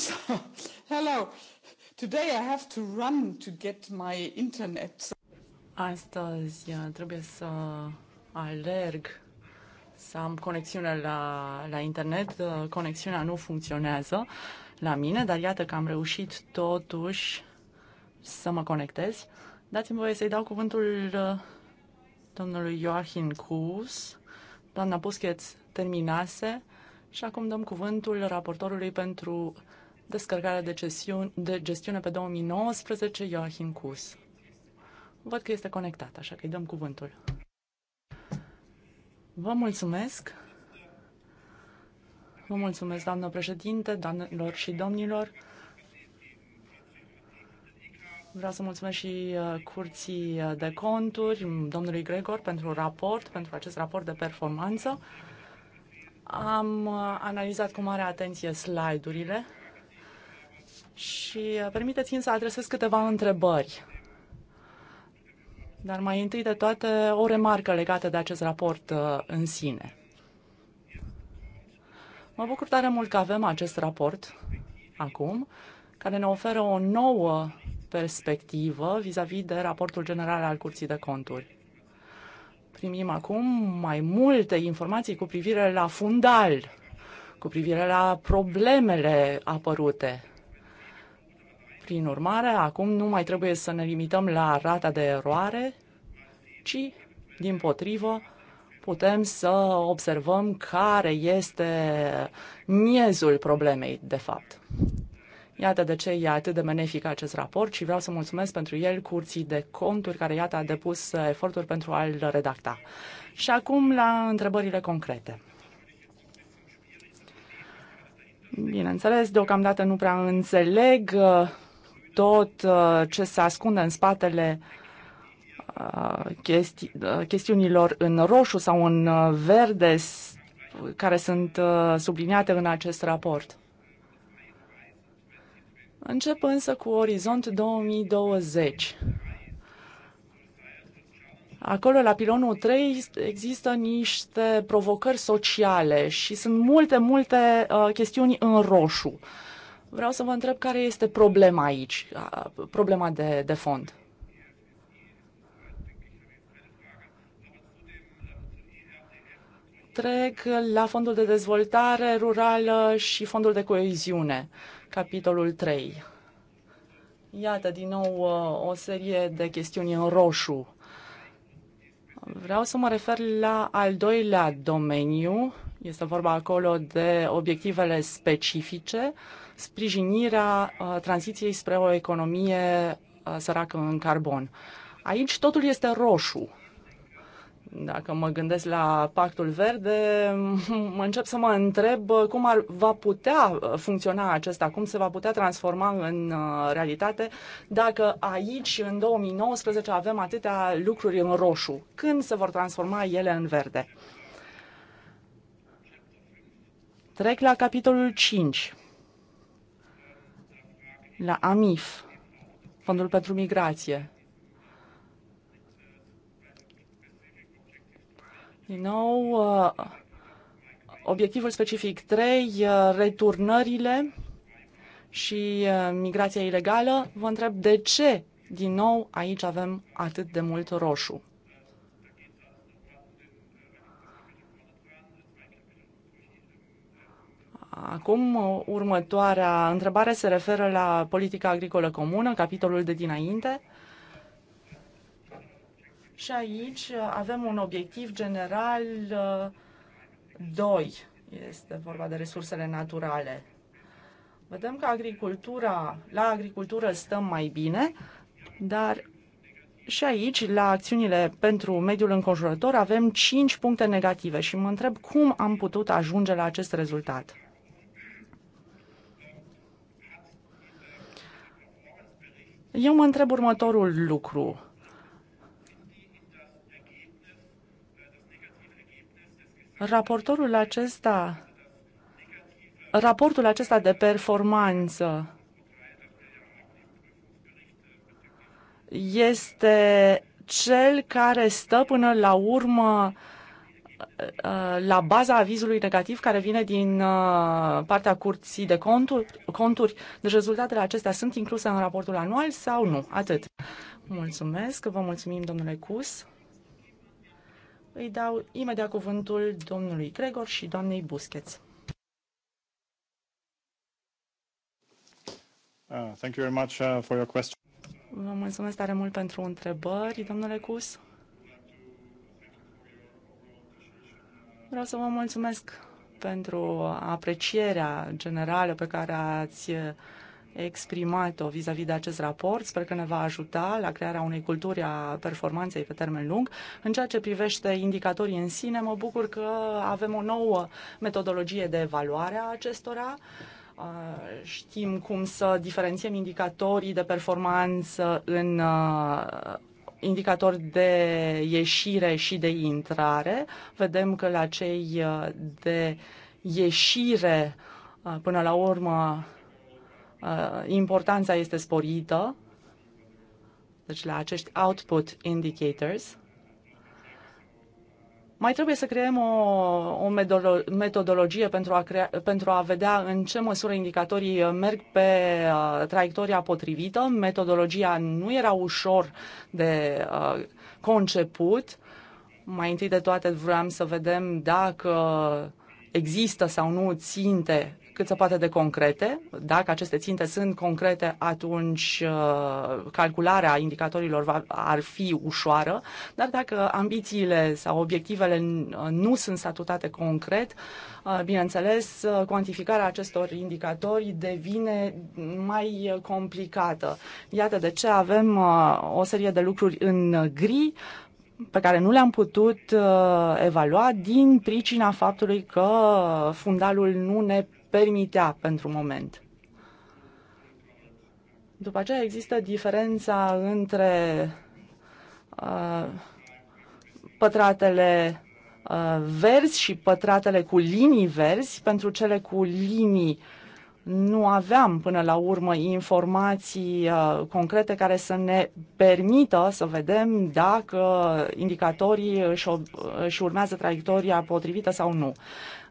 So, hello. Today I have to run to get my internet. Astăzi uh, trebuie să alerg, să am conexiunea la, la internet. Uh, conexiunea nu funcționează la mine, dar iată că am reușit totuși să mă conectez. Dați-mi voie să-i dau cuvântul uh, domnului Joachim Cus. Doamna Buscheț terminase și acum dăm cuvântul raportorului pentru descărcarea de, gestiun, de gestiune pe 2019, Joachim Cus. Văd că este conectat, așa că îi dăm cuvântul. Vă mulțumesc. Vă mulțumesc, doamnă președinte, doamnelor și domnilor. Vreau să mulțumesc și uh, curții uh, de conturi, domnului Gregor, pentru raport, pentru acest raport de performanță. Am uh, analizat cu mare atenție slide-urile și uh, permiteți-mi să adresez câteva întrebări. Dar mai întâi de toate, o remarcă legată de acest raport uh, în sine. Mă bucur tare mult că avem acest raport acum, care ne oferă o nouă perspectivă vis-a-vis -vis de raportul general al Curții de Conturi. Primim acum mai multe informații cu privire la fundal, cu privire la problemele apărute prin urmare, acum nu mai trebuie să ne limităm la rata de eroare, ci, din potrivă, putem să observăm care este miezul problemei, de fapt. Iată de ce e atât de benefic acest raport și vreau să mulțumesc pentru el curții de conturi care, iată, a depus eforturi pentru a-l redacta. Și acum la întrebările concrete. Bineînțeles, deocamdată nu prea înțeleg uh, tot uh, ce se ascunde în spatele uh, uh, chestiunilor în roșu sau în verde care sunt subliniate în acest raport. Încep însă cu Orizont 2020. Acolo, la pilonul 3, există niște provocări sociale și sunt multe, multe uh, chestiuni în roșu. Uh, Vreau să vă întreb care este problema aici, problema de, de fond. Trec la fondul de dezvoltare rurală și fondul de coeziune, capitolul 3. Iată, din nou, o serie de chestiuni în roșu. Vreau să mă refer la al doilea domeniu. Este vorba acolo de obiectivele specifice uh, sprijinirea uh, tranziției spre o economie uh, săracă în carbon. Aici totul este roșu. Dacă mă gândesc la pactul verde, mă încep să mă întreb cum ar, va putea uh, funcționa acesta, cum se va putea transforma în realitate dacă aici, în 2019, avem atâtea lucruri în roșu. Când se vor transforma ele în verde? Trec la capitolul 5 la AMIF, Fondul pentru Migrație. Din nou, uh, obiectivul specific 3, uh, returnările și uh, migrația ilegală. Vă întreb de ce, din nou, aici avem atât de mult roșu. Acum, următoarea întrebare se referă la politica agricolă comună, capitolul de dinainte. Și aici avem un obiectiv general 2. Uh, este vorba de resursele naturale. Vedem că agricultura, la agricultură stăm mai bine, dar și aici, la acțiunile pentru mediul înconjurător, avem 5 puncte negative și mă întreb cum am putut ajunge la acest rezultat. Eu mă întreb următorul lucru. Raportorul acesta, raportul acesta de performanță este cel care stă până la urmă uh, Uh, la baza avizului negativ care vine din uh, partea curții de conturi, conturi. Deci rezultatele acestea sunt incluse în raportul anual sau nu? Atât. Mulțumesc, vă mulțumim domnule Cus. Îi dau imediat cuvântul domnului Gregor și doamnei Buscheț. Uh, thank you very much uh, for your question. Vă mulțumesc tare mult pentru întrebări, domnule Cus. Vreau să vă mulțumesc pentru aprecierea generală pe care ați exprimat-o vis-a-vis de acest raport. Sper că ne va ajuta la crearea unei culturi a performanței pe termen lung. În ceea ce privește indicatorii în sine, mă bucur că avem o nouă metodologie de evaluare a acestora. Știm cum să diferențiem indicatorii de performanță în indicatori de ieșire și de intrare. Vedem că la cei uh, de ieșire, uh, până la urmă, uh, importanța este sporită. Deci la acești output indicators. Mai trebuie să creăm o, o metodologie pentru a, crea, pentru a vedea în ce măsură indicatorii merg pe uh, traiectoria potrivită. Metodologia nu era ușor de uh, conceput. Mai întâi de toate vreau să vedem dacă există sau nu ținte cât se poate de concrete. Dacă aceste ținte sunt concrete, atunci uh, calcularea indicatorilor va, ar fi ușoară, dar dacă ambițiile sau obiectivele nu sunt statutate concret, uh, bineînțeles, uh, cuantificarea acestor indicatori devine mai complicată. Iată de ce avem o serie de lucruri în gri pe care nu le-am putut evalua din pricina faptului că fundalul nu ne permitea pentru moment. După aceea există diferența între uh, pătratele uh, verzi și pătratele cu linii verzi. Pentru cele cu linii nu aveam până la urmă informații uh, concrete care să ne permită să vedem dacă indicatorii își, își urmează traiectoria potrivită sau nu.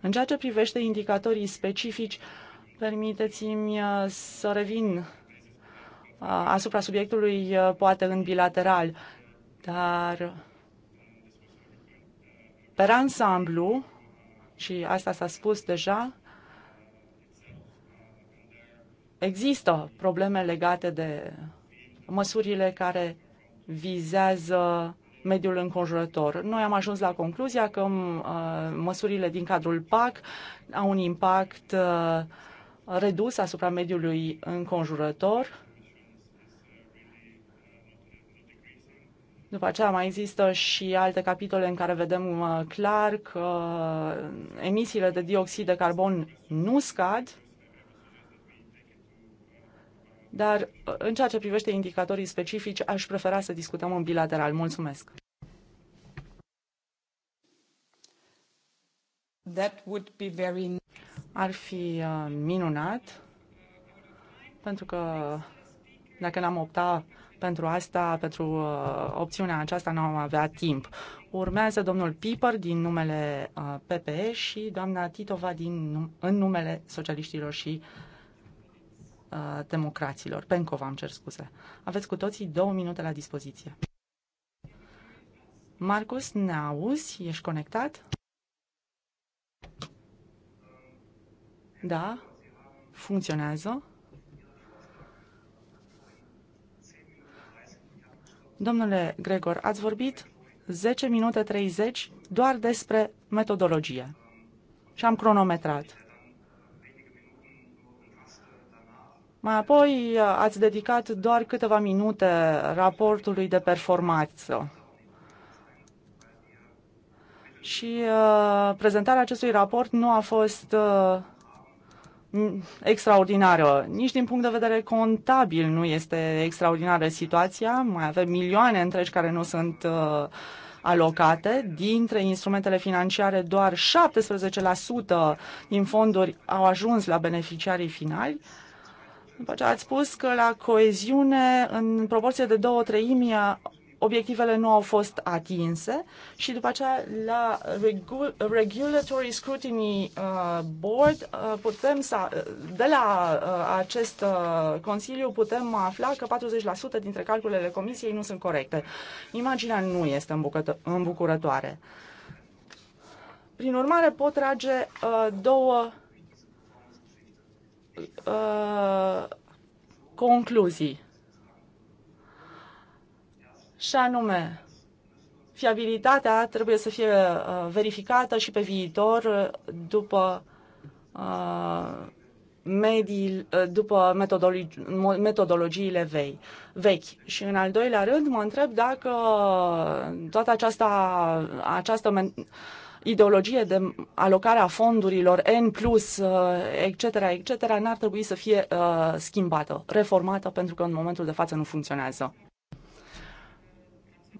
În ceea ce privește indicatorii specifici, permiteți-mi uh, să revin uh, asupra subiectului, uh, poate în bilateral, dar pe ansamblu, și asta s-a spus deja, există probleme legate de măsurile care vizează mediul înconjurător. Noi am ajuns la concluzia că uh, măsurile din cadrul PAC au un impact uh, redus asupra mediului înconjurător. După aceea mai există și alte capitole în care vedem uh, clar că emisiile de dioxid de carbon nu scad, dar în ceea ce privește indicatorii specifici, aș prefera să discutăm în bilateral. Mulțumesc! That would be very... Ar fi uh, minunat, pentru că dacă n-am optat pentru asta, pentru uh, opțiunea aceasta, n-am avea timp. Urmează domnul Piper din numele uh, PPE și doamna Titova din, în numele socialiștilor și uh, democraților. Pencov, am cer scuze. Aveți cu toții două minute la dispoziție. Marcus, ne auzi? Ești conectat? Da? Funcționează? Domnule Gregor, ați vorbit 10 minute 30 doar despre metodologie și am cronometrat. Mai apoi ați dedicat doar câteva minute raportului de performanță. Și uh, prezentarea acestui raport nu a fost uh, extraordinară. Nici din punct de vedere contabil nu este extraordinară situația. Mai avem milioane întregi care nu sunt uh, alocate. Dintre instrumentele financiare, doar 17% din fonduri au ajuns la beneficiarii finali. Uh, după ce ați spus că la coeziune, în proporție de două treimi, obiectivele nu au fost atinse și după aceea la Regulatory Scrutiny uh, Board uh, putem să, uh, de la acest consiliu putem afla că 40% dintre calculele comisiei nu sunt corecte. Imaginea nu este îmbucurătoare. Prin urmare pot trage două Uh, concluzii. Și anume, fiabilitatea trebuie să fie uh, verificată și pe viitor uh, după uh, medii, uh, după metodologi, metodologiile vei, vechi. Și în al doilea rând mă întreb dacă toată aceasta, această, această ideologie de alocare a fondurilor N+, etc., uh, etc., n-ar trebui să fie uh, schimbată, reformată, pentru că în momentul de față nu funcționează.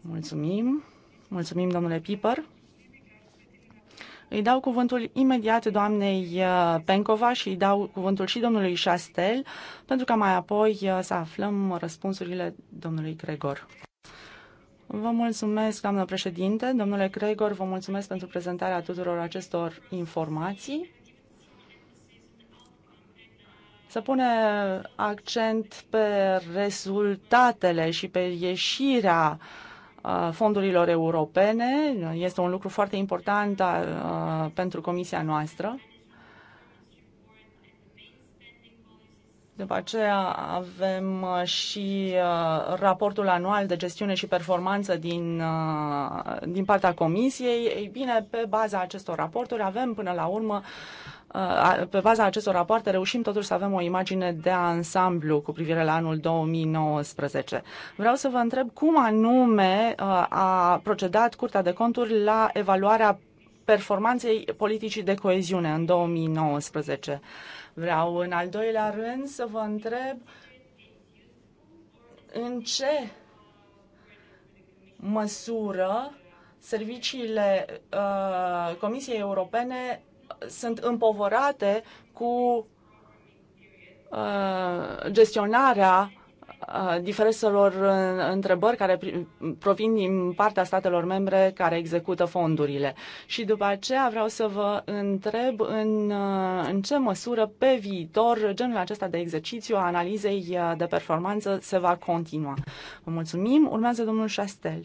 Mulțumim. Mulțumim, domnule Piper. Îi dau cuvântul imediat doamnei uh, Pencova și îi dau cuvântul și domnului Șastel, pentru ca mai apoi uh, să aflăm răspunsurile domnului Gregor. Vă mulțumesc, doamnă președinte, domnule Gregor, vă mulțumesc pentru prezentarea tuturor acestor informații. Să pune accent pe rezultatele și pe ieșirea uh, fondurilor europene este un lucru foarte important uh, pentru comisia noastră. După aceea avem uh, și uh, raportul anual de gestiune și performanță din, uh, din partea comisiei. Ei bine, pe baza acestor raporturi avem până la urmă pe baza acestor rapoarte reușim totuși să avem o imagine de ansamblu cu privire la anul 2019. Vreau să vă întreb cum anume a procedat Curtea de Conturi la evaluarea performanței politicii de coeziune în 2019. Vreau în al doilea rând să vă întreb în ce măsură serviciile uh, Comisiei Europene sunt împovărate cu uh, gestionarea Uh, diferitelor uh, întrebări care provin din partea statelor membre care execută fondurile. Și după aceea vreau să vă întreb în, uh, în ce măsură pe viitor genul acesta de exercițiu a analizei de performanță se va continua. Vă mulțumim. Urmează domnul Șastel.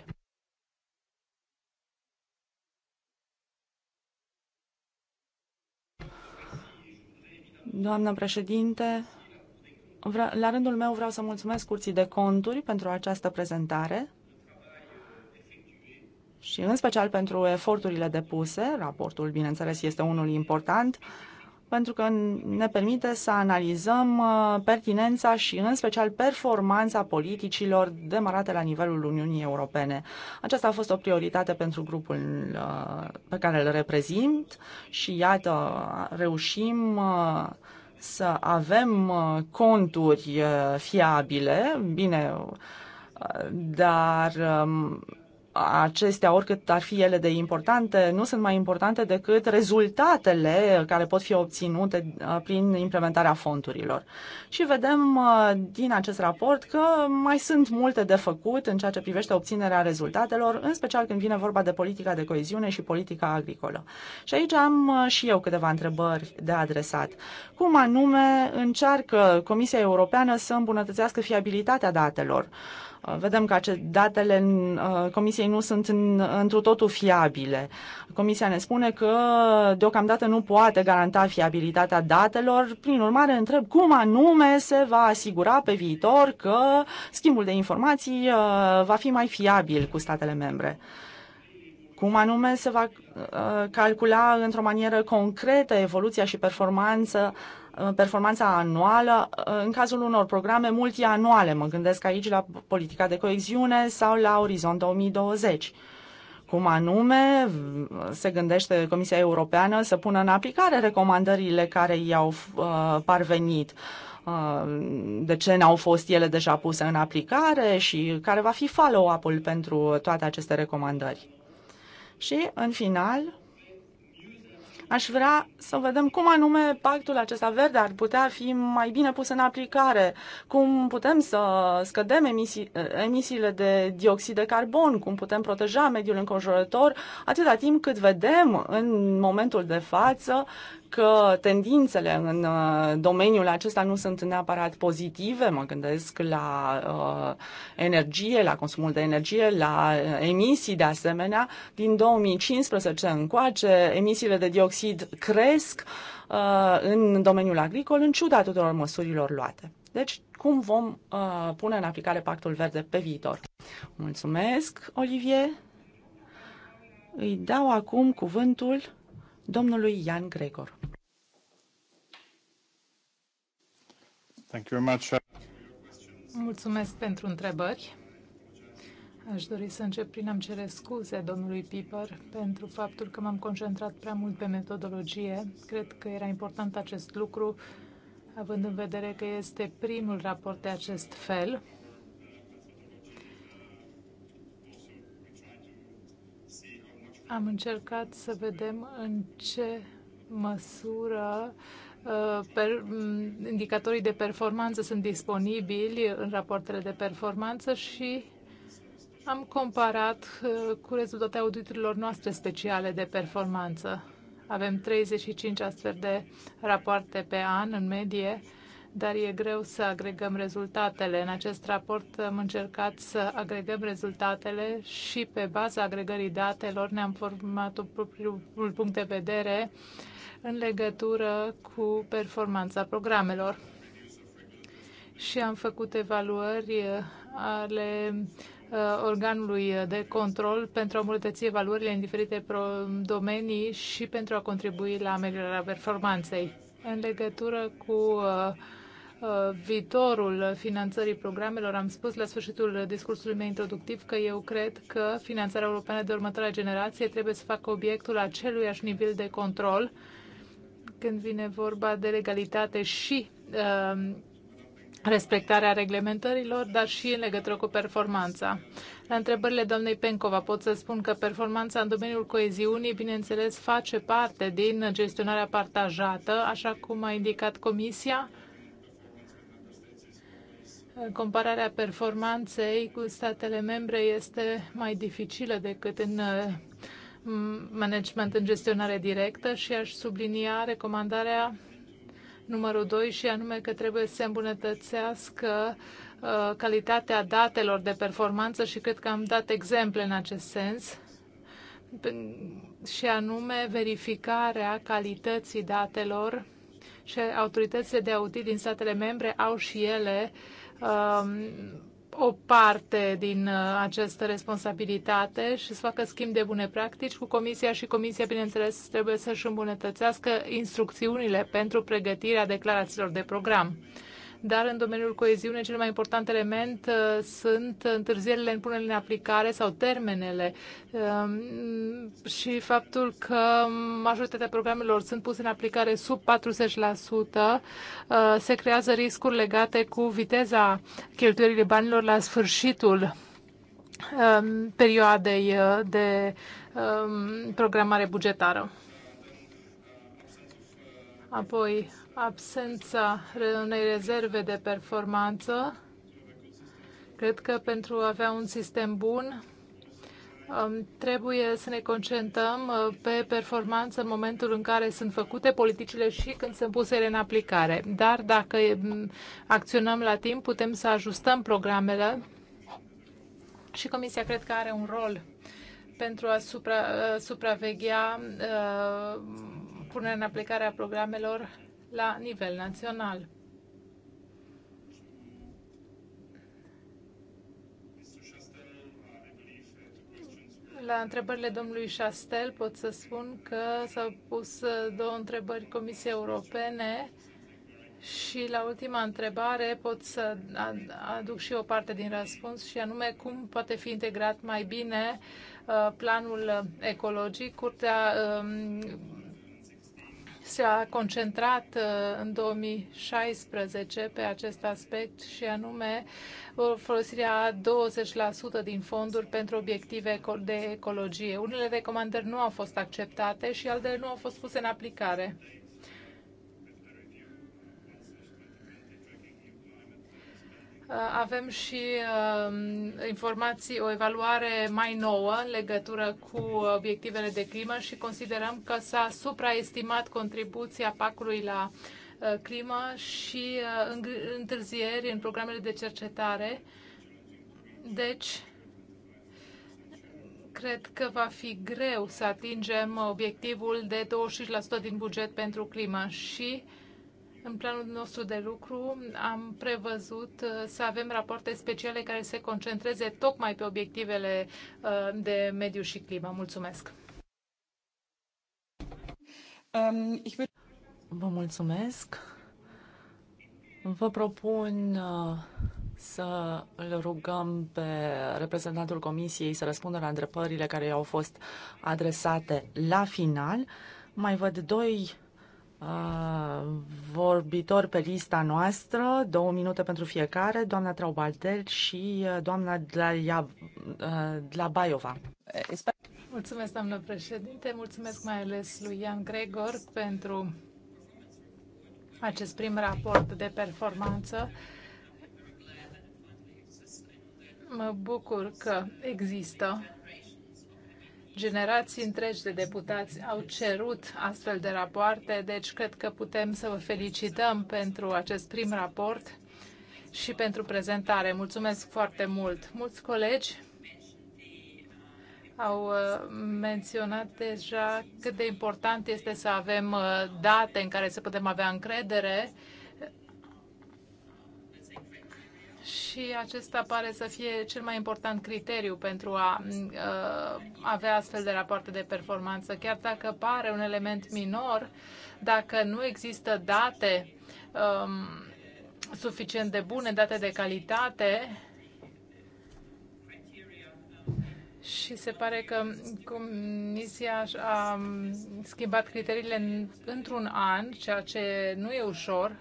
Doamna președinte, Vre- la rândul meu vreau să mulțumesc Curții de Conturi pentru această prezentare și în special pentru eforturile depuse. Raportul, bineînțeles, este unul important pentru că ne permite să analizăm uh, pertinența și în special performanța politicilor demarate la nivelul Uniunii Europene. Aceasta a fost o prioritate pentru grupul uh, pe care îl reprezint și iată, reușim uh, să avem uh, conturi uh, fiabile, bine, uh, dar um, acestea, oricât ar fi ele de importante, nu sunt mai importante decât rezultatele care pot fi obținute uh, prin implementarea fondurilor. Și vedem uh, din acest raport că mai sunt multe de făcut în ceea ce privește obținerea rezultatelor, în special când vine vorba de politica de coeziune și politica agricolă. Și aici am uh, și eu câteva întrebări de adresat. Cum anume încearcă Comisia Europeană să îmbunătățească fiabilitatea datelor? Vedem că datele în uh, Comisiei nu sunt în, întru totul fiabile. Comisia ne spune că deocamdată nu poate garanta fiabilitatea datelor. Prin urmare, întreb cum anume se va asigura pe viitor că schimbul de informații uh, va fi mai fiabil cu statele membre cum anume se va uh, calcula într-o manieră concretă evoluția și performanța performanța anuală în cazul unor programe multianuale. Mă gândesc aici la politica de coeziune sau la Orizont 2020. Cum anume se gândește Comisia Europeană să pună în aplicare recomandările care i-au uh, parvenit? Uh, de ce n-au fost ele deja puse în aplicare și care va fi follow-up-ul pentru toate aceste recomandări. Și, în final, Aș vrea să vedem cum anume pactul acesta verde ar putea fi mai bine pus în aplicare, cum putem să scădem emisii, emisiile de dioxid de carbon, cum putem proteja mediul înconjurător, atâta timp cât vedem în momentul de față că tendințele în uh, domeniul acesta nu sunt neapărat pozitive. Mă gândesc la uh, energie, la consumul de energie, la emisii de asemenea. Din 2015 încoace, emisiile de dioxid cresc uh, în domeniul agricol, în ciuda tuturor măsurilor luate. Deci, cum vom uh, pune în aplicare Pactul Verde pe viitor? Mulțumesc, Olivier. Îi dau acum cuvântul domnului Ian Gregor. Thank you very much. Mulțumesc pentru întrebări. Aș dori să încep prin a-mi cere scuze domnului Piper pentru faptul că m-am concentrat prea mult pe metodologie. Cred că era important acest lucru, având în vedere că este primul raport de acest fel Am încercat să vedem în ce măsură uh, per, mm, indicatorii de performanță sunt disponibili în rapoartele de performanță și am comparat uh, cu rezultatele auditurilor noastre speciale de performanță. Avem 35 astfel de rapoarte pe an, în medie, dar e greu să agregăm rezultatele. În acest raport am încercat să agregăm rezultatele și pe baza agregării datelor ne-am format un propriul punct de vedere în legătură cu performanța programelor. Și am făcut evaluări uh, ale uh, organului de control pentru a îmbunătăți evaluările în diferite domenii și pentru a contribui la ameliorarea performanței. În legătură cu uh, Uh, viitorul finanțării programelor, am spus la sfârșitul discursului meu introductiv că eu cred că finanțarea europeană de următoarea generație trebuie să facă obiectul aceluiași nivel de control când vine vorba de legalitate și uh, respectarea reglementărilor, dar și în legătură cu performanța. La întrebările doamnei Pencova pot să spun că performanța în domeniul coeziunii, bineînțeles, face parte din gestionarea partajată, așa cum a indicat Comisia, compararea performanței cu statele membre este mai dificilă decât în mm, management în gestionare directă și aș sublinia recomandarea numărul 2 și anume că trebuie să îmbunătățească uh, calitatea datelor de performanță și cred că am dat exemple în acest sens și anume verificarea calității datelor și autoritățile de audit din statele membre au și ele uh, Um, o parte din uh, această responsabilitate și să facă schimb de bune practici cu Comisia și Comisia, bineînțeles, trebuie să-și îmbunătățească instrucțiunile pentru pregătirea declarațiilor de program dar în domeniul coeziune cel mai important element uh, sunt întârzierile în punerea în aplicare sau termenele um, și faptul că majoritatea programelor sunt puse în aplicare sub 40%, uh, se creează riscuri legate cu viteza cheltuierii banilor la sfârșitul um, perioadei uh, de um, programare bugetară. Apoi, absența unei rezerve de performanță. Cred că pentru a avea un sistem bun um, trebuie să ne concentrăm uh, pe performanță în momentul în care sunt făcute politicile și când sunt puse în aplicare. Dar dacă um, acționăm la timp, putem să ajustăm programele și Comisia cred că are un rol pentru a supra, uh, supraveghea uh, punerea în aplicare a programelor la nivel național. La întrebările domnului Chastel pot să spun că s-au pus două întrebări Comisiei Europene și la ultima întrebare pot să aduc și o parte din răspuns și anume cum poate fi integrat mai bine uh, planul ecologic. Curtea um, s-a concentrat uh, în 2016 pe acest aspect și anume folosirea 20% din fonduri pentru obiective de ecologie. Unele recomandări nu au fost acceptate și altele nu au fost puse în aplicare. Uh, avem și um, informații, o evaluare mai nouă în legătură cu obiectivele de climă și considerăm că s-a supraestimat contribuția pacului la uh, climă și uh, întârzieri în programele de cercetare. Deci, cred că va fi greu să atingem obiectivul de 25% din buget pentru climă și uh, în planul nostru de lucru am prevăzut uh, să avem rapoarte speciale care se concentreze tocmai pe obiectivele uh, de mediu și climă. Mulțumesc! Um, Vă mulțumesc! Vă propun uh, să îl rugăm pe reprezentantul Comisiei să răspundă la întrebările care i-au fost adresate la final. Mai văd doi Uh, vorbitori pe lista noastră, două minute pentru fiecare, doamna Traubalter și uh, doamna uh, Dlabaiova. Mulțumesc, doamnă președinte, mulțumesc mai ales lui Ian Gregor pentru acest prim raport de performanță. Mă bucur că există generații întregi de deputați au cerut astfel de rapoarte, deci cred că putem să vă felicităm pentru acest prim raport și pentru prezentare. Mulțumesc foarte mult! Mulți colegi au uh, menționat deja cât de important este să avem uh, date în care să putem avea încredere și acesta pare să fie cel mai important criteriu pentru a uh, avea astfel de rapoarte de performanță. Chiar dacă pare un element minor, dacă nu există date um, suficient de bune, date de calitate, și se pare că Comisia a schimbat criteriile într-un an, ceea ce nu e ușor,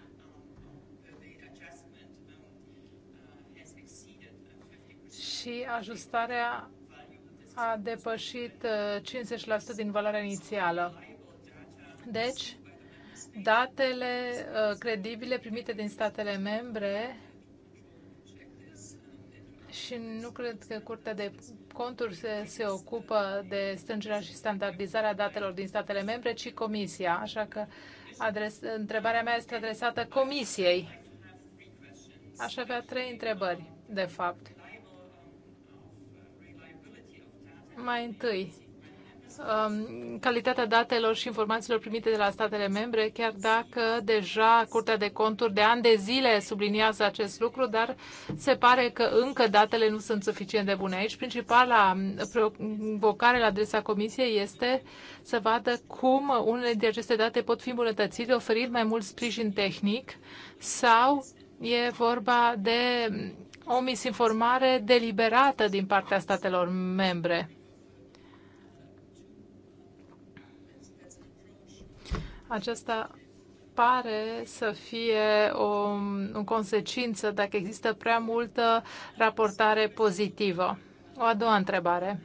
și ajustarea a depășit 50% uh, din valoarea inițială. Deci, datele uh, credibile primite din statele membre și nu cred că Curtea de Conturi se, se ocupă de strângerea și standardizarea datelor din statele membre, ci Comisia. Așa că adres, întrebarea mea este adresată Comisiei. Aș avea trei întrebări, de fapt. Mai întâi, um, calitatea datelor și informațiilor primite de la statele membre, chiar dacă deja Curtea de Conturi de ani de zile subliniază acest lucru, dar se pare că încă datele nu sunt suficient de bune aici. Principala um, provocare la adresa Comisiei este să vadă cum unele dintre aceste date pot fi îmbunătățite, oferind mai mult sprijin tehnic sau e vorba de um, o misinformare deliberată din partea statelor membre Aceasta pare să fie o, o consecință dacă există prea multă raportare pozitivă. O a doua întrebare.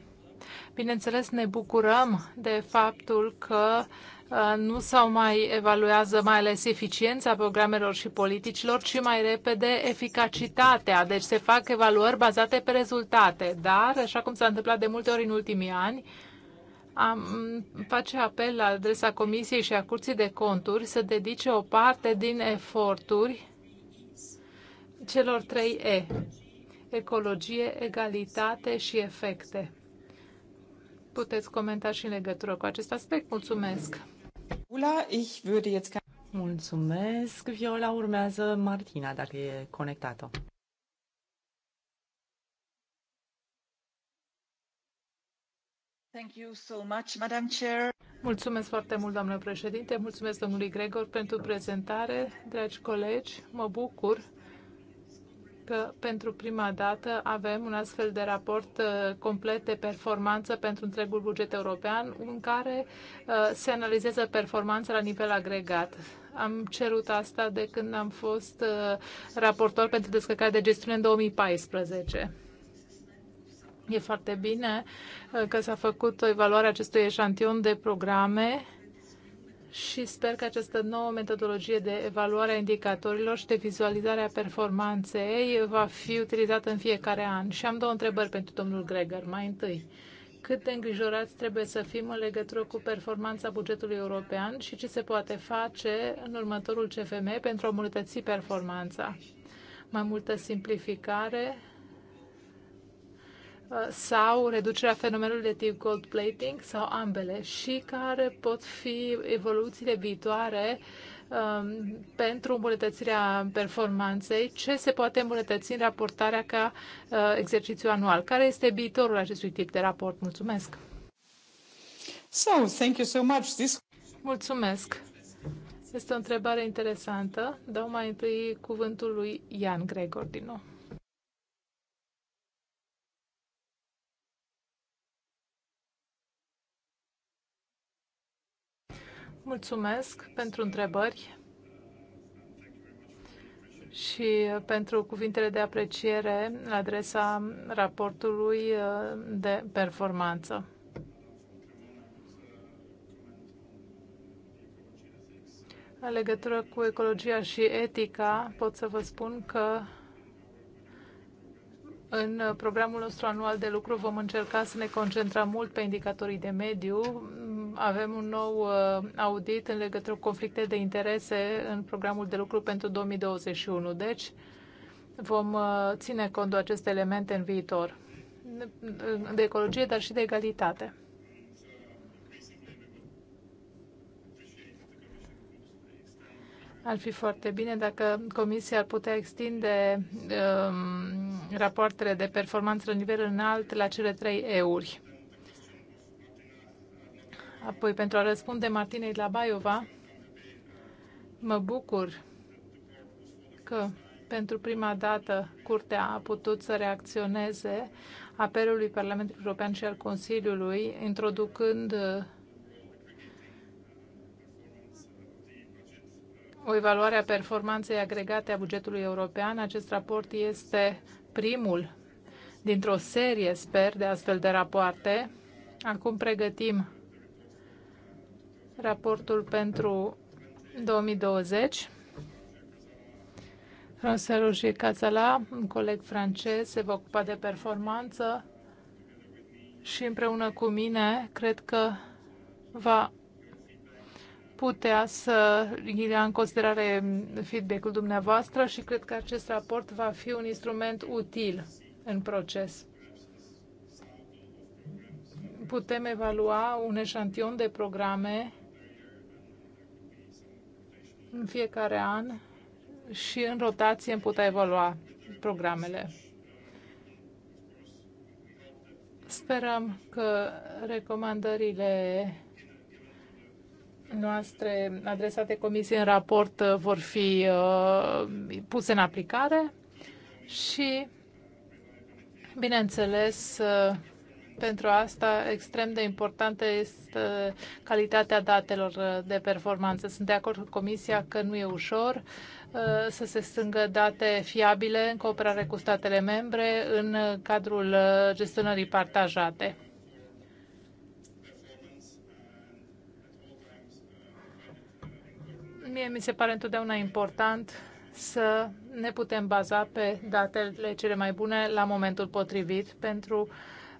Bineînțeles, ne bucurăm de faptul că uh, nu sau mai evaluează mai ales eficiența programelor și politicilor, ci mai repede eficacitatea. Deci se fac evaluări bazate pe rezultate. Dar, așa cum s-a întâmplat de multe ori în ultimii ani, am face apel la adresa Comisiei și a Curții de Conturi să dedice o parte din eforturi celor trei E, ecologie, egalitate și efecte. Puteți comenta și în legătură cu acest aspect. Mulțumesc! Ula, ich würde jetzt... Mulțumesc, Viola. Urmează Martina, dacă e conectată. Mulțumesc foarte mult, doamnă președinte. Mulțumesc domnului Gregor pentru prezentare. Dragi colegi, mă bucur că pentru prima dată avem un astfel de raport uh, complet de performanță pentru întregul buget european, în care uh, se analizează performanța la nivel agregat. Am cerut asta de când am fost uh, raportor pentru descărcarea de gestiune în 2014. E foarte bine uh, că s-a făcut o evaluare acestui eșantion de programe și sper că această nouă metodologie de evaluare a indicatorilor și de vizualizare a performanței va fi utilizată în fiecare an. Și am două întrebări pentru domnul Gregor. Mai întâi, cât de îngrijorați trebuie să fim în legătură cu performanța bugetului european și ce se poate face în următorul CFM pentru a îmbunătăți performanța? Mai multă simplificare, sau reducerea fenomenului de tip gold plating sau ambele și care pot fi evoluțiile viitoare um, pentru îmbunătățirea performanței, ce se poate îmbunătăți în raportarea ca uh, exercițiu anual. Care este viitorul acestui tip de raport? Mulțumesc! So, thank you so much. This... Mulțumesc! Este o întrebare interesantă. Dau mai întâi cuvântul lui Ian Gregor din nou. Mulțumesc pentru întrebări și pentru cuvintele de apreciere la adresa raportului uh, de performanță. În legătură cu ecologia și etica, pot să vă spun că în programul nostru anual de lucru vom încerca să ne concentrăm mult pe indicatorii de mediu, avem un nou uh, audit în legătură cu conflicte de interese în programul de lucru pentru 2021. Deci, vom uh, ține cont de aceste elemente în viitor, de ecologie, dar și de egalitate. Ar fi foarte bine dacă Comisia ar putea extinde um, rapoartele de performanță la nivel înalt la cele trei euri. Apoi, pentru a răspunde Martinei la Baiova, mă bucur că pentru prima dată Curtea a putut să reacționeze apelului Parlamentului European și al Consiliului, introducând uh, o evaluare a performanței agregate a bugetului european. Acest raport este primul dintr-o serie, sper, de astfel de rapoarte. Acum pregătim raportul pentru 2020. François Roger Cazala, un coleg francez, se va ocupa de performanță și împreună cu mine cred că va putea să ia în considerare feedback-ul dumneavoastră și cred că acest raport va fi un instrument util în proces. Putem evalua un eșantion de programe în fiecare an și în rotație îmi putea evalua programele. Sperăm că recomandările noastre adresate comisiei în raport uh, vor fi uh, puse în aplicare și, bineînțeles, uh, pentru asta, extrem de importantă este calitatea datelor de performanță. Sunt de acord cu Comisia că nu e ușor uh, să se strângă date fiabile în cooperare cu statele membre în cadrul uh, gestionării partajate. Mie mi se pare întotdeauna important să ne putem baza pe datele cele mai bune la momentul potrivit pentru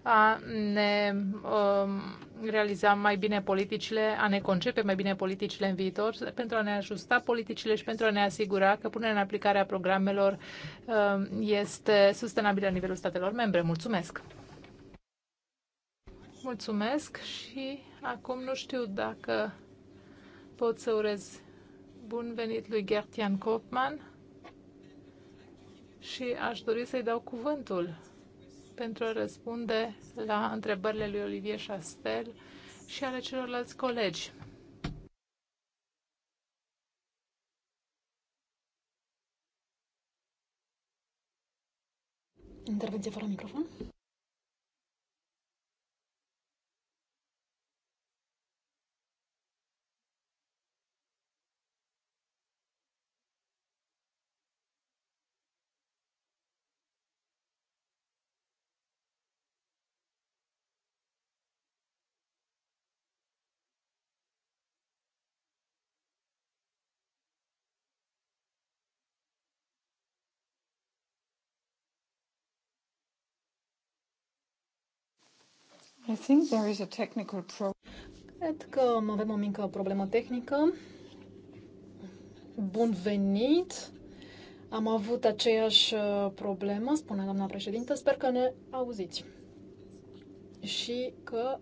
a ne um, realiza mai bine politicile, a ne concepe mai bine politicile în viitor, pentru a ne ajusta politicile și pentru a ne asigura că punerea în aplicare a programelor um, este sustenabilă la nivelul statelor membre. Mulțumesc! Mulțumesc și acum nu știu dacă pot să urez bun venit lui Gertian Kopman și aș dori să-i dau cuvântul pentru a răspunde la întrebările lui Olivier Chastel și ale celorlalți colegi. Intervenție fără microfon. I think there is a technical problem. Cred că avem o mică problemă tehnică. Bun venit! Am avut aceeași uh, problemă, spune doamna președintă. Sper că ne auziți și că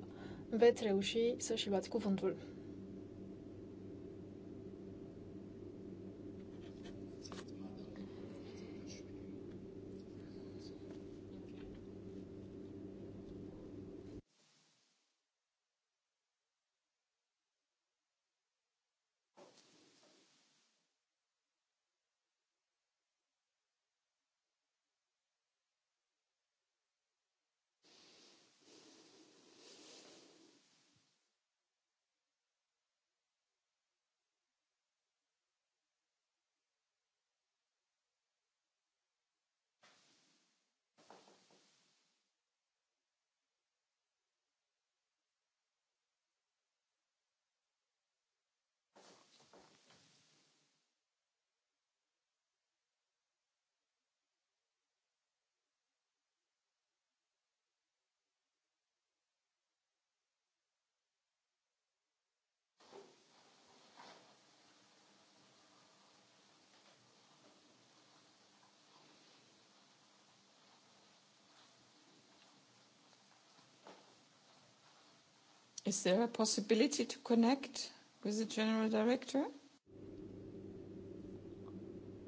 veți reuși să și luați cuvântul. Is there a possibility to connect with the general director?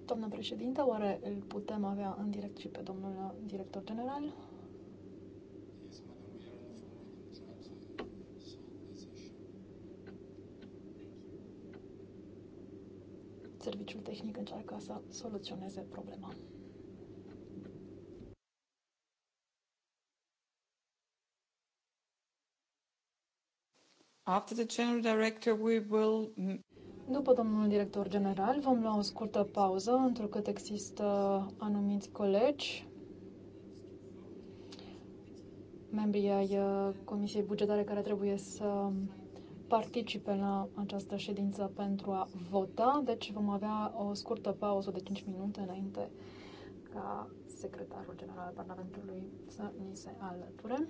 Doamnă președinte, oare îl putem avea în direct și pe domnul director general? Serviciul tehnic încearcă să soluționeze problema. After the general director, we will... După domnul director general, vom lua o scurtă pauză, întrucât există anumiți colegi, membrii ai uh, Comisiei Bugetare care trebuie să participe la această ședință pentru a vota, deci vom avea o scurtă pauză de 5 minute înainte ca secretarul general al Parlamentului să ni se alăture.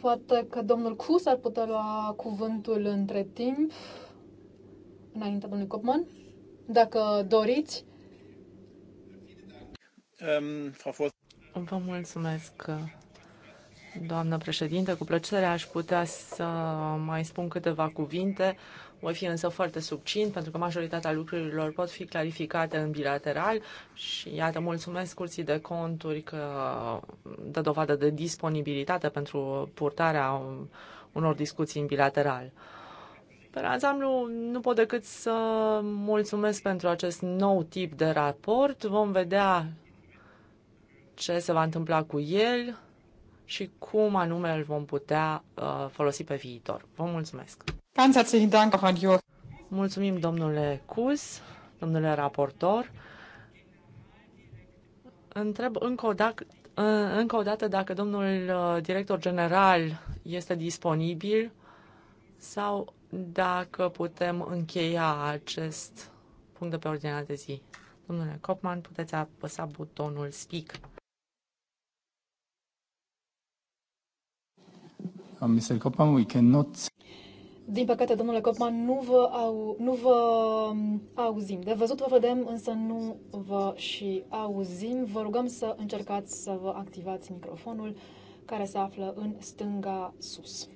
Poate că domnul Kuz ar putea lua cuvântul între timp, înaintea domnului Copman, dacă doriți. Um, Vă mulțumesc, doamnă președinte. Cu plăcere aș putea să mai spun câteva cuvinte. Voi fi însă foarte subțin pentru că majoritatea lucrurilor pot fi clarificate în bilateral și iată, mulțumesc curții de conturi că dă dovadă de disponibilitate pentru purtarea unor discuții în bilateral. Pe ansamblu, nu pot decât să mulțumesc pentru acest nou tip de raport. Vom vedea ce se va întâmpla cu el și cum anume îl vom putea uh, folosi pe viitor. Vă mulțumesc! Mulțumim, domnule Cus, domnule raportor. Întreb încă o, dacă, uh, încă o dată dacă domnul uh, director general este disponibil sau dacă putem încheia acest punct de pe ordinea de zi. Domnule Copman, puteți apăsa butonul speak. Uh, Mr. Copman, we cannot... Din păcate, domnule Copman, nu vă, au, nu vă um, auzim. De văzut vă vedem, însă nu vă și auzim. Vă rugăm să încercați să vă activați microfonul care se află în stânga sus.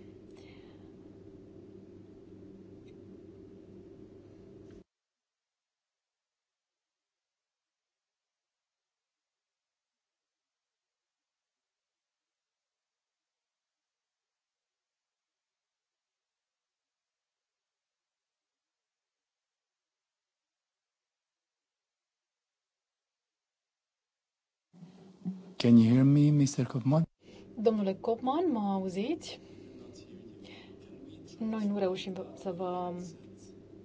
Can you hear me, Mr. Kopman? Domnule Kopman, mă auziți? Noi nu reușim să vă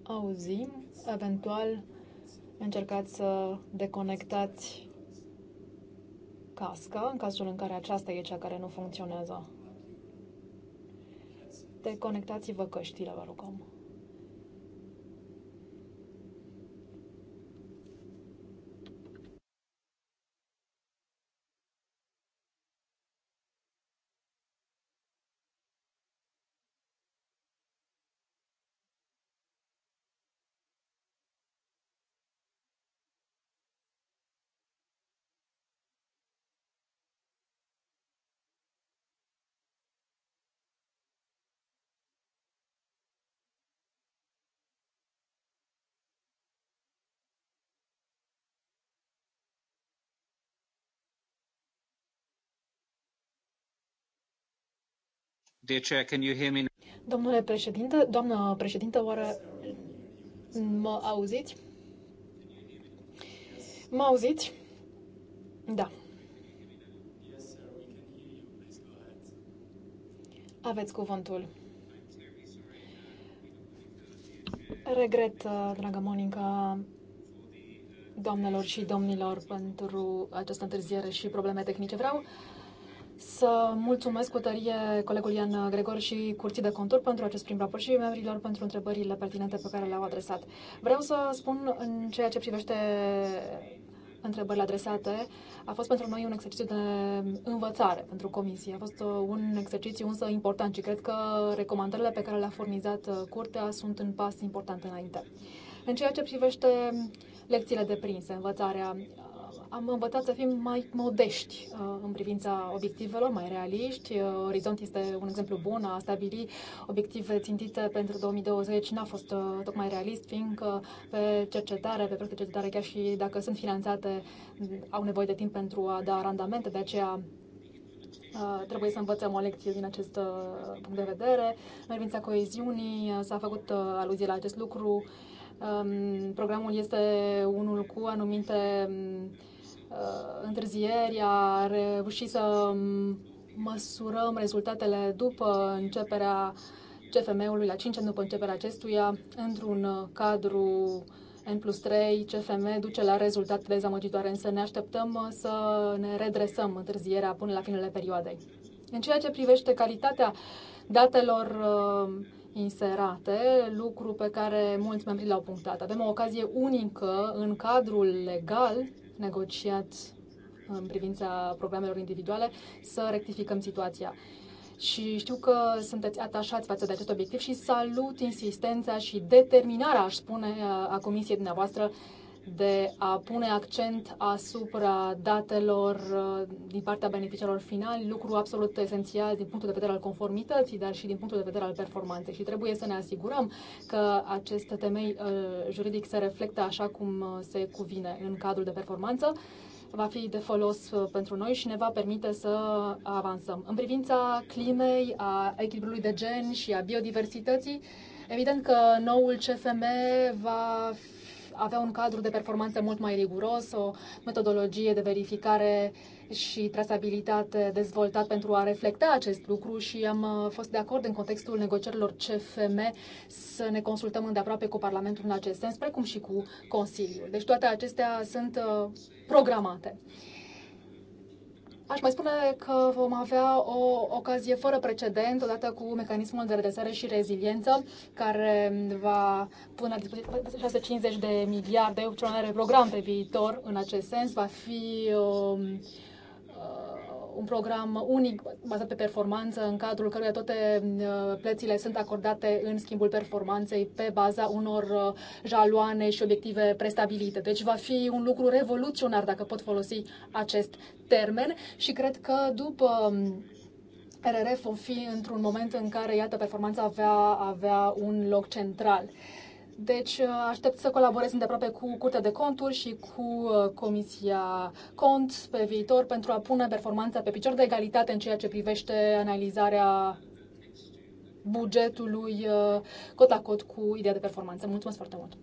auzim. Eventual, încercați să deconectați casca, în cazul în care aceasta e cea care nu funcționează. Deconectați-vă căștile, vă rugăm. Dear Chair, can you hear me? Domnule președinte, doamnă președinte, oare mă auziți? Mă auziți? Da. Aveți cuvântul. Regret, dragă Monica, doamnelor și domnilor, pentru această întârziere și probleme tehnice. Vreau uh, să mulțumesc cu tărie colegului Ian Gregor și Curții de Conturi pentru acest prim raport și membrilor pentru întrebările pertinente pe care le-au adresat. Vreau să spun în ceea ce privește întrebările adresate, a fost pentru noi un exercițiu de învățare pentru comisie. A fost uh, un exercițiu însă important și cred că recomandările pe care le-a furnizat uh, curtea sunt în pas important înainte. În ceea ce privește lecțiile deprinse, învățarea, am învățat să fim mai modești uh, în privința obiectivelor, mai realiști. Uh, Orizont este un exemplu bun, a stabili obiective țintite pentru 2020 n-a fost uh, tocmai realist, fiindcă pe cercetare, pe proiecte cercetare, chiar și dacă sunt finanțate, mm, au nevoie de timp pentru a da randamente, de aceea trebuie să învățăm o lecție din acest punct de vedere. În privința coeziunii s-a făcut aluzie la acest lucru um, programul este unul cu anumite mm, Uh, întârzieri, a reușit să um, măsurăm rezultatele după începerea CFM-ului, la 5 ani după începerea acestuia, într-un uh, cadru N plus 3, CFM duce la rezultate dezamăgitoare, însă ne așteptăm uh, să ne redresăm întârzierea până la finele perioadei. În ceea ce privește calitatea datelor inserate, lucru pe care mulți membri l-au punctat. Avem o ocazie unică în cadrul legal negociați în privința programelor individuale, să rectificăm situația. Și știu că sunteți atașați față de acest obiectiv și salut insistența și determinarea, aș spune, a comisiei dumneavoastră de a pune accent asupra datelor uh, din partea beneficiarilor finali, lucru absolut esențial din punctul de vedere al conformității, dar și din punctul de vedere al performanței. Și trebuie să ne asigurăm că acest temei uh, juridic se reflectă așa cum uh, se cuvine în cadrul de performanță va fi de folos pentru noi și ne va permite să avansăm. În privința climei, a echilibrului de gen și a biodiversității, evident că noul CFM va avea un cadru de performanță mult mai riguros, o metodologie de verificare și trasabilitate dezvoltat pentru a reflecta acest lucru și am uh, fost de acord în contextul negocierilor CFM să ne consultăm îndeaproape cu Parlamentul în acest sens, precum și cu Consiliul. Deci toate acestea sunt uh, programate. Aș mai spune că vom avea o ocazie fără precedent, odată cu mecanismul de redresare și reziliență, care va pune la dispoziție 650 de miliarde, cel program pe viitor în acest sens, va fi Uh, un program unic bazat pe performanță, în cadrul căruia toate uh, plățile sunt acordate în schimbul performanței pe baza unor uh, jaloane și obiective prestabilite. Deci va fi un lucru revoluționar dacă pot folosi acest termen și cred că după um, RRF vom fi într-un moment în care, iată, performanța avea, avea un loc central. Deci uh, aștept să colaborez îndeaproape cu Curtea de Conturi și cu uh, Comisia Cont pe viitor pentru a pune performanța pe picior de egalitate în ceea ce privește analizarea bugetului uh, cot la cot cu ideea de performanță. Mulțumesc foarte mult!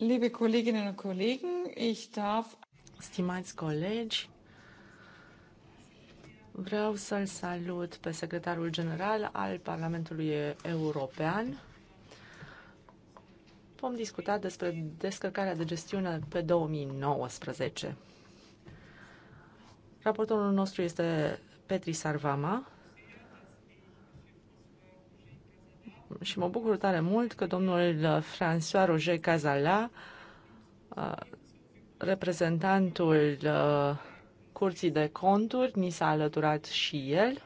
Liebe Kolleginnen und Kollegen, ich darf... Stimați colegi, vreau să-l salut pe secretarul general al Parlamentului European. Vom discuta despre descărcarea de gestiune pe 2019. Raportorul nostru este Petri Sarvama, și mă bucur tare mult că domnul uh, François Roger Cazala, uh, reprezentantul uh, Curții de Conturi, ni s-a alăturat și el.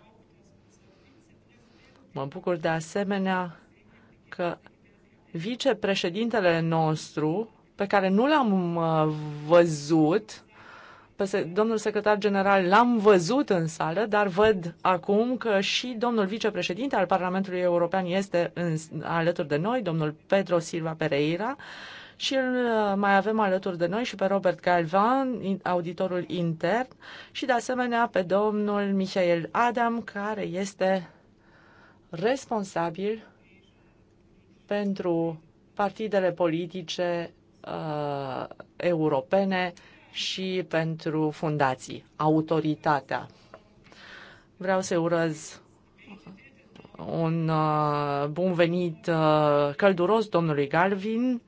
Mă bucur de asemenea că vicepreședintele nostru, pe care nu l-am văzut, pe domnul secretar general l-am văzut în sală, dar văd acum că și domnul vicepreședinte al Parlamentului European este în, alături de noi, domnul Pedro Silva Pereira, și îl uh, mai avem alături de noi și pe Robert Galvan, auditorul intern, și de asemenea pe domnul Michael Adam, care este responsabil pentru partidele politice uh, europene uh, și pentru fundații, autoritatea. Vreau să urez un uh, bun venit uh, călduros domnului Galvin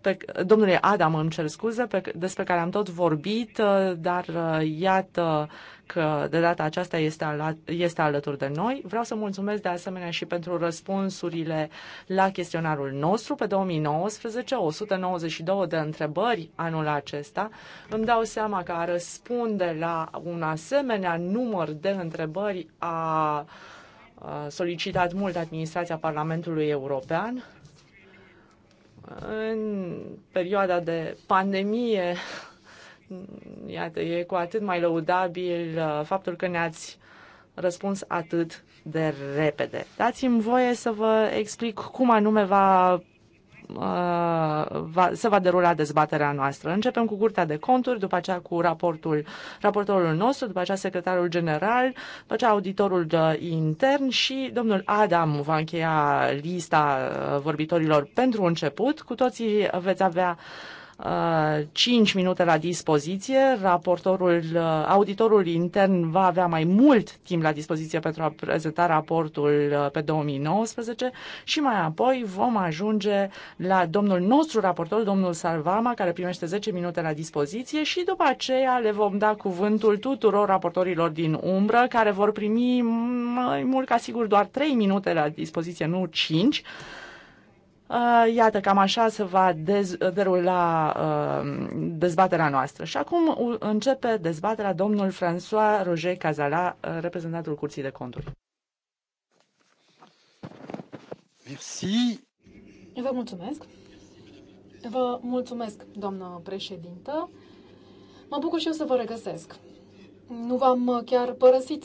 pe, domnule Adam, îmi cer scuze, pe, despre care am tot vorbit, uh, dar uh, iată că de data aceasta este, ala, este alături de noi. Vreau să mulțumesc de asemenea și pentru răspunsurile la chestionarul nostru pe 2019, 192 de întrebări anul acesta. Îmi dau seama că a răspunde la un asemenea număr de întrebări a solicitat mult administrația Parlamentului European. În perioada de pandemie, iată, e cu atât mai lăudabil uh, faptul că ne-ați răspuns atât de repede. Dați-mi voie să vă explic cum anume va Uh, va, se va derula dezbaterea noastră. Începem cu Curtea de Conturi, după aceea cu raportul, raportorul nostru, după aceea secretarul general, după aceea auditorul uh, intern și domnul Adam va încheia lista uh, vorbitorilor pentru început. Cu toții veți avea 5 uh, minute la dispoziție. Raportorul, uh, auditorul intern va avea mai mult timp la dispoziție pentru a prezenta raportul uh, pe 2019 și mai apoi vom ajunge la domnul nostru raportor, domnul Salvama, care primește 10 minute la dispoziție și după aceea le vom da cuvântul tuturor raportorilor din umbră, care vor primi mai mult ca sigur doar 3 minute la dispoziție, nu 5 Uh, iată, cam așa se va dez- derula uh, dezbaterea noastră. Și acum începe dezbaterea domnul François Roger Cazala, uh, reprezentantul Curții de Conturi. Merci. Vă mulțumesc. Vă mulțumesc, doamnă președintă. Mă bucur și eu să vă regăsesc. Nu v-am uh, chiar părăsit,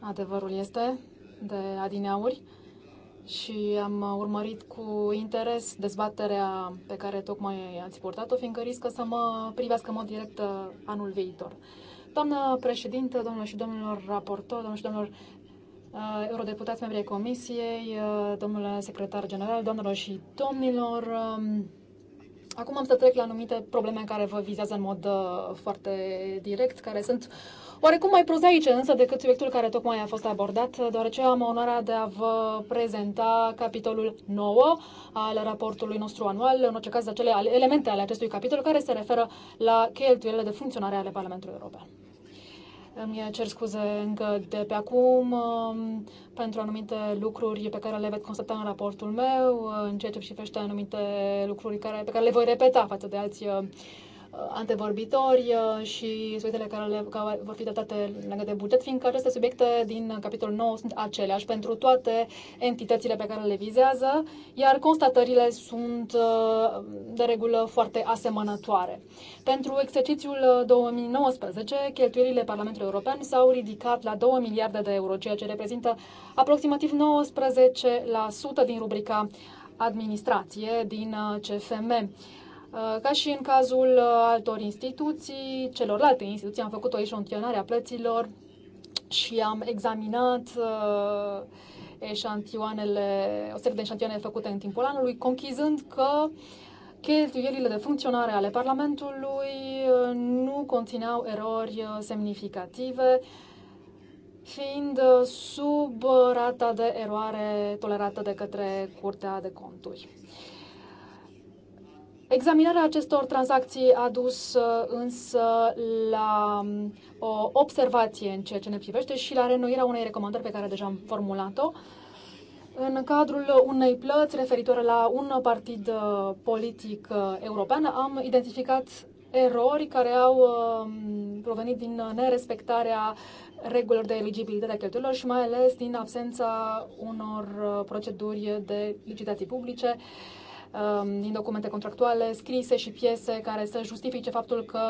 adevărul este, de adineauri și am urmărit cu interes dezbaterea pe care tocmai ați portat o fiindcă riscă să mă privească în mod direct uh, anul viitor. Doamnă președintă, domnilor și domnilor raportori, domnilor și domnilor uh, eurodeputați, membri ai Comisiei, uh, domnule secretar general, doamnelor și domnilor, um, acum am să trec la anumite probleme care vă vizează în mod foarte direct, care sunt oarecum mai prozaice însă decât subiectul care tocmai a fost abordat, deoarece am onoarea de a vă prezenta capitolul 9 al raportului nostru anual, în orice caz acele elemente ale acestui capitol care se referă la cheltuielile de funcționare ale Parlamentului European. Îmi cer scuze încă de pe acum um, pentru anumite lucruri pe care le veți constata în raportul meu, în ceea ce privește anumite lucruri care, pe care le voi repeta față de alți um, Uh, antevorbitori uh, și subiectele care, le, care vor fi datate legate de buget, fiindcă aceste subiecte din capitolul 9 sunt aceleași pentru toate entitățile pe care le vizează, iar constatările sunt uh, de regulă foarte asemănătoare. Pentru exercițiul 2019, cheltuielile Parlamentului European s-au ridicat la 2 miliarde de euro, ceea ce reprezintă aproximativ 19% din rubrica administrație din CFM. Uh, ca și în cazul uh, altor instituții, celorlalte instituții, am făcut o eșantionare a plăților și am examinat uh, eșantioanele, o serie de eșantioane făcute în timpul anului, conchizând că cheltuielile de funcționare ale Parlamentului nu conțineau erori semnificative, fiind sub rata de eroare tolerată de către Curtea de Conturi. Examinarea acestor tranzacții a dus uh, însă la um, o observație în ceea ce ne privește și la renoirea unei recomandări pe care deja am formulat-o în cadrul unei plăți referitoare la un partid uh, politic uh, european am identificat erori care au um, provenit din nerespectarea regulilor de eligibilitate a cheltuielor și mai ales din absența unor proceduri de licitații publice Um, din documente contractuale scrise și piese care să justifice faptul că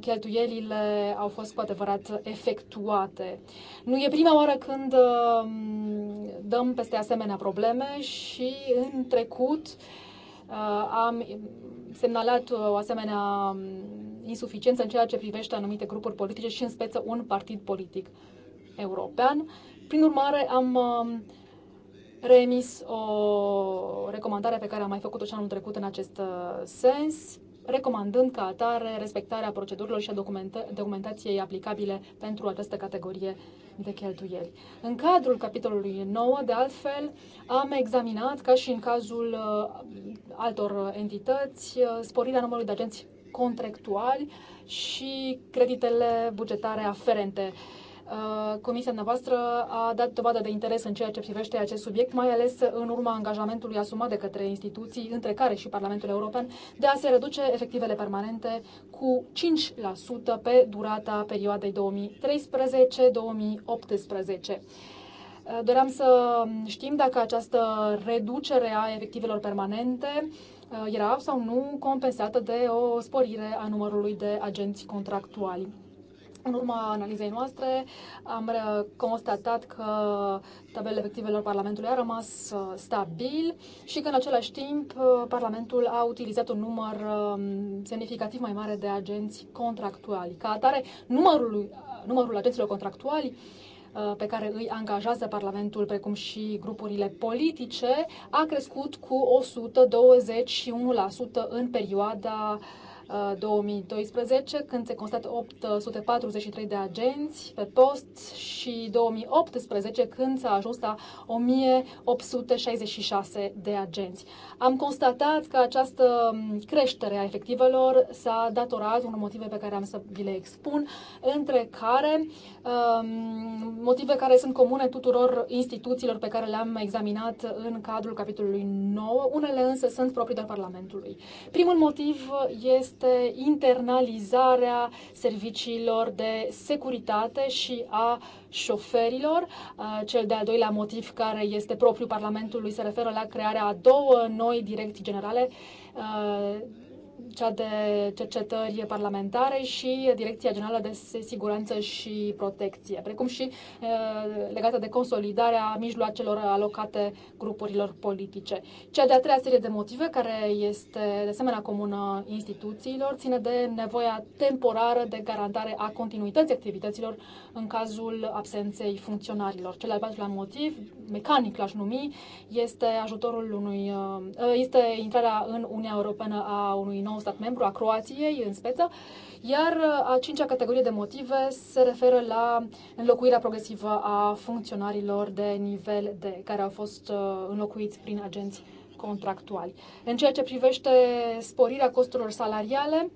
cheltuielile au fost cu adevărat efectuate. Nu e prima oară când um, dăm peste asemenea probleme și în trecut uh, am semnalat o asemenea um, insuficiență în ceea ce privește anumite grupuri politice și în speță un partid politic european. Prin urmare, am uh, remis o recomandare pe care am mai făcut-o și anul trecut în acest uh, sens, recomandând ca atare respectarea procedurilor și a documenta- documentației aplicabile pentru această categorie de cheltuieli. În cadrul capitolului 9, de altfel, am examinat, ca și în cazul uh, altor entități, uh, sporirea numărului de agenți contractuali și creditele bugetare aferente uh, Uh, comisia noastră a dat dovadă de interes în ceea ce privește acest subiect, mai ales în urma angajamentului asumat de către instituții, între care și Parlamentul European, de a se reduce efectivele permanente cu 5% pe durata perioadei 2013-2018. Uh, doream să știm dacă această reducere a efectivelor permanente uh, era sau nu compensată de o sporire a numărului de agenți contractuali. În urma analizei noastre am constatat că tabelele efectivelor Parlamentului a rămas uh, stabil și că în același timp uh, Parlamentul a utilizat un număr um, semnificativ mai mare de agenți contractuali. Ca atare, numărul, uh, numărul agenților contractuali pe care îi angajează Parlamentul, precum și grupurile politice, a crescut cu 121% în perioada uh, 2012, uh, când se constată 843 de agenți pe post și 2018, când s-a ajuns la 1866 de agenți. Am constatat că această creștere a efectivelor s-a datorat unor motive pe care am să vi le expun, între care um, motive care sunt comune tuturor instituțiilor pe care le-am examinat în cadrul capitolului 9, unele însă sunt proprii de Parlamentului. Primul motiv este internalizarea serviciilor de securitate și a șoferilor. Cel de-al doilea motiv care este propriu Parlamentului se referă la crearea a două noi noi direcții generale uh, cea de cercetări parlamentare și Direcția Generală de Siguranță și Protecție, precum și legată de consolidarea mijloacelor alocate grupurilor politice. Cea de-a treia serie de motive, care este de asemenea comună instituțiilor, ține de nevoia temporară de garantare a continuității activităților în cazul absenței funcționarilor. Cel al patrulea motiv, mecanic l-aș numi, este ajutorul unui, este intrarea în Uniunea Europeană a unui nou nou stat membru a Croației în speță, iar uh, a cincea categorie de motive se referă la înlocuirea progresivă a funcționarilor de nivel D, care au fost uh, înlocuiți prin agenți contractuali. În ceea ce privește sporirea costurilor salariale,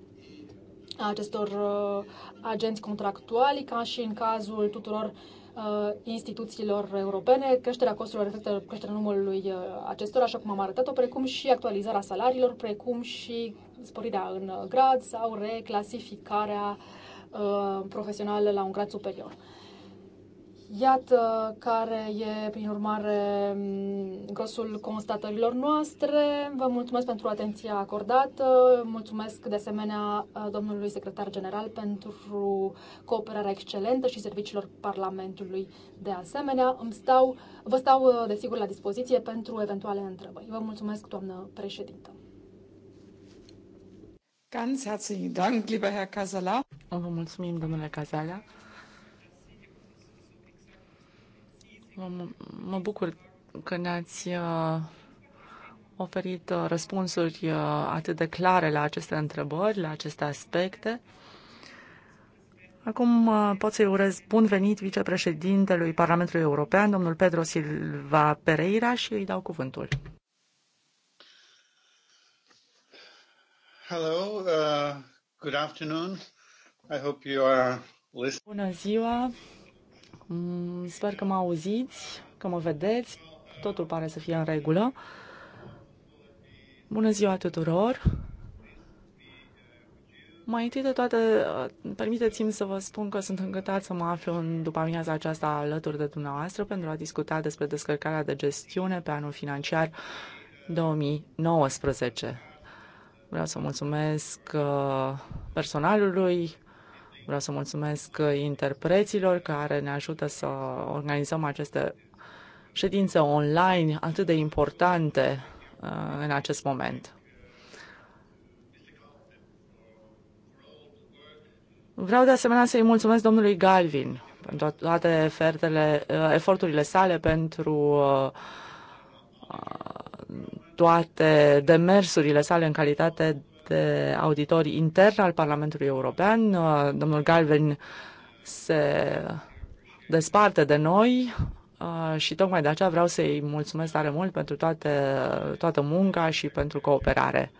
a acestor uh, agenți contractuali, ca și în cazul tuturor uh, instituțiilor europene. Creșterea costurilor reflectă creșterea numărului uh, acestora, așa cum am arătat-o, precum și actualizarea salariilor, precum și sporirea în uh, grad sau reclasificarea uh, profesională la un grad superior. Iată care e, prin urmare, mm, grosul constatărilor noastre. Vă mulțumesc pentru atenția acordată. Mulțumesc, de asemenea, uh, domnului secretar general pentru cooperarea excelentă și serviciilor Parlamentului. De asemenea, îmi stau, vă stau, desigur, la dispoziție pentru eventuale întrebări. Vă mulțumesc, doamnă președintă. Ganz herzlichen Dank, lieber Herr Casala. Vă mulțumim, domnule Casala. Mă, mă bucur că ne-ați uh, oferit uh, răspunsuri uh, atât de clare la aceste întrebări, la aceste aspecte. Acum pot să-i urez bun venit vicepreședintelui Parlamentului European, domnul Pedro Silva Pereira, și îi dau cuvântul. Hello, uh, good afternoon. I hope you are listening. Bună ziua. Mm, sper că mă auziți, că mă vedeți. Totul pare să fie în regulă. Bună ziua tuturor. Mai întâi de toate, uh, permiteți-mi să vă spun că sunt încântat să mă aflu în după amiaza aceasta alături de dumneavoastră pentru a discuta despre descărcarea de gestiune pe anul financiar 2019. Vreau să mulțumesc uh, personalului, vreau să mulțumesc uh, interpreților care ne ajută să organizăm aceste ședințe online atât de importante uh, în acest moment. Vreau de asemenea să-i mulțumesc domnului Galvin pentru toate efertele, eforturile sale pentru toate demersurile sale în calitate de auditor intern al Parlamentului European. Uh, domnul Galvin, se desparte de noi uh, și tocmai de aceea vreau să-i mulțumesc tare mult pentru toate, toată munca și pentru cooperare.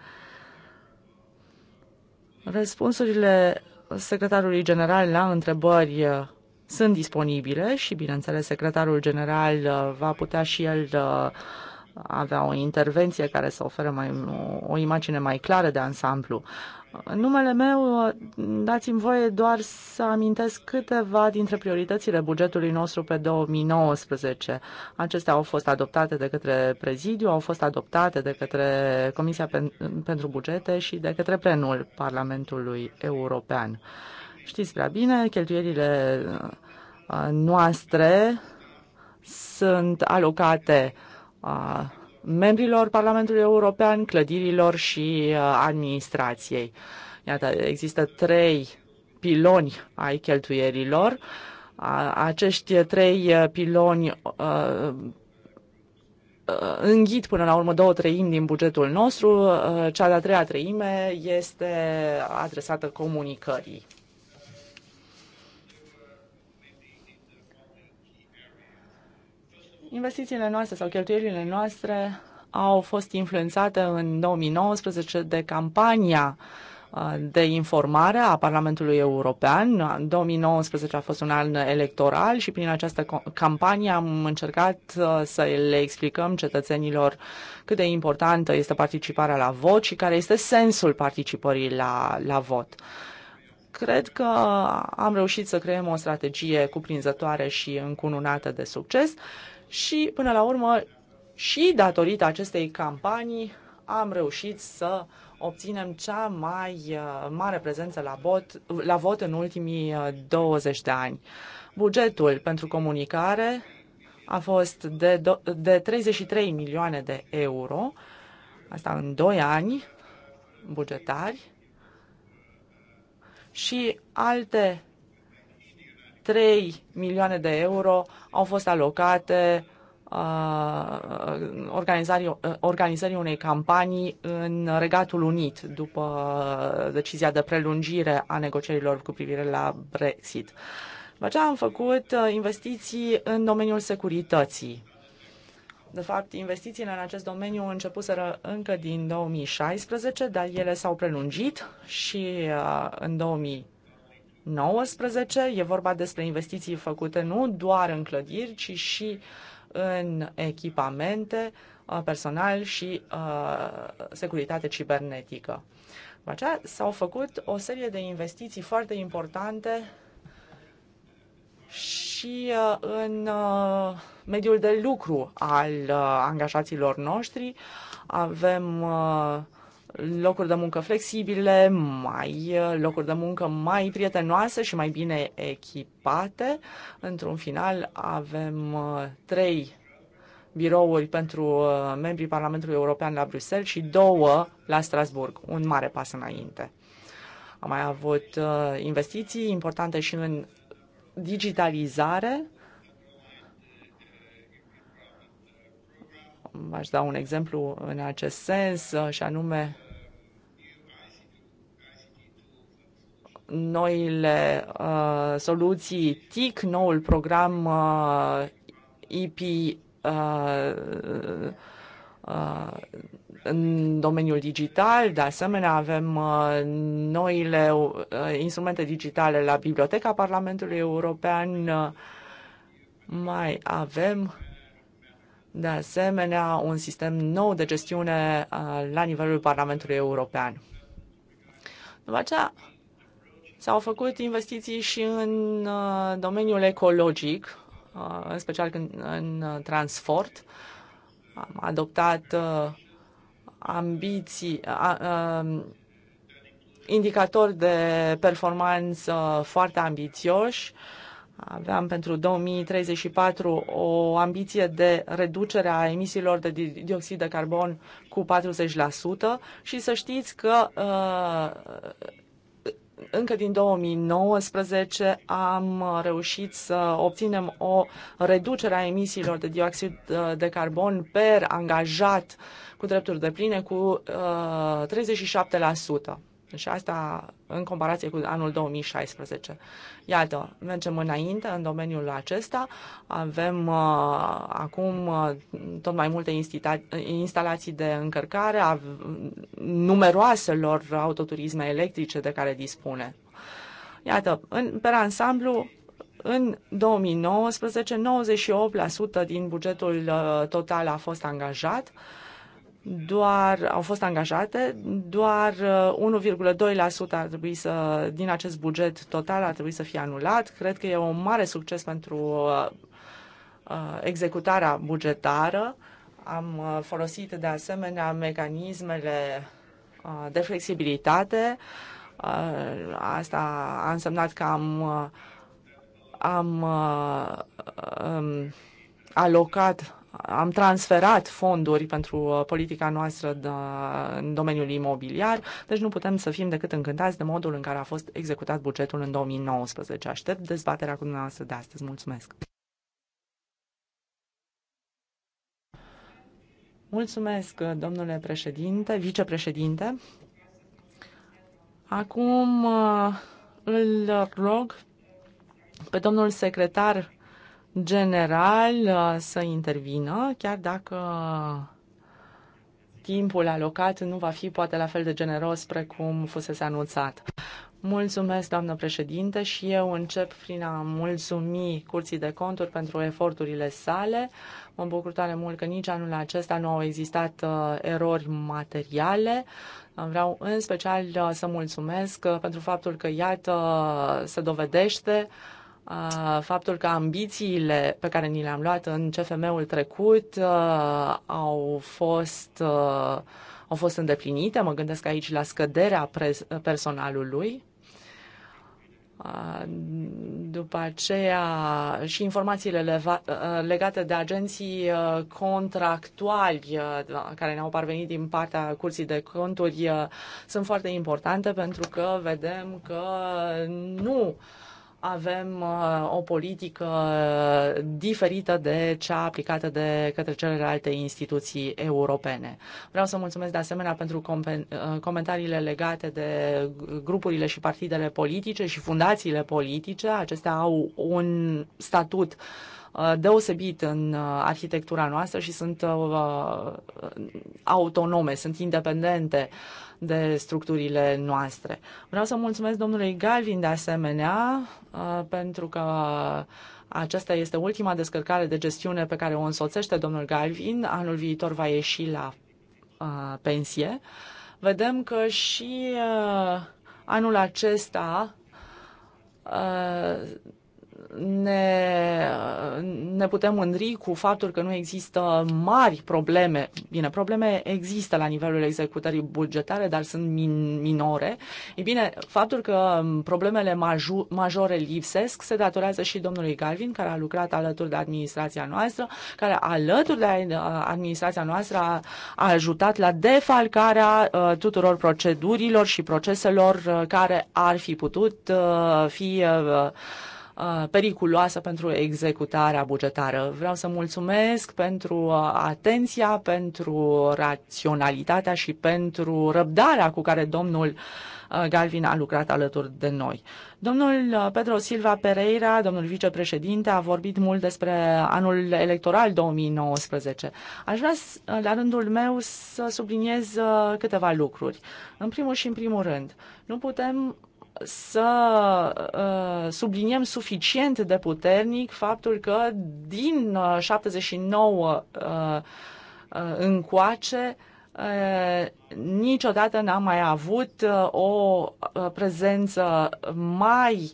Răspunsurile secretarului general la întrebări uh, sunt disponibile și, bineînțeles, secretarul general va putea și el uh, avea o intervenție care să ofere mai, o, o imagine mai clară de ansamblu. În numele meu, dați-mi voie doar să amintesc câteva dintre prioritățile bugetului nostru pe 2019. Acestea au fost adoptate de către prezidiu, au fost adoptate de către Comisia Pen pentru Bugete și de către plenul Parlamentului European. Știți prea bine, cheltuielile uh, noastre sunt alocate uh, a membrilor Parlamentului European, clădirilor și uh, administrației. Iată, există trei piloni ai cheltuierilor. Acești trei uh, piloni uh, înghit până la urmă două treimi din bugetul nostru. Cea de-a treia treime este adresată comunicării. Investițiile noastre sau cheltuielile noastre au fost influențate în 2019 de campania uh, de informare a Parlamentului European. 2019 a fost un an electoral și prin această campanie am încercat uh, să le explicăm cetățenilor cât de importantă este participarea la vot și care este sensul participării la, la vot. Cred că am reușit să creăm o strategie cuprinzătoare și încununată de succes și, până la urmă, și datorită acestei campanii am reușit să obținem cea mai uh, mare prezență la, vot la vot în ultimii 20 uh, de ani. Bugetul pentru comunicare a fost de, de 33 milioane de euro, asta în 2 ani bugetari, și alte 3 milioane de euro au fost alocate uh, organizării, uh, organizării unei campanii în Regatul Unit după decizia de prelungire a negocierilor cu privire la Brexit. După aceea am făcut uh, investiții în domeniul securității. De fapt, investițiile în acest domeniu începuseră încă din 2016, dar ele s-au prelungit și în 2020 2019. E vorba despre investiții făcute nu doar în clădiri, ci și în echipamente, uh, personal și uh, securitate cibernetică. După aceea s-au făcut o serie de investiții foarte importante și uh, în uh, mediul de lucru al angajaților noștri. Avem locuri de muncă flexibile, mai uh, locuri de muncă mai prietenoase și mai bine echipate. Într-un final avem uh, trei birouri pentru uh, membrii Parlamentului European la Bruxelles și două la Strasburg. Un mare pas înainte. Am mai avut investiții importante și în digitalizare. V-aș da un exemplu în acest sens și anume noile uh, soluții TIC, noul program uh, IP uh, uh, în domeniul digital, de asemenea avem uh, noile uh, instrumente digitale la Biblioteca Parlamentului European, uh, mai avem de asemenea un sistem nou de gestiune uh, la nivelul Parlamentului European. După aceea, S-au făcut investiții și în uh, domeniul ecologic, uh, în special în uh, transport. Am adoptat ambiții, indicatori de performanță foarte ambițioși. Aveam pentru 2034 o ambiție de reducere a emisiilor de dioxid de carbon cu 40% și să știți că încă din 2019 am reușit să obținem o reducere a emisiilor de dioxid uh, de carbon per angajat cu drepturi de pline cu uh, 37%. și deci asta în comparație cu anul 2016. Iată, mergem înainte în domeniul acesta. Avem uh, acum uh, tot mai multe instalații de încărcare a numeroaselor autoturisme electrice de care dispune. Iată, în, pe ansamblu, în 2019, 98% din bugetul uh, total a fost angajat. Uh, doar au fost angajate, doar 1,2% uh, ar trebui să, din acest buget total ar trebui să fie anulat. Cred că e un mare succes pentru uh, uh, executarea bugetară. Am folosit de asemenea mecanismele de flexibilitate. Asta a însemnat că am, am, am um, alocat am transferat fonduri pentru uh, politica noastră de, în domeniul imobiliar, deci nu putem să fim decât încântați de modul în care a fost executat bugetul în 2019. Aștept dezbaterea cu dumneavoastră de astăzi. Mulțumesc! Mulțumesc, domnule președinte, vicepreședinte. Acum uh, îl rog pe domnul secretar general uh, să intervină, chiar dacă timpul alocat nu va fi poate la fel de generos precum fusese anunțat. Mulțumesc, doamnă președinte, și eu încep prin a mulțumi Curții de Conturi pentru eforturile sale. Mă bucur tare mult că nici anul acesta nu au existat uh, erori materiale. Vreau în special uh, să mulțumesc pentru faptul că, iată, se dovedește uh, faptul că ambițiile pe care ni le-am luat în CFM-ul trecut au fost au fost îndeplinite. Mă gândesc aici la scăderea personalului. După aceea și informațiile legate de agenții contractuali care ne-au parvenit din partea Curții de Conturi sunt foarte importante pentru că vedem că nu uh, avem uh, o politică diferită de cea aplicată de către celelalte instituții europene. Vreau să mulțumesc de asemenea pentru uh, comentariile legate de grupurile și partidele politice și fundațiile politice. Acestea au un statut uh, deosebit în arhitectura noastră și sunt autonome, sunt independente de structurile noastre. Vreau să mulțumesc domnului Galvin de asemenea Uh, pentru că aceasta este ultima descărcare de gestiune pe care o însoțește domnul Galvin. Anul viitor va ieși la uh, pensie. Vedem că și uh, anul acesta ne, ne putem mândri cu faptul că nu există mari probleme. Bine, probleme există la nivelul executării bugetare, dar sunt min, minore. E bine, faptul că problemele maju, majore lipsesc se datorează și domnului Galvin, care a lucrat alături de administrația noastră, care alături de administrația noastră a, ajutat la defalcarea uh, tuturor procedurilor și proceselor uh, care ar fi putut uh, fi Uh, periculoasă pentru executarea bugetară. Vreau să mulțumesc pentru uh, atenția, pentru raționalitatea și pentru răbdarea cu care domnul uh, Galvin a lucrat alături de noi. Domnul Pedro Silva Pereira, domnul vicepreședinte, a vorbit mult despre anul electoral 2019. Aș vrea, la rândul meu, să subliniez câteva lucruri. În primul și în primul rând, nu putem să uh, subliniem suficient de puternic faptul că din 79 uh, uh, încoace niciodată n-am mai avut o prezență mai uh,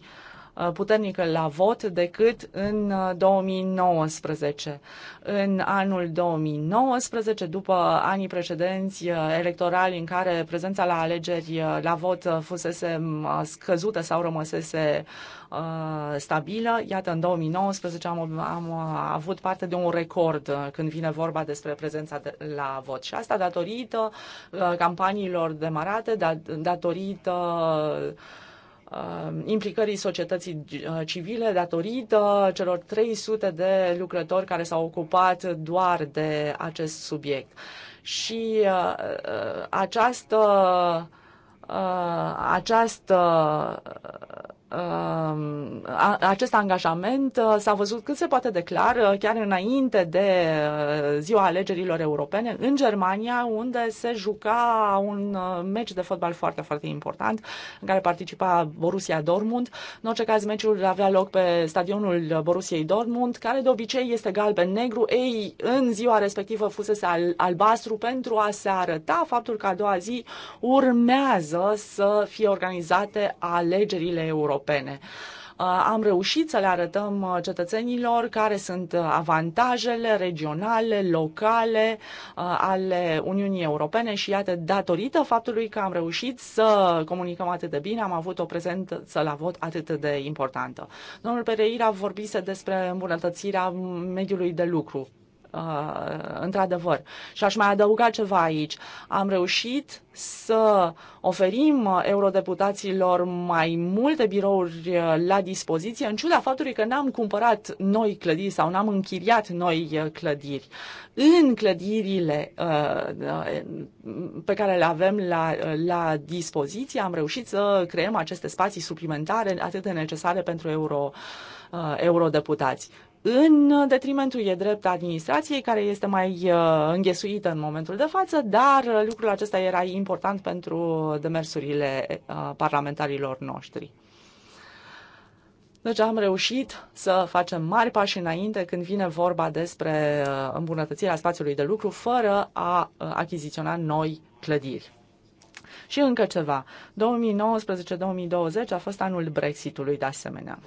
Uh, puternică la vot decât în 2019. Uh, în anul 2019, după anii precedenți uh, electorali în care prezența la alegeri la vot fusese scăzută sau rămăsese stabilă. Iată, în 2019 am, am avut parte de un record când vine vorba despre prezența de, la vot și asta datorită campaniilor demarate, dat, datorită uh, Uh, implicării societății uh, civile datorită celor 300 de lucrători care s-au ocupat doar de acest subiect. Și uh, această această Um, acest angajament uh, s-a văzut cât se poate declar uh, chiar înainte de uh, ziua alegerilor europene în Germania, unde se juca un meci de fotbal foarte, foarte important în care participa Borussia Dortmund. În orice caz, meciul avea loc pe stadionul Borussiei Dortmund, care de obicei este galben-negru. Ei, în ziua respectivă fusese al- albastru pentru a se arăta faptul că a doua zi urmează să fie organizate alegerile europene europene. Uh, am reușit să le arătăm uh, cetățenilor care sunt uh, avantajele regionale, locale ale Uniunii Europene și iată, datorită faptului că am reușit să comunicăm atât de bine, am avut o prezență la vot atât de importantă. Domnul Pereira vorbise despre îmbunătățirea mediului de lucru. Uh, într-adevăr. Și aș mai adăuga ceva aici. Am reușit să oferim eurodeputaților mai multe birouri uh, la dispoziție, în ciuda faptului că n-am cumpărat noi clădiri sau n-am închiriat noi uh, clădiri. În clădirile pe care le avem la, la dispoziție am reușit să creăm aceste spații suplimentare atât de necesare pentru euro, eurodeputați în detrimentul, e drept, administrației, care este mai uh, înghesuită în momentul de față, dar uh, lucrul acesta era important pentru demersurile uh, parlamentarilor noștri. Deci am reușit să facem mari pași înainte când vine vorba despre îmbunătățirea spațiului de lucru fără a achiziționa noi clădiri. Și încă ceva. 2019-2020 a fost anul Brexitului de asemenea.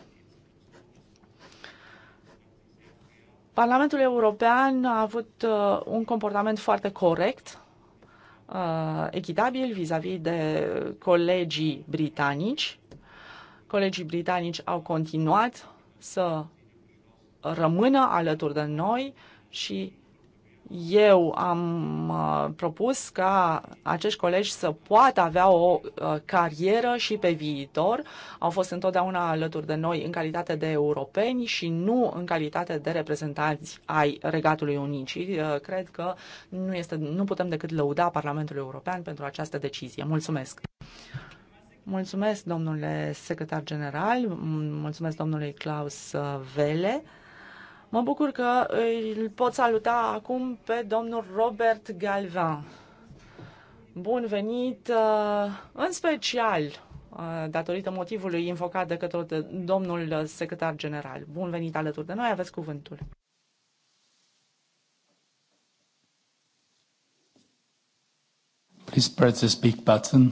Parlamentul European a avut uh, un comportament foarte corect, uh, echitabil vis-a-vis -vis de colegii britanici. Colegii britanici au continuat să rămână alături de noi și eu am uh, propus ca acești colegi să poată avea o uh, carieră și pe viitor. Au fost întotdeauna alături de noi în calitate de europeni și nu în calitate de reprezentanți ai Regatului Unicii. Uh, cred că nu, este, nu putem decât lăuda Parlamentul European pentru această decizie. Mulțumesc! Mulțumesc, domnule secretar general, mulțumesc domnului Klaus Vele. Mă bucur că îl pot saluta acum pe domnul Robert Galvin. Bun venit, uh, în special uh, datorită motivului invocat de către domnul secretar general. Bun venit alături de noi, aveți cuvântul. Please press the speak button.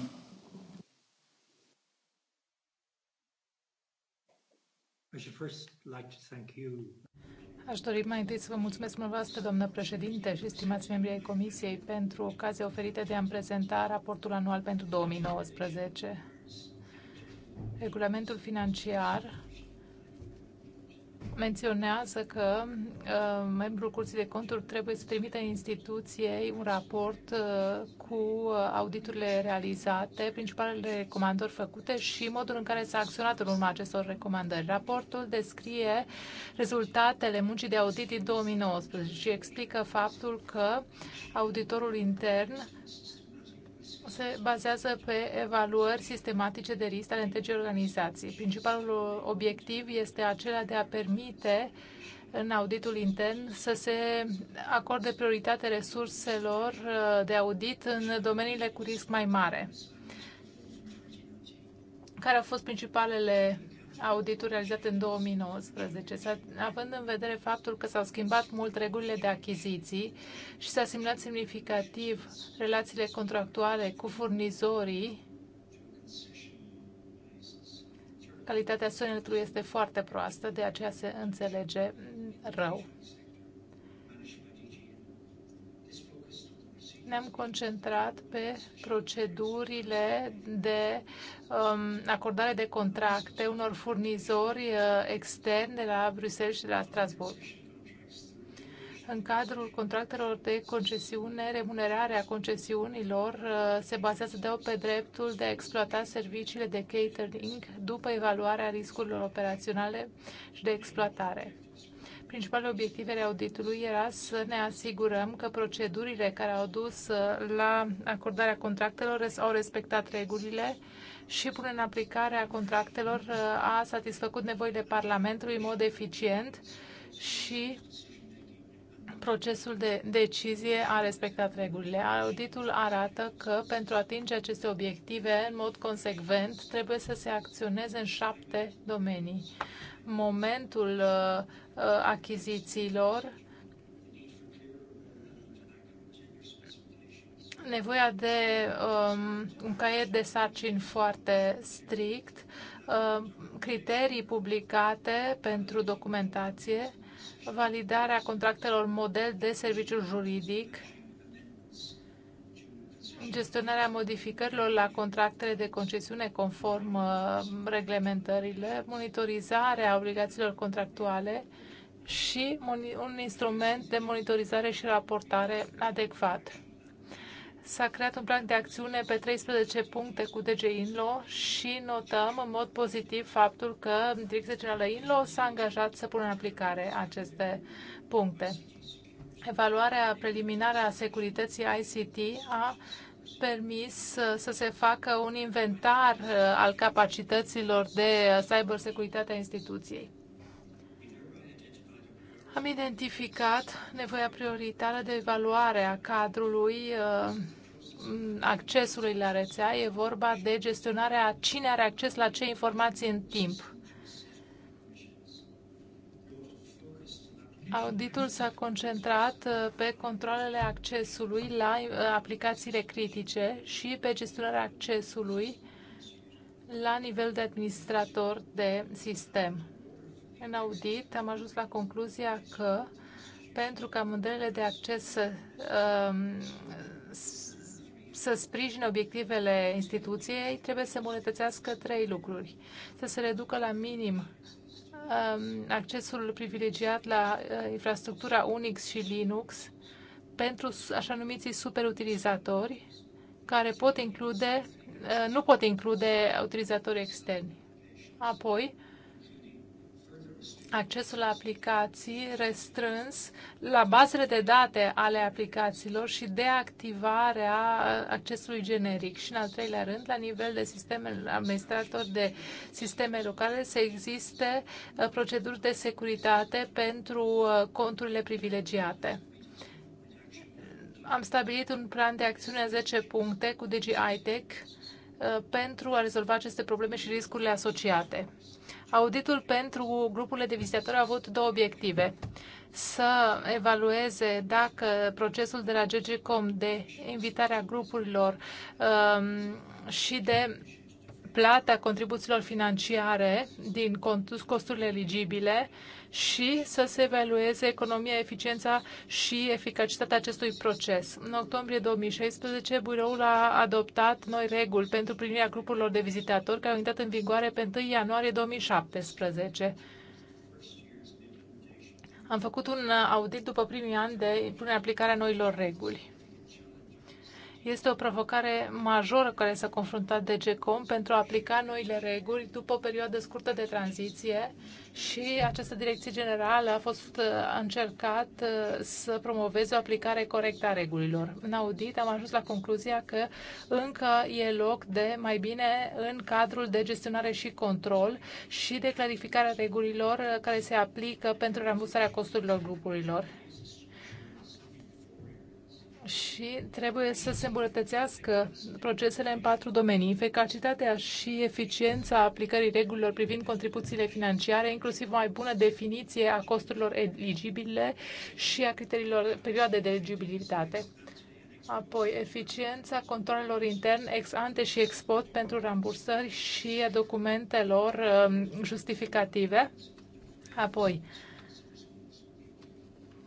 I should first like to thank you Aș dori mai întâi să vă mulțumesc dumneavoastră, doamnă președinte și stimați membri ai Comisiei, pentru ocazia oferită de a-mi prezenta raportul anual pentru 2019. Regulamentul financiar menționează că uh, membrul Curții de Conturi trebuie să trimită instituției un raport uh, cu uh, auditurile realizate, principalele recomandări făcute și modul în care s-a acționat în urma acestor recomandări. Raportul descrie rezultatele muncii de audit din 2019 și explică faptul că auditorul intern se bazează pe evaluări sistematice de risc ale întregii organizații. Principalul obiectiv este acela de a permite în auditul intern să se acorde prioritate resurselor uh, de audit în domeniile cu risc mai mare. Care au fost principalele auditul realizat în 2019, având în vedere faptul că s-au schimbat mult regulile de achiziții și s-a simulat semnificativ relațiile contractuale cu furnizorii, calitatea sunetului este foarte proastă, de aceea se înțelege rău. ne-am concentrat pe procedurile de um, acordare de contracte unor furnizori uh, externi de la Bruxelles și de la Strasbourg. În cadrul contractelor de concesiune, remunerarea concesiunilor uh, se bazează de pe dreptul de a exploata serviciile de catering după evaluarea riscurilor operaționale și de exploatare. Principalele obiective ale auditului era să ne asigurăm că procedurile care au dus la acordarea contractelor au respectat regulile și până în aplicarea contractelor uh, a satisfăcut nevoile Parlamentului în mod eficient și procesul de decizie a respectat regulile. Auditul arată că pentru a atinge aceste obiective în mod consecvent trebuie să se acționeze în șapte domenii. Momentul uh, uh, achizițiilor, nevoia de um, un caiet de sarcini foarte strict, uh, criterii publicate pentru documentație, validarea contractelor model de serviciu juridic, gestionarea modificărilor la contractele de concesiune conform uh, reglementările, monitorizarea obligațiilor contractuale și un instrument de monitorizare și raportare adecvat. S-a creat un plan de acțiune pe 13 puncte cu DG INLO și notăm în mod pozitiv faptul că Direcția Generală INLO s-a angajat să pună în aplicare aceste puncte. Evaluarea preliminară a securității ICT a permis să se facă un inventar uh, al capacităților de uh, cybersecuritate a instituției. Am identificat nevoia prioritară de evaluare a cadrului uh, accesului la rețea. E vorba de gestionarea cine are acces la ce informații în timp. Auditul s-a concentrat uh, pe controlele accesului la uh, aplicațiile critice și pe gestionarea accesului la nivel de administrator de sistem. În audit am ajuns la concluzia că pentru ca modelele de acces să, um, să sprijine obiectivele instituției, trebuie să îmbunătățească trei lucruri. Să se reducă la minim um, accesul privilegiat la uh, infrastructura Unix și Linux pentru așa numiții superutilizatori, care pot include, uh, nu pot include utilizatori externi. Apoi, accesul la aplicații restrâns la bazele de date ale aplicațiilor și deactivarea accesului generic. Și în al treilea rând, la nivel de sisteme, administrator de sisteme locale, să existe uh, proceduri de securitate pentru uh, conturile privilegiate. Am stabilit un plan de acțiune a 10 puncte cu DGITEC uh, pentru a rezolva aceste probleme și riscurile asociate. Auditul pentru grupurile de vizitatori a avut două obiective. Să evalueze dacă procesul de la GGCOM de invitarea grupurilor um, și de plata contribuțiilor financiare din costurile eligibile și să se evalueze economia, eficiența și eficacitatea acestui proces. În octombrie 2016, biroul a adoptat noi reguli pentru primirea grupurilor de vizitatori care au intrat în vigoare pe 1 ianuarie 2017. Am făcut un audit după primii ani de punere aplicarea noilor reguli. Este o provocare majoră care s-a confruntat DGCOM pentru a aplica noile reguli după o perioadă scurtă de tranziție și această direcție generală a fost uh, încercat uh, să promoveze o aplicare corectă a regulilor. În audit am ajuns la concluzia că încă e loc de mai bine în cadrul de gestionare și control și de clarificarea regulilor uh, care se aplică pentru rambursarea costurilor grupurilor și trebuie să se îmbunătățească procesele în patru domenii. Eficacitatea și eficiența aplicării regulilor privind contribuțiile financiare, inclusiv o mai bună definiție a costurilor eligibile și a criteriilor perioade de eligibilitate. Apoi, eficiența controlelor intern ex ante și ex post pentru rambursări și a documentelor um, justificative. Apoi,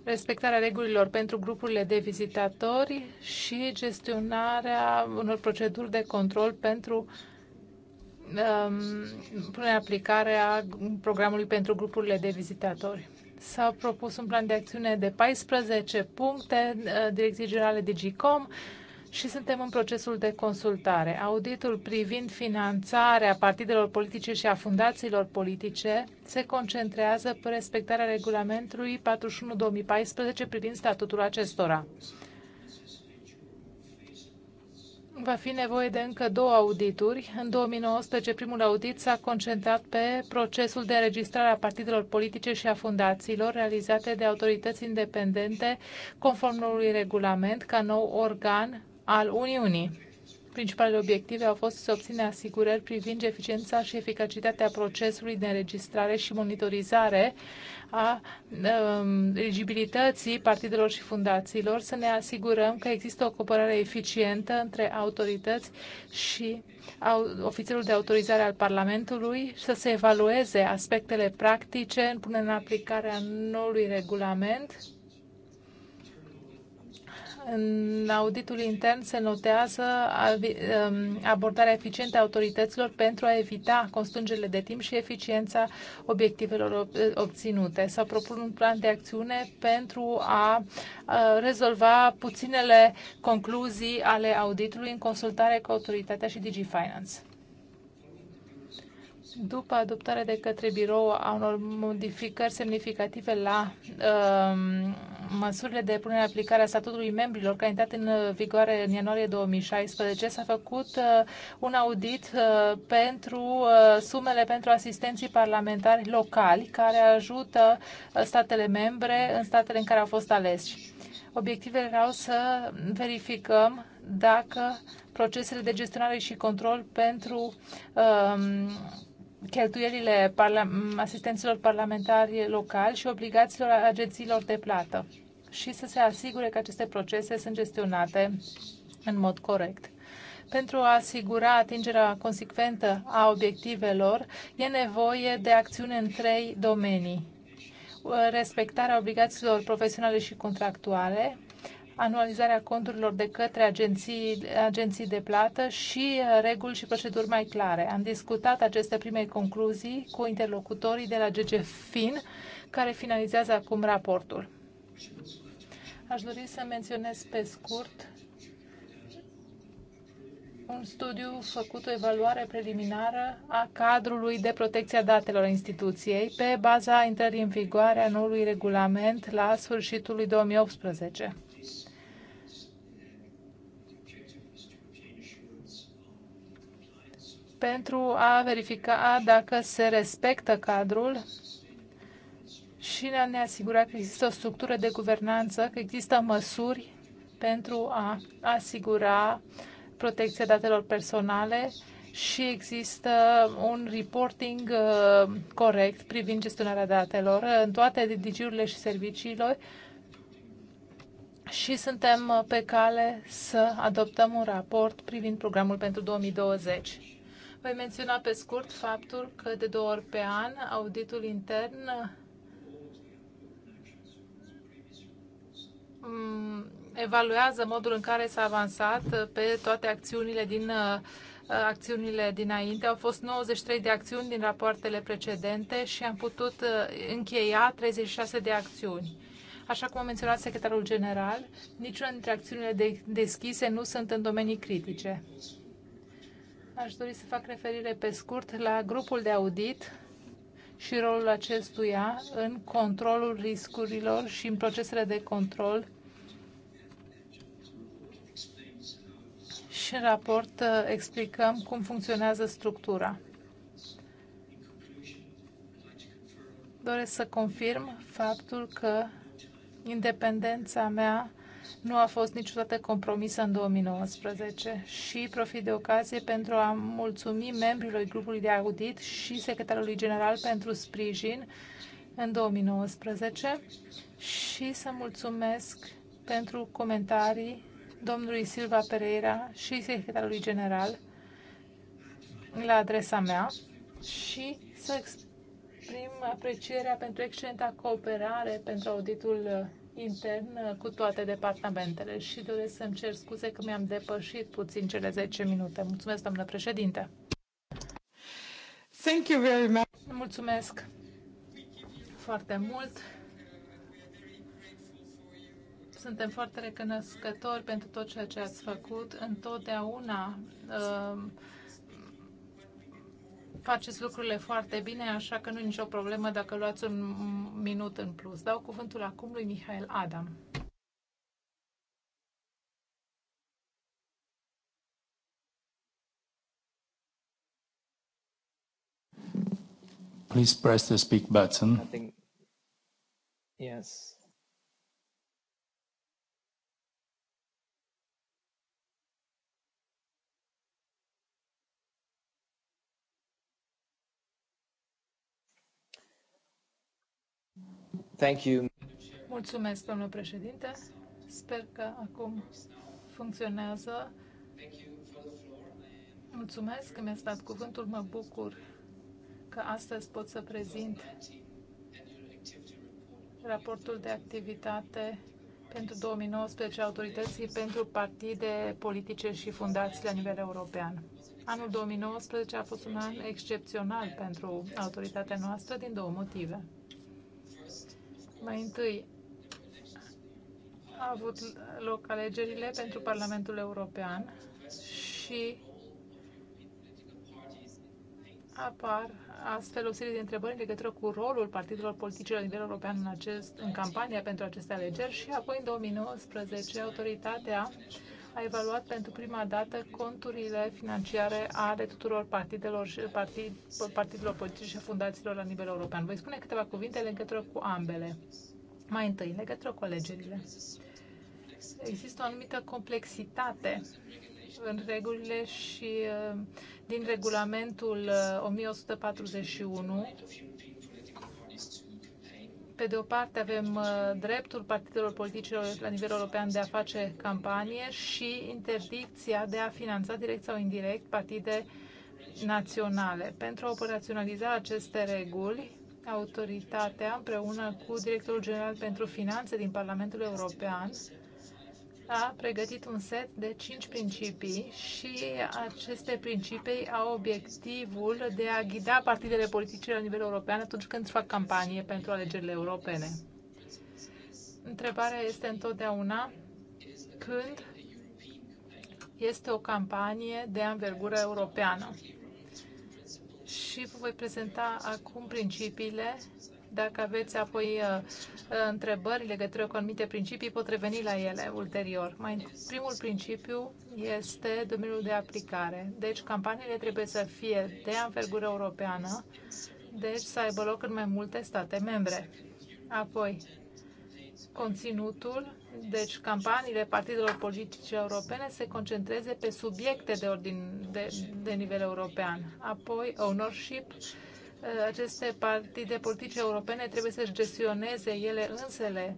respectarea regulilor pentru grupurile de vizitatori și gestionarea unor proceduri de control pentru um, punerea aplicarea programului pentru grupurile de vizitatori. S-a propus un plan de acțiune de 14 puncte, uh, Direcției Generale Digicom, și suntem în procesul de consultare. Auditul privind finanțarea partidelor politice și a fundațiilor politice se concentrează pe respectarea regulamentului 41-2014 privind statutul acestora. Va fi nevoie de încă două audituri. În 2019, primul audit s-a concentrat pe procesul de înregistrare a partidelor politice și a fundațiilor realizate de autorități independente conform noului regulament ca nou organ al Uniunii. Principalele obiective au fost să obțină asigurări privind eficiența și eficacitatea procesului de înregistrare și monitorizare a um, eligibilității partidelor și fundațiilor, să ne asigurăm că există o cooperare eficientă între autorități și ofițerul de autorizare al Parlamentului, să se evalueze aspectele practice în punerea în aplicare a noului regulament în auditul intern se notează um, abordarea eficientă a autorităților pentru a evita constrângerile de timp și eficiența obiectivelor obținute. S-a propus un plan de acțiune pentru a uh, rezolva puținele concluzii ale auditului în consultare cu autoritatea și DigiFinance după adoptarea de către birou a unor modificări semnificative la um, măsurile de punere în aplicare a statutului membrilor care a intrat în uh, vigoare în ianuarie 2016, s-a făcut uh, un audit uh, pentru sumele pentru asistenții parlamentari locali care ajută statele membre în statele în care au fost aleși. Obiectivele erau să verificăm dacă procesele de gestionare și control pentru um, cheltuielile parla- asistenților parlamentari locali și obligațiilor agențiilor de plată și să se asigure că aceste procese sunt gestionate în mod corect. Pentru a asigura atingerea consecventă a obiectivelor, e nevoie de acțiune în trei domenii. Respectarea obligațiilor profesionale și contractuale, anualizarea conturilor de către agenții, agenții de plată și uh, reguli și proceduri mai clare. Am discutat aceste prime concluzii cu interlocutorii de la GGFIN, care finalizează acum raportul. Aș dori să menționez pe scurt un studiu făcut o evaluare preliminară a cadrului de protecție a datelor instituției pe baza intrării în vigoare a noului regulament la sfârșitul lui 2018. pentru a verifica dacă se respectă cadrul și a ne asigura că există o structură de guvernanță, că există măsuri pentru a asigura protecția datelor personale și există un reporting uh, corect privind gestionarea datelor în toate digiurile și serviciilor și suntem pe cale să adoptăm un raport privind programul pentru 2020. Voi menționa pe scurt faptul că de două ori pe an auditul intern mm, evaluează modul în care s-a avansat pe toate acțiunile din uh, acțiunile dinainte. Au fost 93 de acțiuni din rapoartele precedente și am putut uh, încheia 36 de acțiuni. Așa cum a menționat secretarul general, niciuna dintre acțiunile deschise nu sunt în domenii critice. Aș dori să fac referire pe scurt la grupul de audit și rolul acestuia în controlul riscurilor și în procesele de control și în raport uh, explicăm cum funcționează structura. Doresc să confirm faptul că independența mea nu a fost niciodată compromisă în 2019 și profit de ocazie pentru a mulțumi membrilor grupului de audit și secretarului general pentru sprijin în 2019 și să mulțumesc pentru comentarii domnului Silva Pereira și secretarului general la adresa mea și să exprim aprecierea pentru excelenta cooperare pentru auditul intern uh, cu toate departamentele și doresc să-mi cer scuze că mi-am depășit puțin cele 10 minute. Mulțumesc, doamnă președinte! Thank you very much. Mulțumesc foarte mult! Suntem foarte recunoscători pentru tot ceea ce ați făcut. Întotdeauna uh, faceți lucrurile foarte bine, așa că nu e nicio problemă dacă luați un minut în plus. Dau cuvântul acum lui Mihail Adam. Please press the speak button. I think, yes. Thank you. Mulțumesc, domnul președinte. Sper că acum funcționează. Mulțumesc că mi-ați dat cuvântul. Mă bucur că astăzi pot să prezint raportul de activitate pentru 2019 autorității pentru partide politice și fundații la nivel european. Anul 2019 a fost un an excepțional pentru autoritatea noastră din două motive. Mai întâi a avut loc alegerile pentru Parlamentul European și apar astfel o serie de întrebări în legătură cu rolul partidelor politice la nivel european în, acest, în campania pentru aceste alegeri și apoi în 2019 autoritatea a evaluat pentru prima dată conturile financiare ale tuturor partidelor, și partid, partidelor politice și fundațiilor la nivel european. Voi spune câteva cuvinte în legătură cu ambele. Mai întâi, în legătură cu alegerile. Există o anumită complexitate în regulile și uh, din regulamentul 1141 uh, pe de o parte avem uh, dreptul partidelor politice la nivel european de a face campanie și interdicția de a finanța direct sau indirect partide naționale. Pentru a operaționaliza aceste reguli, autoritatea, împreună cu directorul general pentru finanțe din Parlamentul European, a pregătit un set de cinci principii și aceste principii au obiectivul de a ghida partidele politice la nivel european atunci când fac campanie pentru alegerile europene. Întrebarea este întotdeauna când este o campanie de anvergură europeană. Și vă voi prezenta acum principiile dacă aveți apoi uh, uh, întrebări legătură cu anumite principii, pot reveni la ele ulterior. Mai, primul principiu este domeniul de aplicare. Deci, campaniile trebuie să fie de anvergură europeană, deci să aibă loc în mai multe state membre. Apoi, conținutul, deci campaniile partidelor politice europene se concentreze pe subiecte de, ordin, de, de nivel european. Apoi, ownership, Uh, aceste partide politice europene trebuie să-și gestioneze ele însele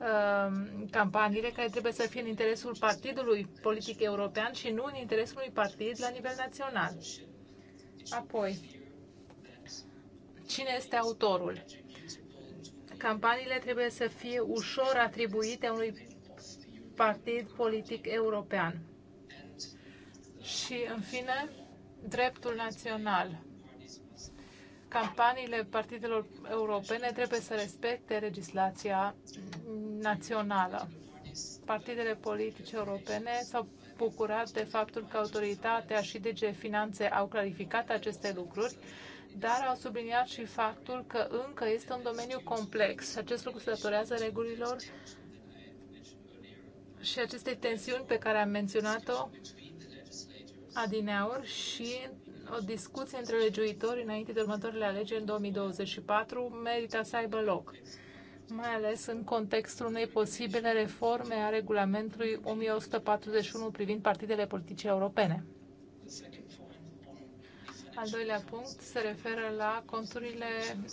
uh, campaniile care trebuie să fie în interesul partidului politic european și nu în interesul unui partid la nivel național. Apoi, cine este autorul? Campaniile trebuie să fie ușor atribuite unui partid politic european. Și, în fine, dreptul național campaniile partidelor europene trebuie să respecte legislația națională. Partidele politice europene s-au bucurat de faptul că autoritatea și DG Finanțe au clarificat aceste lucruri, dar au subliniat și faptul că încă este un domeniu complex. Acest lucru se datorează regulilor și acestei tensiuni pe care am menționat-o adineauri și o discuție între legiuitori înainte de următoarele alegeri în 2024 merită să aibă loc, mai ales în contextul unei posibile reforme a regulamentului 1141 privind partidele politice europene. Al doilea punct se referă la conturile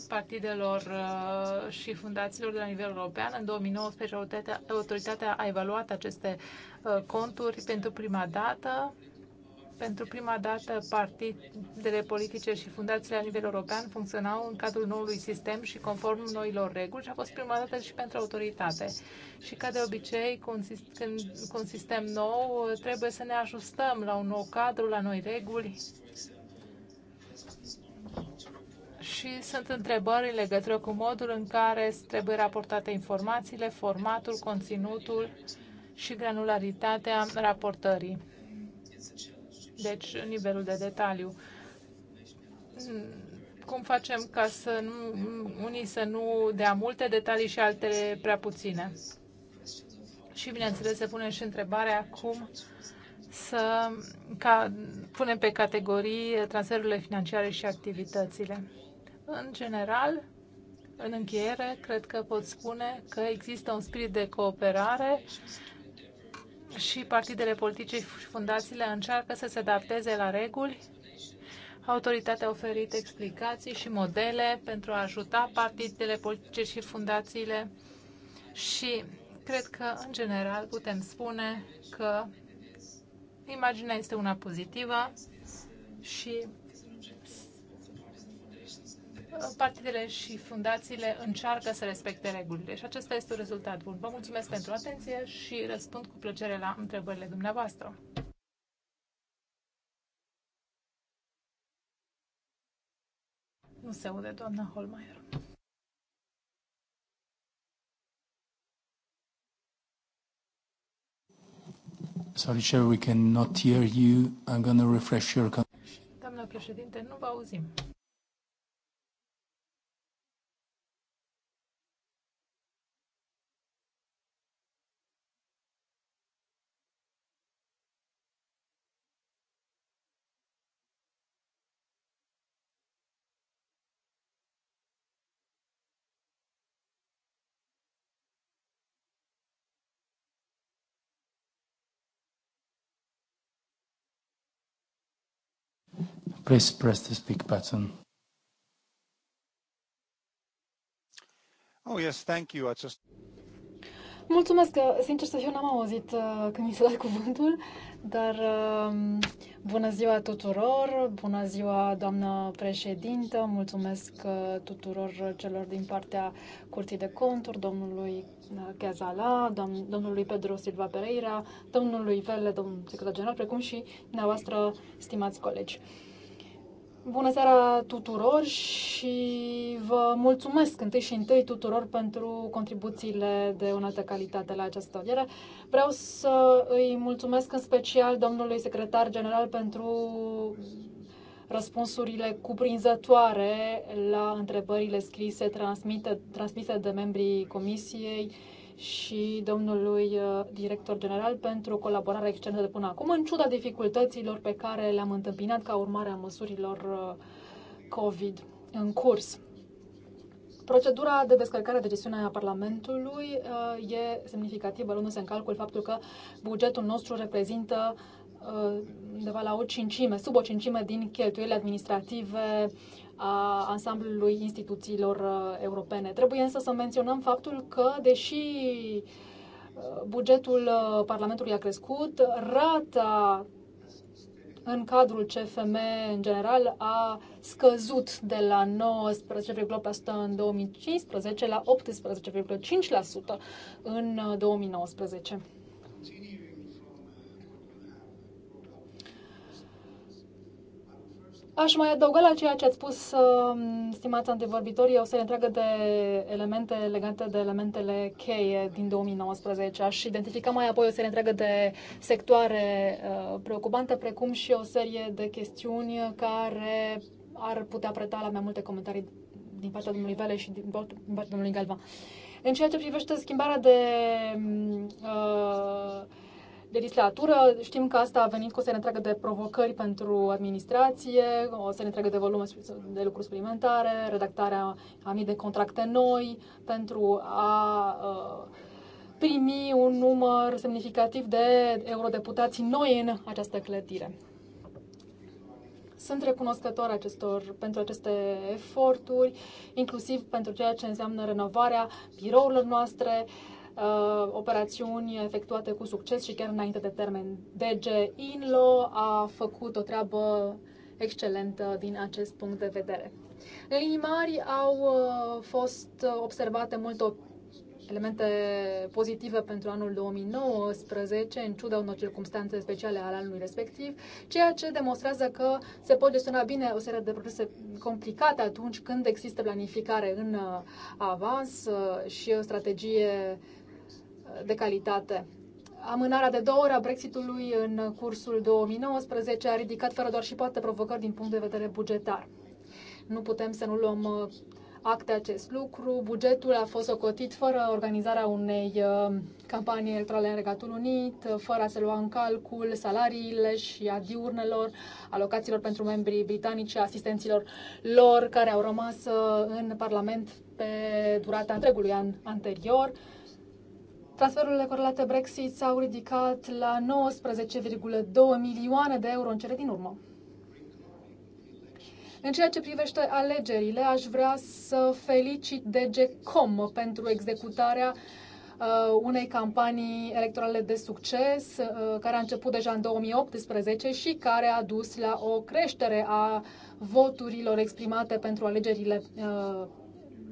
partidelor uh, și fundațiilor de la nivel european. În 2019, autoritatea a evaluat aceste uh, conturi pentru prima dată pentru prima dată, partidele politice și fundațiile la nivel european funcționau în cadrul noului sistem și conform noilor reguli și a fost prima dată și pentru autoritate. Și ca de obicei, cu un, sistem, un sistem nou, trebuie să ne ajustăm la un nou cadru, la noi reguli. Și sunt întrebări în legătură cu modul în care trebuie raportate informațiile, formatul, conținutul și granularitatea raportării deci nivelul de detaliu. Cum facem ca să nu, unii să nu dea multe detalii și altele prea puține? Și, bineînțeles, se pune și întrebarea cum să ca, punem pe categorii transferurile financiare și activitățile. În general, în încheiere, cred că pot spune că există un spirit de cooperare și partidele politice și fundațiile încearcă să se adapteze la reguli. Autoritatea a oferit explicații și modele pentru a ajuta partidele politice și fundațiile și cred că, în general, putem spune că imaginea este una pozitivă și partidele și fundațiile încearcă să respecte regulile și acesta este un rezultat bun. Vă mulțumesc pentru atenție și răspund cu plăcere la întrebările dumneavoastră. Nu se aude, doamna Holmeier. Sorry, Chair, we cannot hear you. I'm going to refresh your... Doamna președinte, nu vă auzim. Please press the speak button. Oh, yes, thank you. I just... Mulțumesc că, sincer să fiu, n-am auzit uh, când mi se a cuvântul, dar uh, bună ziua tuturor, bună ziua doamnă președintă, mulțumesc uh, tuturor celor din partea Curții de Conturi, domnului uh, Cazala, dom- domnului Pedro Silva Pereira, domnului Vele, domnul secretar general, precum și dumneavoastră, stimați colegi. Uh, Bună seara tuturor și vă mulțumesc întâi și întâi tuturor pentru contribuțiile de înaltă calitate la această audiere. Vreau să îi mulțumesc în special domnului secretar general pentru răspunsurile cuprinzătoare la întrebările scrise transmite, transmise de membrii comisiei și domnului uh, director general pentru colaborarea excelentă de până acum, în ciuda dificultăților pe care le-am întâmpinat ca urmare a măsurilor uh, COVID în curs. Procedura de descărcare de gestiune a Parlamentului uh, e semnificativă, luându-se în calcul faptul că bugetul nostru reprezintă Uh, undeva la o cincime, sub o cincime din cheltuielile administrative a ansamblului instituțiilor uh, europene. Trebuie însă să menționăm faptul că, deși uh, bugetul Parlamentului a crescut, rata în cadrul CFM în general a scăzut de la 19,8% în 2015 la 18,5% în 2019. Aș mai adăuga la ceea ce ați spus, um, stimați antevorbitorii, o serie întreagă de elemente legate de elementele cheie din 2019. Aș identifica mai apoi o serie întreagă de sectoare uh, preocupante, precum și o serie de chestiuni care ar putea preta la mai multe comentarii din partea domnului Vele și din partea domnului Galva. În ceea ce privește schimbarea de mm, uh, legislatură. Știm că asta a venit cu o serie întreagă de provocări pentru administrație, o serie întreagă de volume de lucruri suplimentare, redactarea a mii de contracte noi pentru a ă, primi un număr semnificativ de eurodeputați noi în această clădire. Sunt recunoscătoare acestor, pentru aceste eforturi, inclusiv pentru ceea ce înseamnă renovarea birourilor noastre, uh, uh, operațiuni efectuate cu succes și chiar înainte de termen. DG Inlo a făcut o treabă excelentă din acest punct de vedere. În linii mari au uh, fost observate multe elemente pozitive pentru anul 2019, în ciuda unor circunstanțe speciale ale anului respectiv, ceea ce demonstrează că se pot gestiona bine o serie de procese complicate atunci când există planificare în uh, avans uh, și o strategie de calitate. Amânarea de două ore a Brexitului în cursul 2019 a ridicat fără doar și poate provocări din punct de vedere bugetar. Nu putem să nu luăm uh, acte acest lucru. Bugetul a fost ocotit fără organizarea unei uh, campanii electorale în Regatul Unit, uh, fără a se lua în calcul salariile și a diurnelor, alocațiilor pentru membrii britanici și asistenților lor care au rămas în Parlament pe durata întregului an anterior. Transferurile corelate Brexit s-au ridicat la 19,2 milioane de euro în cele din urmă. În ceea ce privește alegerile, aș vrea să felicit DGCOM pentru executarea uh, unei campanii electorale de succes, uh, care a început deja în 2018 și care a dus la o creștere a voturilor exprimate pentru alegerile uh,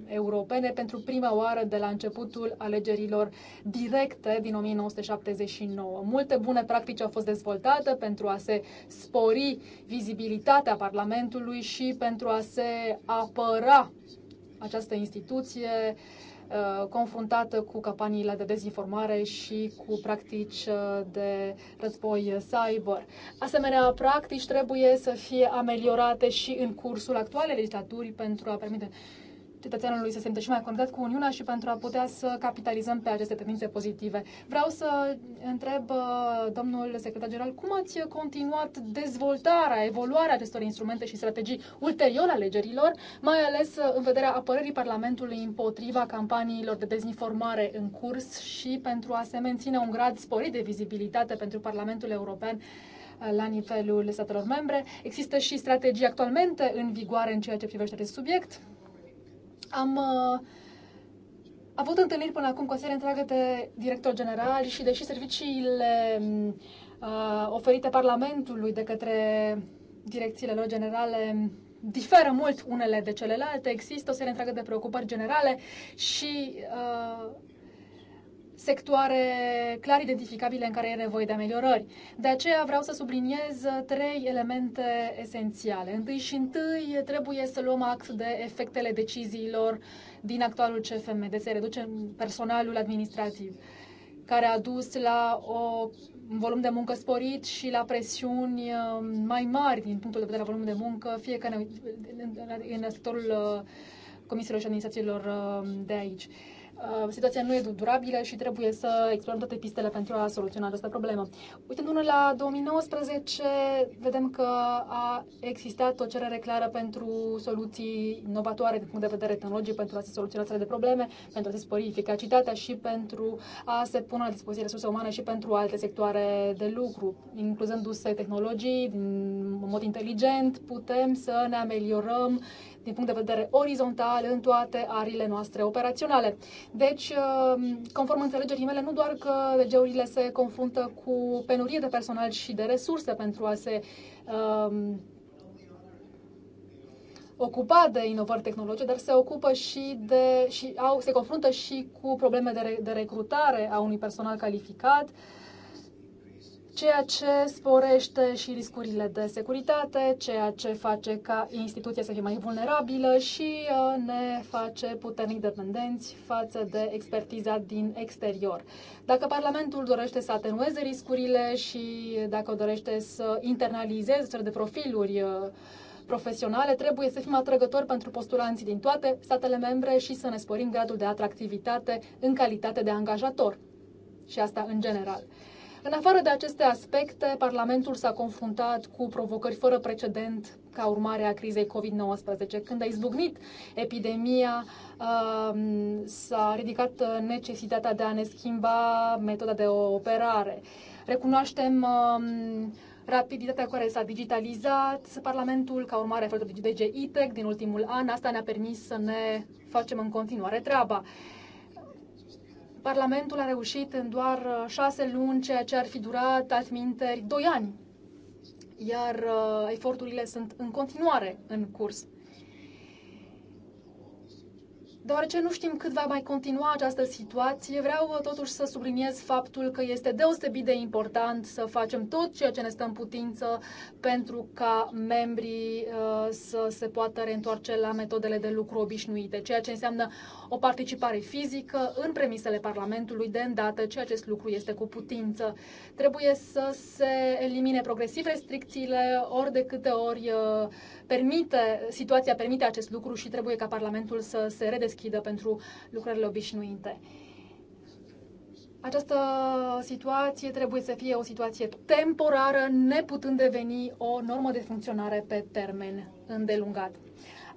europene pentru prima oară de la începutul alegerilor directe din 1979. Multe bune practici au fost dezvoltate pentru a se spori vizibilitatea Parlamentului și pentru a se apăra această instituție uh, confruntată cu campaniile de dezinformare și cu practici uh, de război cyber. Asemenea, practici trebuie să fie ameliorate și în cursul actualei legislaturi pentru a permite cetățeanului să se simtă și mai conectat cu Uniunea și pentru a putea să capitalizăm pe aceste tendințe pozitive. Vreau să întreb, uh, domnul secretar general, cum ați continuat dezvoltarea, evoluarea acestor instrumente și strategii ulterior alegerilor, mai ales uh, în vederea apărării Parlamentului împotriva campaniilor de dezinformare în curs și pentru a se menține un grad sporit de vizibilitate pentru Parlamentul European uh, la nivelul statelor membre. Există și strategii actualmente în vigoare în ceea ce privește acest subiect. Am uh, avut întâlniri până acum cu o serie întreagă de directori generali și deși serviciile um, uh, oferite Parlamentului de către direcțiile lor generale um, diferă mult unele de celelalte, există o serie întreagă de preocupări generale și uh, sectoare clar identificabile în care e nevoie de ameliorări. De aceea vreau să subliniez uh, trei elemente esențiale. Întâi și întâi trebuie să luăm act de efectele deciziilor din actualul CFM, de să reducem personalul administrativ, care a dus la o un volum de muncă sporit și la presiuni um, mai mari din punctul de vedere al volumului de muncă, fie că în, în, în sectorul uh, comisiilor și administrațiilor um, de aici. Uh, situația nu e durabilă și trebuie să explorăm toate pistele pentru a soluționa această problemă. Uitându-ne la 2019, vedem că a existat o cerere clară pentru soluții inovatoare din punct de vedere tehnologic, pentru a se soluționa astfel de probleme, pentru a se spori eficacitatea și pentru a se pune la dispoziție resurse umane și pentru alte sectoare de lucru. Incluzându-se tehnologii în mod inteligent, putem să ne ameliorăm din punct de vedere orizontal în toate arile noastre operaționale. Deci, um, conform înțelegerii mele, nu doar că legeurile se confruntă cu penurie de personal și de resurse pentru a se um, ocupa de inovări tehnologice, dar se ocupă și de și au, se confruntă și cu probleme de, re, de recrutare a unui personal calificat. Uh, ceea ce sporește și riscurile de securitate, ceea ce face ca instituția să fie mai vulnerabilă și uh, ne face puternic dependenți față de expertiza din exterior. Dacă Parlamentul dorește să atenueze riscurile și dacă dorește să internalizeze cele de profiluri uh, profesionale, trebuie să fim atrăgători pentru postulanții din toate statele membre și să ne sporim gradul de atractivitate în calitate de angajator. Și asta în general. În afară de aceste aspecte, Parlamentul s-a confruntat cu provocări fără precedent ca urmare a crizei COVID-19. Când a izbucnit epidemia, um, s-a ridicat necesitatea de a ne schimba metoda de operare. Recunoaștem um, rapiditatea cu care s-a digitalizat Parlamentul ca urmare a de DG ITEC din ultimul an. Asta ne-a permis să ne facem în continuare treaba. Parlamentul a reușit în doar uh, șase luni ceea ce ar fi durat altminteri doi ani, iar uh, eforturile sunt în continuare în curs. Deoarece nu știm cât va mai continua această situație, vreau uh, totuși să subliniez faptul că este deosebit de important să facem tot ceea ce ne stă în putință pentru ca membrii uh, să se poată reîntoarce la metodele de lucru obișnuite, ceea ce înseamnă o participare fizică în premisele Parlamentului de îndată ce acest lucru este cu putință. Trebuie să se elimine progresiv restricțiile ori de câte ori uh, permite, situația permite acest lucru și trebuie ca Parlamentul să se redeschidă pentru lucrările obișnuite. Această situație trebuie să fie o situație temporară, neputând deveni o normă de funcționare pe termen îndelungat.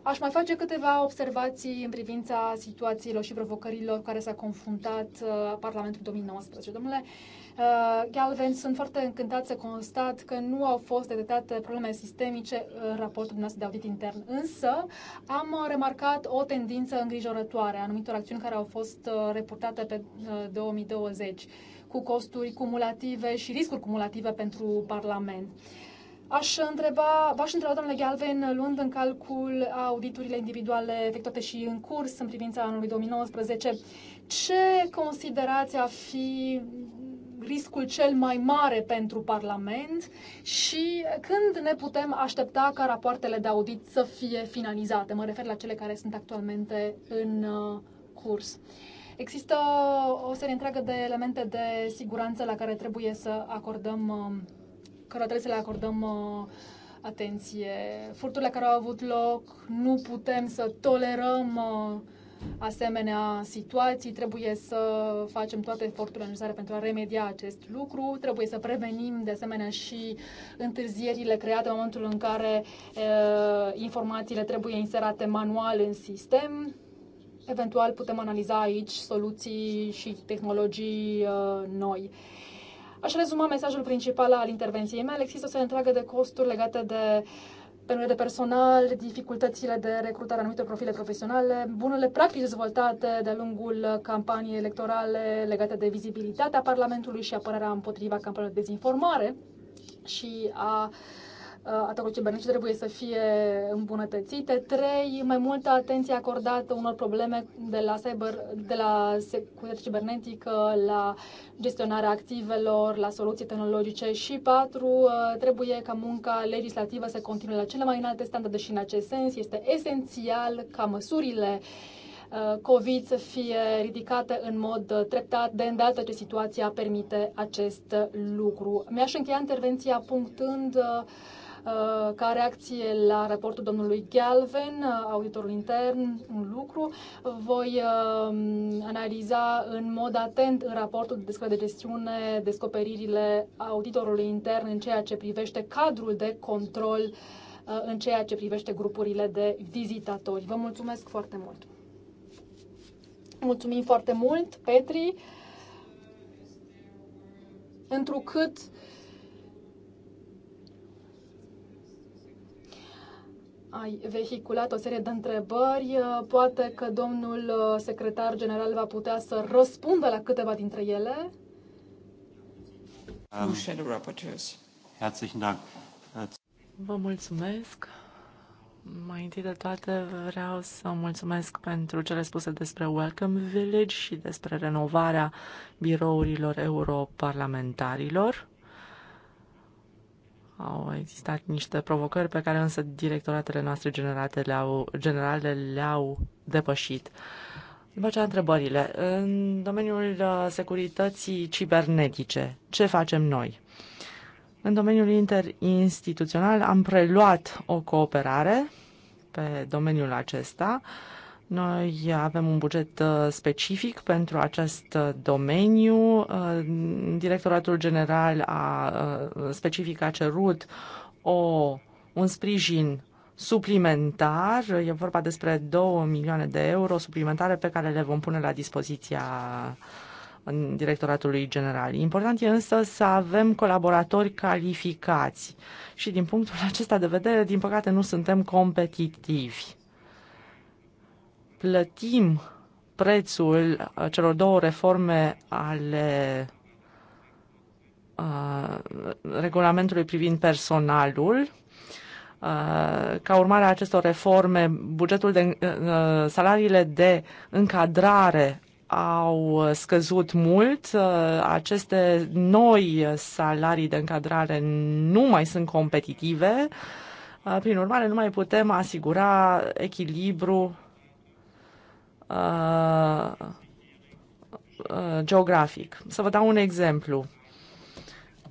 Aș mai face câteva observații în privința situațiilor și provocărilor care s-a confruntat uh, Parlamentul 2019. Domnule uh, Galven, sunt foarte încântat să constat că nu au fost detectate probleme sistemice în raportul dumneavoastră de audit intern, însă am remarcat o tendință îngrijorătoare a anumitor acțiuni care au fost uh, reportate pe 2020 cu costuri cumulative și riscuri cumulative pentru Parlament. Aș întreba, v-aș întreba, domnule Galven, luând în calcul auditurile individuale efectuate și în curs în privința anului 2019, ce considerați a fi riscul cel mai mare pentru Parlament și când ne putem aștepta ca rapoartele de audit să fie finalizate? Mă refer la cele care sunt actualmente în uh, curs. Există o serie întreagă de elemente de siguranță la care trebuie să acordăm uh, care trebuie să le acordăm uh, atenție. Furturile care au avut loc, nu putem să tolerăm uh, asemenea situații, trebuie să facem toate eforturile necesare pentru a remedia acest lucru, trebuie să prevenim de asemenea și întârzierile create în momentul în care uh, informațiile trebuie inserate manual în sistem. Eventual putem analiza aici soluții și tehnologii uh, noi. Uh, Aș rezuma mesajul principal al intervenției mele. Există o să întreagă de costuri legate de penurie de personal, dificultățile de recrutare a profile profesionale, bunurile practici dezvoltate de-a lungul campaniei electorale legate de vizibilitatea Parlamentului și apărarea împotriva campaniei de dezinformare și a uh, Uh, atacul cibernetic trebuie să fie îmbunătățite. Trei, mai multă atenție acordată unor probleme de la, cyber, de la securitate cibernetică, la gestionarea activelor, la soluții tehnologice. Și patru, uh, trebuie ca munca legislativă să continue la cele mai înalte standarde și în acest sens este esențial ca măsurile uh, COVID să fie ridicate în mod treptat, de îndată ce situația permite acest lucru. Mi-aș încheia intervenția punctând uh, Uh, ca reacție la raportul domnului Galven, uh, auditorul intern, un lucru. Voi uh, analiza în mod atent în raportul despre de gestiune descoperirile auditorului intern în ceea ce privește cadrul de control în ceea ce privește grupurile de vizitatori. Vă mulțumesc foarte mult! Mulțumim foarte mult, Petri, întrucât ai vehiculat o serie de întrebări. Poate că domnul uh, secretar general va putea să răspundă la câteva dintre ele. Um, äh, Vă mulțumesc. Mai întâi de toate vreau să mulțumesc pentru cele spuse despre Welcome Village și despre renovarea birourilor europarlamentarilor. Au existat niște provocări pe care însă directoratele noastre generate le-au, generale le-au depășit. După aceea, întrebările. În domeniul uh, securității cibernetice, ce facem noi? În domeniul interinstituțional am preluat o cooperare pe domeniul acesta. Uh, noi avem un buget uh, specific pentru acest uh, domeniu. Uh, directoratul General a specific a cerut o, un sprijin suplimentar. E vorba despre 2 milioane de euro suplimentare pe care le vom pune la dispoziția în directoratului general. Important e însă să avem colaboratori calificați și din punctul acesta de vedere, din păcate, nu suntem competitivi plătim prețul celor două reforme ale uh, regulamentului privind personalul. ca urmare a acestor reforme, bugetul de, salariile de încadrare au scăzut mult. Aceste noi salarii de încadrare nu mai sunt competitive. Prin urmare, nu mai putem asigura echilibru Uh, uh, geografic. Să vă dau un exemplu.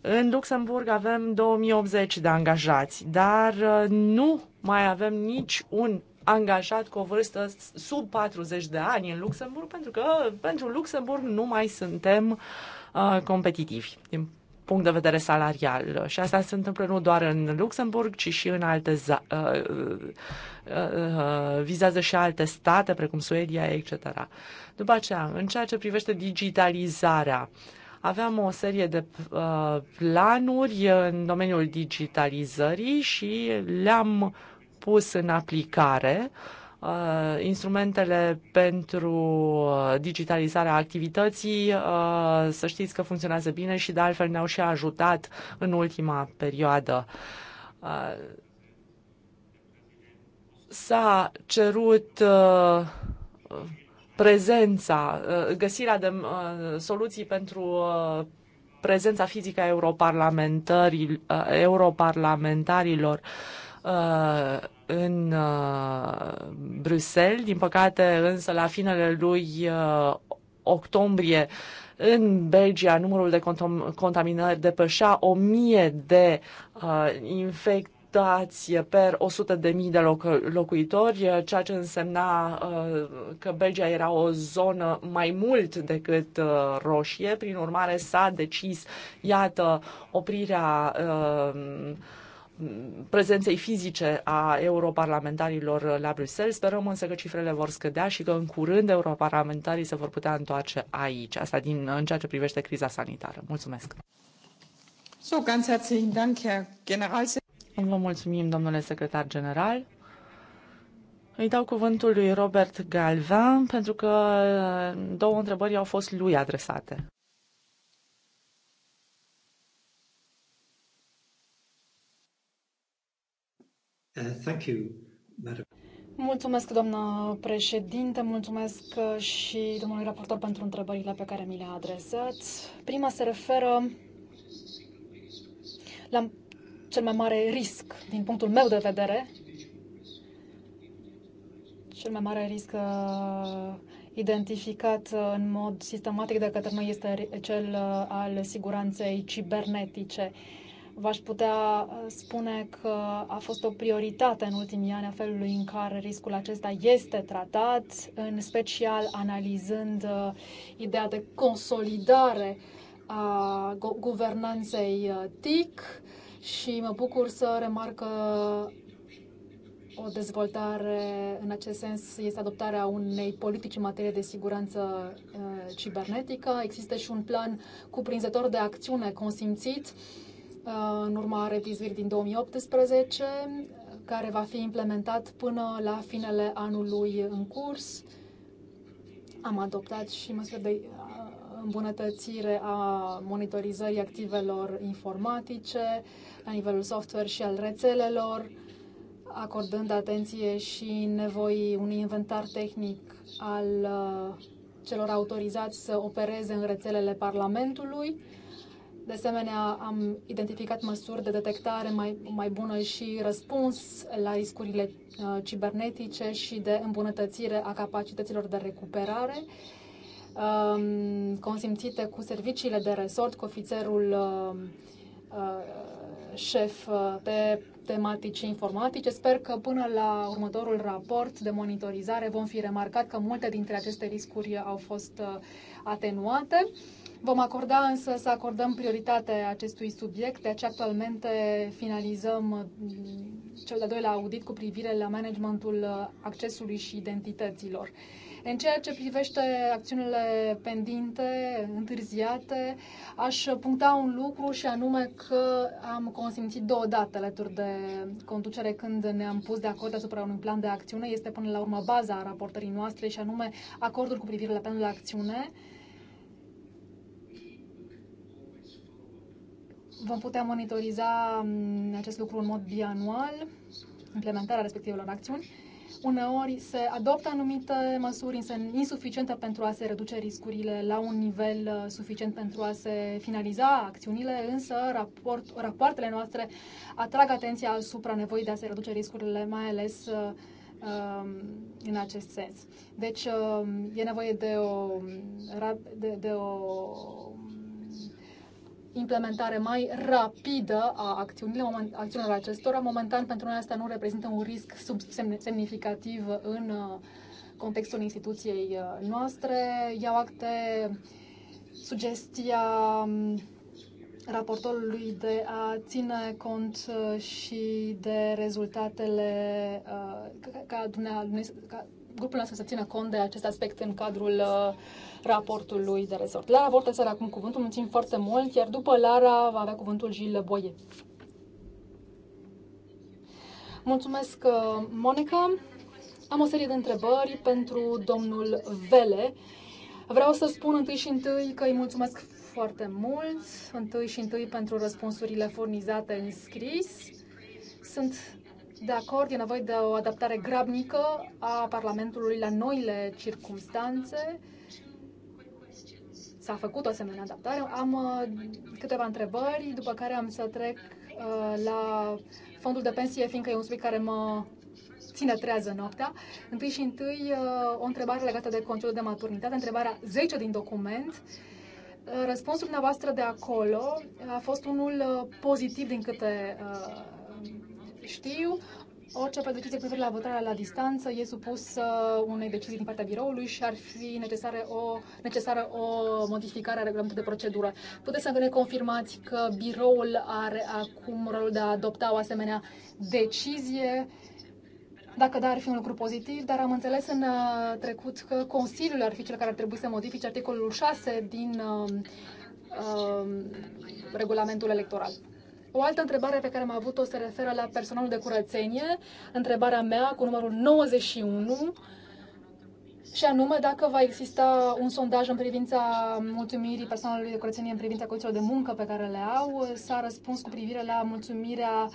În Luxemburg avem 2080 de angajați, dar uh, nu mai avem nici un angajat cu o vârstă sub 40 de ani în Luxemburg, pentru că pentru Luxemburg nu mai suntem uh, competitivi din punct de vedere salarial. Și asta se întâmplă nu doar în Luxemburg, ci și în alte uh, Uh, uh, vizează și alte state, precum Suedia, etc. După aceea, în ceea ce privește digitalizarea, aveam o serie de uh, planuri în domeniul digitalizării și le-am pus în aplicare instrumentele pentru digitalizarea activității, să știți că funcționează bine și de altfel ne-au și ajutat în ultima perioadă s-a cerut uh, prezența, uh, găsirea de uh, soluții pentru prezența fizică a europarlamentarilor în Bruxelles. Din păcate, însă, la finele lui octombrie, în Belgia, numărul de contaminări depășea o mie de uh, infect vizitați per 100.000 de, locuitori, ceea ce însemna uh, că Belgia era o zonă mai mult decât uh, roșie. Prin urmare, s-a decis, iată, oprirea uh, prezenței fizice a europarlamentarilor la Bruxelles. Sperăm însă că cifrele vor scădea și că în curând europarlamentarii se vor putea întoarce aici. Asta din, în ceea ce privește criza sanitară. Mulțumesc! So, ganz herzlichen Dank, Herr General. Vă mulțumim, domnule secretar general. Îi dau cuvântul lui Robert Galvan pentru că uh, două întrebări au fost lui adresate. Uh, thank you, Madam. Mulțumesc, doamnă președinte, mulțumesc uh, și domnului raportor pentru întrebările pe care mi le-a adresat. Prima se referă la cel mai mare risc, din punctul meu de vedere, cel mai mare risc uh, identificat uh, în mod sistematic de către noi este cel uh, al siguranței cibernetice. V-aș putea spune că a fost o prioritate în ultimii ani a felului în care riscul acesta este tratat, în special analizând ideea de consolidare a guvernanței TIC, și mă bucur să remarc că o dezvoltare în acest sens este adoptarea unei politici în materie de siguranță uh, cibernetică. Există și un plan cuprinzător de acțiune consimțit uh, în urma revizuirii din 2018, care va fi implementat până la finele anului în curs. Am adoptat și măsuri de uh, îmbunătățire a monitorizării activelor informatice, la nivelul software și al rețelelor, acordând atenție și nevoii unui inventar tehnic al uh, celor autorizați să opereze în rețelele Parlamentului. De asemenea, am identificat măsuri de detectare mai, mai bună și răspuns la riscurile uh, cibernetice și de îmbunătățire a capacităților de recuperare, um, consimțite cu serviciile de resort, cu ofițerul uh, șef de uh, tematici informatice. Sper că până la următorul raport de monitorizare vom fi remarcat că multe dintre aceste riscuri au fost uh, atenuate. Vom acorda însă să acordăm prioritate acestui subiect, de aceea actualmente finalizăm mm, cel de-al doilea audit cu privire la managementul uh, accesului și identităților. În ceea ce privește acțiunile pendinte, întârziate, aș puncta un lucru și anume că am consimțit două date alături de conducere când ne-am pus de acord asupra unui plan de acțiune. Este până la urmă baza a raportării noastre și anume acordul cu privire la planul de acțiune. Vom putea monitoriza mm, acest lucru în mod bianual, implementarea respectivelor acțiuni Uneori se adoptă anumite măsuri, însă insuficiente pentru a se reduce riscurile la un nivel uh, suficient pentru a se finaliza acțiunile, însă raport, rapoartele noastre atrag atenția asupra nevoii de a se reduce riscurile, mai ales uh, um, în acest sens. Deci um, e nevoie de o, de, de o implementare mai rapidă a acțiunilor, acțiunilor acestora. Momentan, pentru noi, asta nu reprezintă un risc semnificativ în uh, contextul instituției uh, noastre. Iau acte sugestia um, raportorului de a ține cont uh, și de rezultatele ca, ca, ca grupul nostru să țină cont de acest aspect în cadrul uh, raportului de resort. Lara Vorta să acum cuvântul, mulțumim foarte mult, iar după Lara va avea cuvântul Gilles Boie. Mulțumesc, uh, Monica. Am o serie de întrebări pentru domnul Vele. Vreau să spun întâi și întâi că îi mulțumesc foarte mult, întâi și întâi pentru răspunsurile furnizate în scris. Sunt de acord, e nevoie de o adaptare grabnică a Parlamentului la noile circumstanțe. S-a făcut o asemenea adaptare. Am uh, câteva întrebări, după care am să trec uh, la fondul de pensie, fiindcă e un subiect care mă ține trează noaptea. Întâi și întâi uh, o întrebare legată de concediu de maturitate, întrebarea 10 din document. Răspunsul dumneavoastră de acolo a fost unul pozitiv din câte știu, orice predecizie cu privire la votarea la distanță e supusă unei decizii din partea biroului și ar fi necesară o, necesară o modificare a regulamentului de procedură. Puteți să ne confirmați că biroul are acum rolul de a adopta o asemenea decizie? Dacă da, ar fi un lucru pozitiv, dar am înțeles în uh, trecut că Consiliul ar fi cel care ar trebui să modifice articolul 6 din uh, uh, regulamentul electoral. O altă întrebare pe care am avut-o se referă la personalul de curățenie, întrebarea mea cu numărul 91, și anume dacă va exista un sondaj în privința mulțumirii personalului de curățenie în privința condițiilor de muncă pe care le au. S-a răspuns cu privire la mulțumirea uh,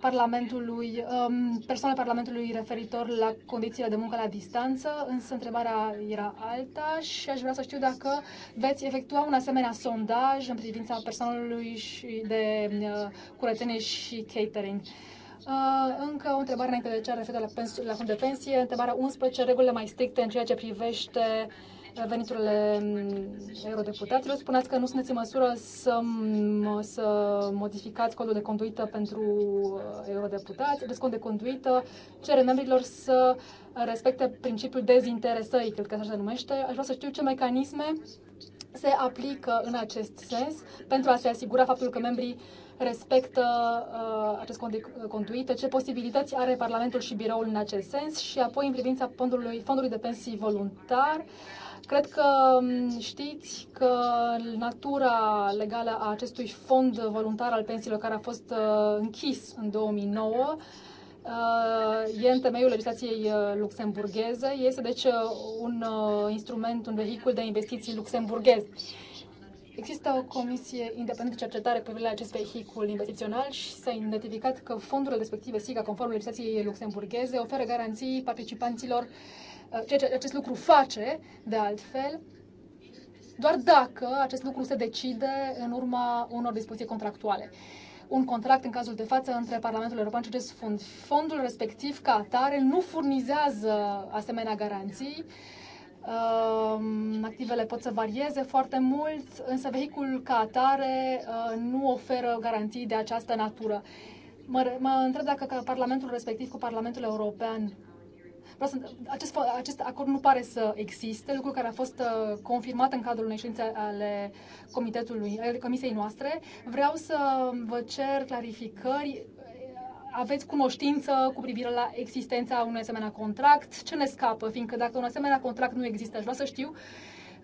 Parlamentului, um, persoanele Parlamentului referitor la condițiile de muncă la distanță, însă întrebarea era alta și aș vrea să știu dacă veți efectua un asemenea sondaj în privința personalului și de uh, curățenie și catering. Uh, încă o întrebare înainte de ce referitor la, la fond de pensie. Întrebarea 11. Regulile mai stricte în ceea ce privește uh, veniturile mm, eurodeputaților. Spuneați că nu sunteți în măsură să, să modificați codul de conduită pentru uh, eurodeputați. Deci, cod de conduită cere membrilor să respecte principiul dezinteresării, cred că așa se numește. Aș vrea să știu ce mecanisme se aplică în acest sens pentru a se asigura faptul că membrii respectă uh, acest cont de conduită, ce posibilități are Parlamentul și Biroul în acest sens și apoi în privința fondului, fondului de pensii voluntar. Uh, Cred că mm, știți că natura legală a acestui fond voluntar al pensiilor care a fost uh, închis în 2009 uh, e în temeiul legislației uh, luxemburgheze. Este deci un instrument, un vehicul de investiții luxemburghez. Există o comisie independentă de cercetare cu privire la acest vehicul investițional și s-a identificat că fondurile respective SIGA, conform legislației luxemburgheze, oferă garanții participanților uh, Uh, ceea ce acest lucru face, de altfel, doar dacă acest lucru se decide în urma unor dispoziții contractuale. Un contract, în cazul de față, între Parlamentul European și acest fond. Fondul respectiv, ca atare, nu furnizează asemenea garanții. Uh, activele pot să varieze foarte mult, însă vehicul ca atare uh, nu oferă garanții de această natură. Mă, mă întreb dacă Parlamentul respectiv cu Parlamentul European Vreau să, acest, acest acord nu pare să existe, lucru care a fost uh, confirmat în cadrul unei ședințe ale comitetului, ale comisiei noastre. Vreau să vă cer clarificări aveți cunoștință cu privire la existența unui asemenea contract? Ce ne scapă? Fiindcă dacă un asemenea contract nu există, aș vrea să știu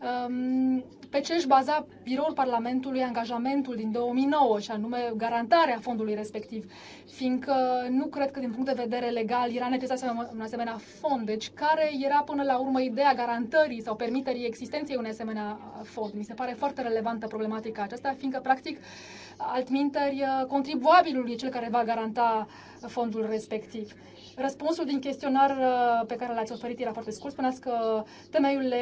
Ehm, pe ce își baza biroul Parlamentului angajamentul din 2009, și anume garantarea fondului respectiv, fiindcă nu cred că din punct de vedere legal era necesar să avem un asemenea fond. Deci care era până la urmă ideea garantării sau permiterii existenței unui asemenea uh, fond? Mi se pare foarte relevantă problematica aceasta, fiindcă practic altminteri uh, contribuabilul e cel care va garanta uh, fondul respectiv. Răspunsul din chestionar uh, pe care l-ați oferit era foarte scurt. Spuneați că temeiul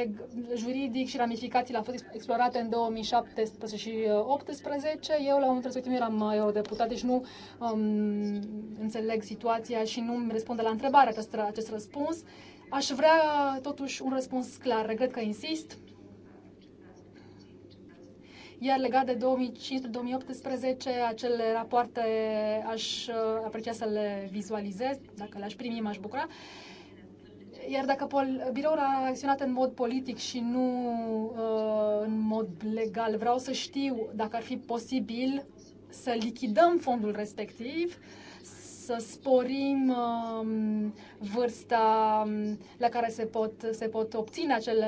juridic și ramificațiile au fost explorate în 2017 și 2018. Uh, Eu, la un respectiv, eram eurodeputat, deci nu um, înțeleg situația și nu îmi răspunde la întrebare acest, acest răspuns. Aș vrea, totuși, un răspuns clar. Regret că insist iar legat de 2015-2018, acele rapoarte aș uh, aprecia să le vizualizez, dacă le-aș primi m-aș bucura. Iar dacă pol- biroul a acționat în mod politic și nu uh, în mod legal, vreau să știu dacă ar fi posibil să lichidăm fondul respectiv, să sporim uh, vârsta um, la care se pot, se pot obține acele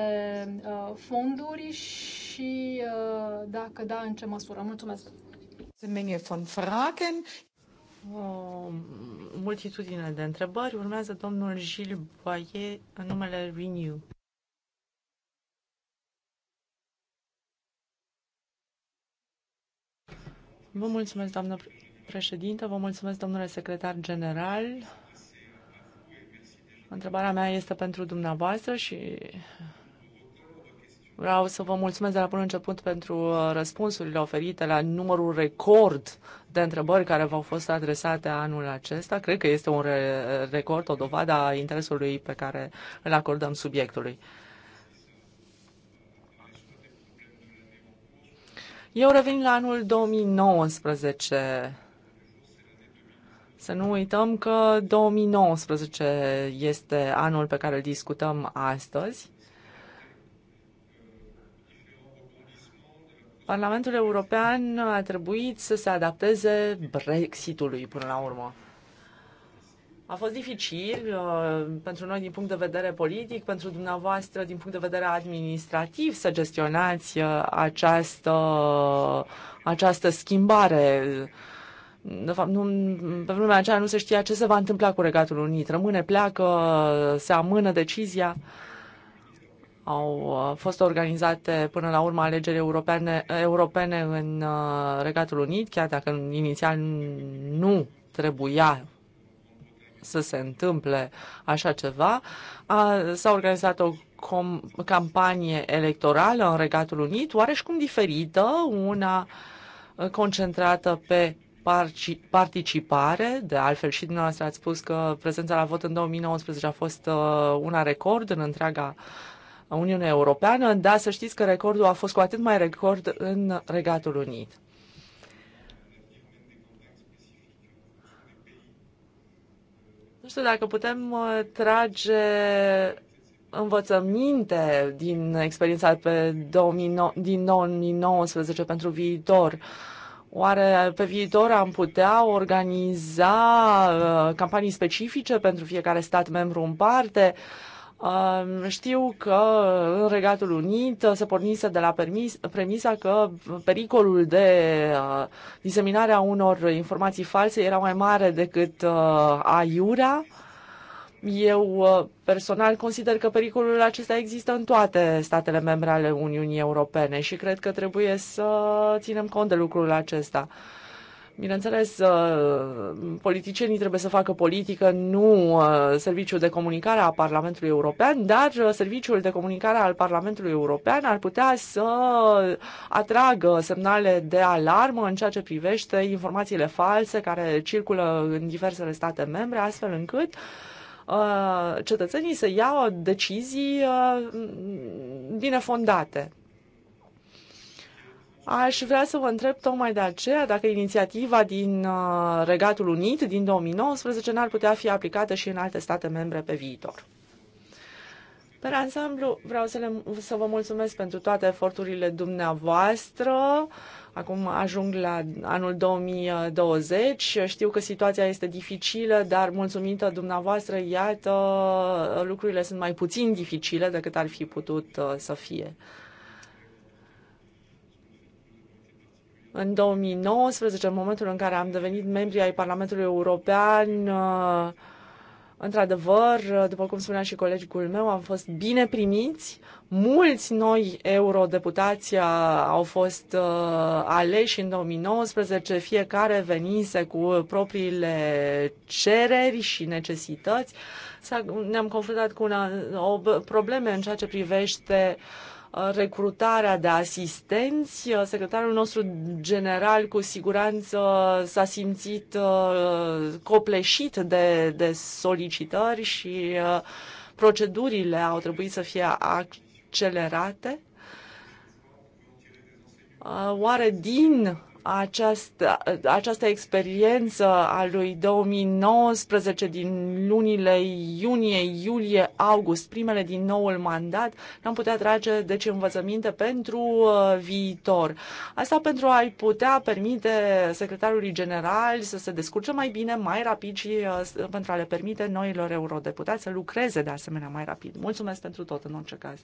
uh, fonduri și și uh, dacă da, în ce măsură. Mulțumesc! Menge von Fragen. O multitudine de întrebări. Urmează domnul Gilles Boyer în numele Renew. Vă mulțumesc, doamnă președintă, vă mulțumesc, domnule secretar general. Întrebarea mea este pentru dumneavoastră și Vreau să vă mulțumesc de la bun început pentru uh, răspunsurile oferite la numărul record de întrebări care v-au fost adresate anul acesta. Cred că este un re- record, o dovadă a interesului pe care îl acordăm subiectului. Eu revin la anul 2019. Să nu uităm că 2019 este anul pe care îl discutăm astăzi. Parlamentul European a trebuit să se adapteze Brexitului până la urmă. A fost dificil uh, pentru noi din punct de vedere politic, pentru dumneavoastră din punct de vedere administrativ să gestionați uh, această, uh, această schimbare. De fapt, nu, pe vremea aceea nu se știa ce se va întâmpla cu Regatul Unit. Rămâne, pleacă, se amână decizia. Uh, au uh, fost organizate până la urmă alegeri europene, europene în uh, Regatul Unit, chiar dacă inițial nu trebuia să se întâmple așa ceva. S-a organizat o campanie electorală în Regatul Unit, oareșcum diferită, una uh, concentrată pe participare, de altfel și dumneavoastră ați spus că prezența la vot în 2019 a fost una record în întreaga Uniunea Europeană, dar să știți că recordul a fost cu atât mai record în Regatul Unit. Nu știu dacă putem uh, trage învățăminte din experiența pe 2009, din 2019 pentru viitor. Oare pe viitor am putea organiza uh, campanii specifice pentru fiecare stat membru în parte? Uh, știu că în Regatul Unit se pornise de la permis, premisa că pericolul de uh, diseminarea unor informații false era mai mare decât uh, aiurea. Eu uh, personal consider că pericolul acesta există în toate statele membre ale Uniunii Europene și cred că trebuie să ținem cont de lucrul acesta. Bineînțeles, uh, politicienii trebuie să facă politică, nu uh, serviciul de comunicare a Parlamentului European, dar uh, serviciul de comunicare al Parlamentului European ar putea să atragă semnale de alarmă în ceea ce privește informațiile false care circulă în diversele state membre, astfel încât cetățenii să iau decizii bine fondate. Aș vrea să vă întreb tocmai de aceea dacă inițiativa din uh, Regatul Unit din 2019 n-ar putea fi aplicată și în alte state membre pe viitor. Pe ansamblu, vreau să, le, să vă mulțumesc pentru toate eforturile dumneavoastră. Acum ajung la anul 2020. Știu că situația este dificilă, dar mulțumită dumneavoastră, iată, lucrurile sunt mai puțin dificile decât ar fi putut uh, să fie. În 2019, în momentul în care am devenit membri ai Parlamentului European, uh, într-adevăr, uh, după cum spunea și colegul meu, am fost bine primiți. Mulți noi eurodeputați uh, au fost aleși în 2019, fiecare venise cu propriile cereri și necesități. ne-am confruntat cu una, o, probleme în ceea ce privește uh, recrutarea de asistenți. Secretarul nostru general cu siguranță s-a simțit uh, copleșit de, de solicitări și uh, procedurile au trebuit să fie accelerate. Uh, oare din această, această experiență a lui 2019 din lunile iunie, iulie, august, primele din noul mandat, n am putea trage deci învățăminte pentru uh, viitor. Asta pentru a-i putea permite secretarului general să se descurce mai bine, mai rapid și uh, pentru a le permite noilor eurodeputați să lucreze de asemenea mai rapid. Mulțumesc pentru tot în orice caz.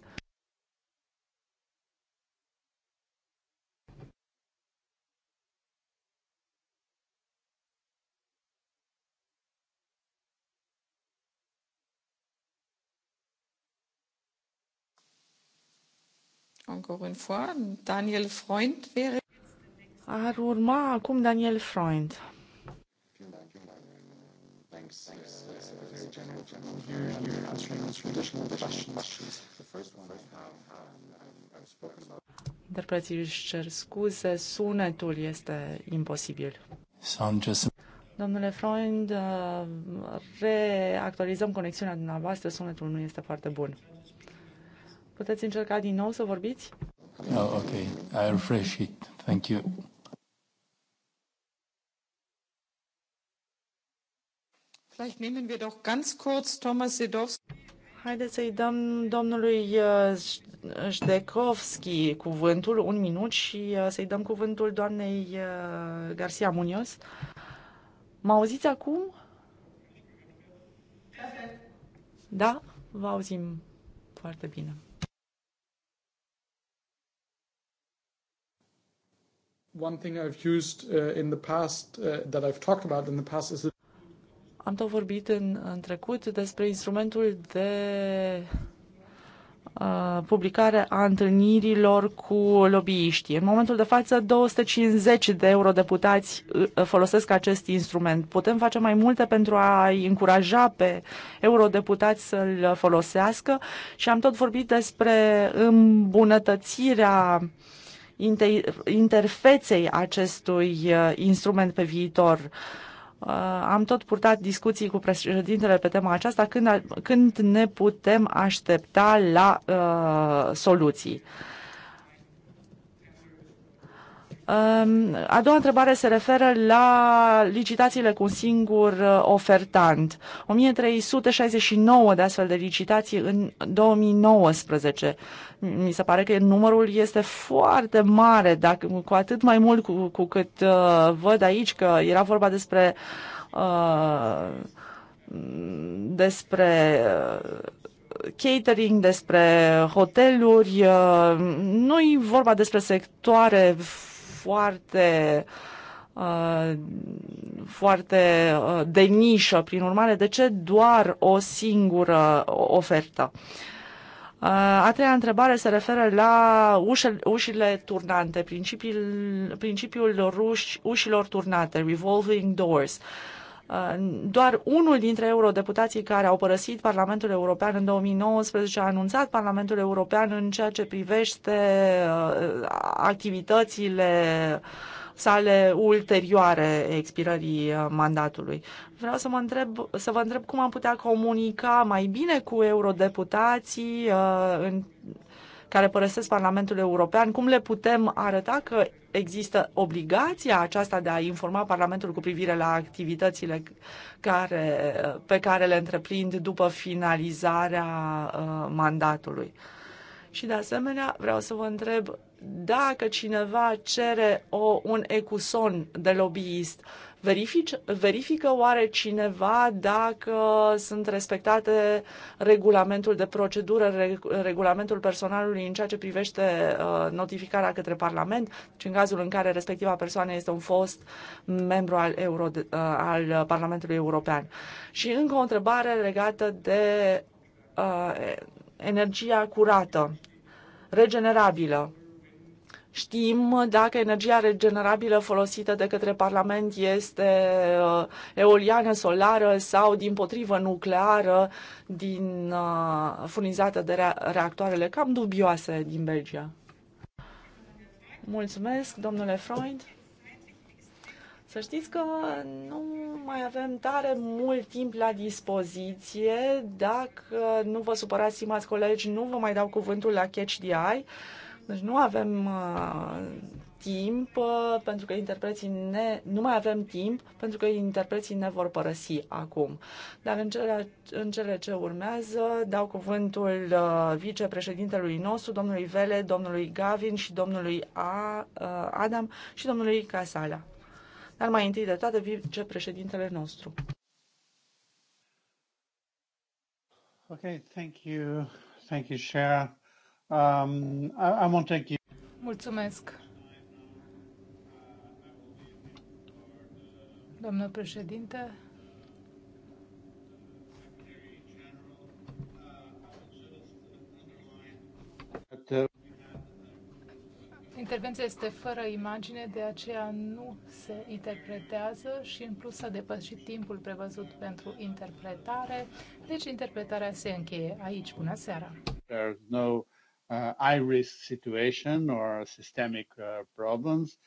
encore une Daniel Freund wäre... Ar urma acum Daniel Freund. Interpreții își cer scuze, sunetul este imposibil. Domnule Freund, reactualizăm conexiunea dumneavoastră, sunetul nu este foarte bun. Puteți încerca din nou să vorbiți? Oh, ok. I refresh it. Thank you. Vielleicht nehmen wir doch ganz kurz Thomas Sedowski. Haideți să-i dăm domnului Ștecovski uh, cuvântul, un minut, și uh, să-i dăm cuvântul doamnei uh, Garcia Munoz. Mă auziți acum? Da, vă auzim foarte bine. One thing I've used uh, in the past uh, that I've talked about in the past is Am tot vorbit în, în trecut despre instrumentul de uh, publicare a întâlnirilor cu lobbyiștii. În momentul de față, 250 de eurodeputați uh, folosesc acest instrument. Putem face mai multe pentru a-i încuraja pe eurodeputați să-l folosească și am tot vorbit despre îmbunătățirea uh, interfeței acestui uh, instrument pe viitor. Uh, am tot purtat discuții cu președintele pe tema aceasta când, când ne putem aștepta la uh, soluții. Uh, a doua întrebare se referă la licitațiile cu un singur uh, ofertant. 1369 de astfel de licitații în 2019. Mi se pare că numărul este foarte mare, dacă, cu atât mai mult cu, cu cât uh, văd aici că era vorba despre uh, despre uh, catering, despre hoteluri, uh, nu e vorba despre sectoare foarte uh, foarte uh, de nișă, prin urmare, de ce doar o singură ofertă? Uh, a treia întrebare se referă la ușile, ușile turnante, principiul, principiul ușilor turnate, revolving doors. Uh, Uh, doar unul dintre eurodeputații care au părăsit Parlamentul European în 2019 a anunțat Parlamentul European în ceea ce privește uh, activitățile sale ulterioare expirării uh, mandatului. Vreau să, mă întreb, să vă întreb cum am putea comunica mai bine cu eurodeputații în care părăsesc Parlamentul European, cum le putem arăta că există obligația aceasta de a informa Parlamentul cu privire la activitățile care, pe care le întreprind după finalizarea uh, mandatului. Și de asemenea, vreau să vă întreb dacă cineva cere o, un ecuson de lobbyist, uh, verifici, verifică oare cineva dacă sunt respectate regulamentul de procedură, regulamentul personalului în ceea ce privește uh, notificarea către Parlament, deci în cazul în care respectiva persoană este un fost membru al, Euro, uh, al Parlamentului European. Și încă o întrebare legată de uh, energia curată, regenerabilă. Știm dacă energia regenerabilă folosită de către Parlament este uh, eoliană, solară sau, din potrivă, nucleară din, uh, furnizată de reactoarele cam dubioase din Belgia. Mulțumesc, domnule Freund. Să știți că nu mai avem tare mult timp la dispoziție. Dacă nu vă supărați, stimați colegi, nu vă mai dau cuvântul la Catch the Eye. Deci nu avem uh, timp uh, pentru că interpreții ne... Nu mai avem timp pentru că interpreții ne vor părăsi acum. Dar în cele, în cele ce urmează dau cuvântul uh, vicepreședintelui nostru, domnului Vele, domnului Gavin și domnului A, uh, Adam și domnului Casala. Dar mai întâi de toate vicepreședintele nostru. Okay, thank you. Thank you, Shara. Um, I, I take you. Mulțumesc. Doamnă președinte, Intervenția este fără imagine, de aceea nu se interpretează și în plus s-a depășit timpul prevăzut pentru interpretare, deci interpretarea se încheie aici. Bună seara! Uh, high-risk situation or systemic uh, problems.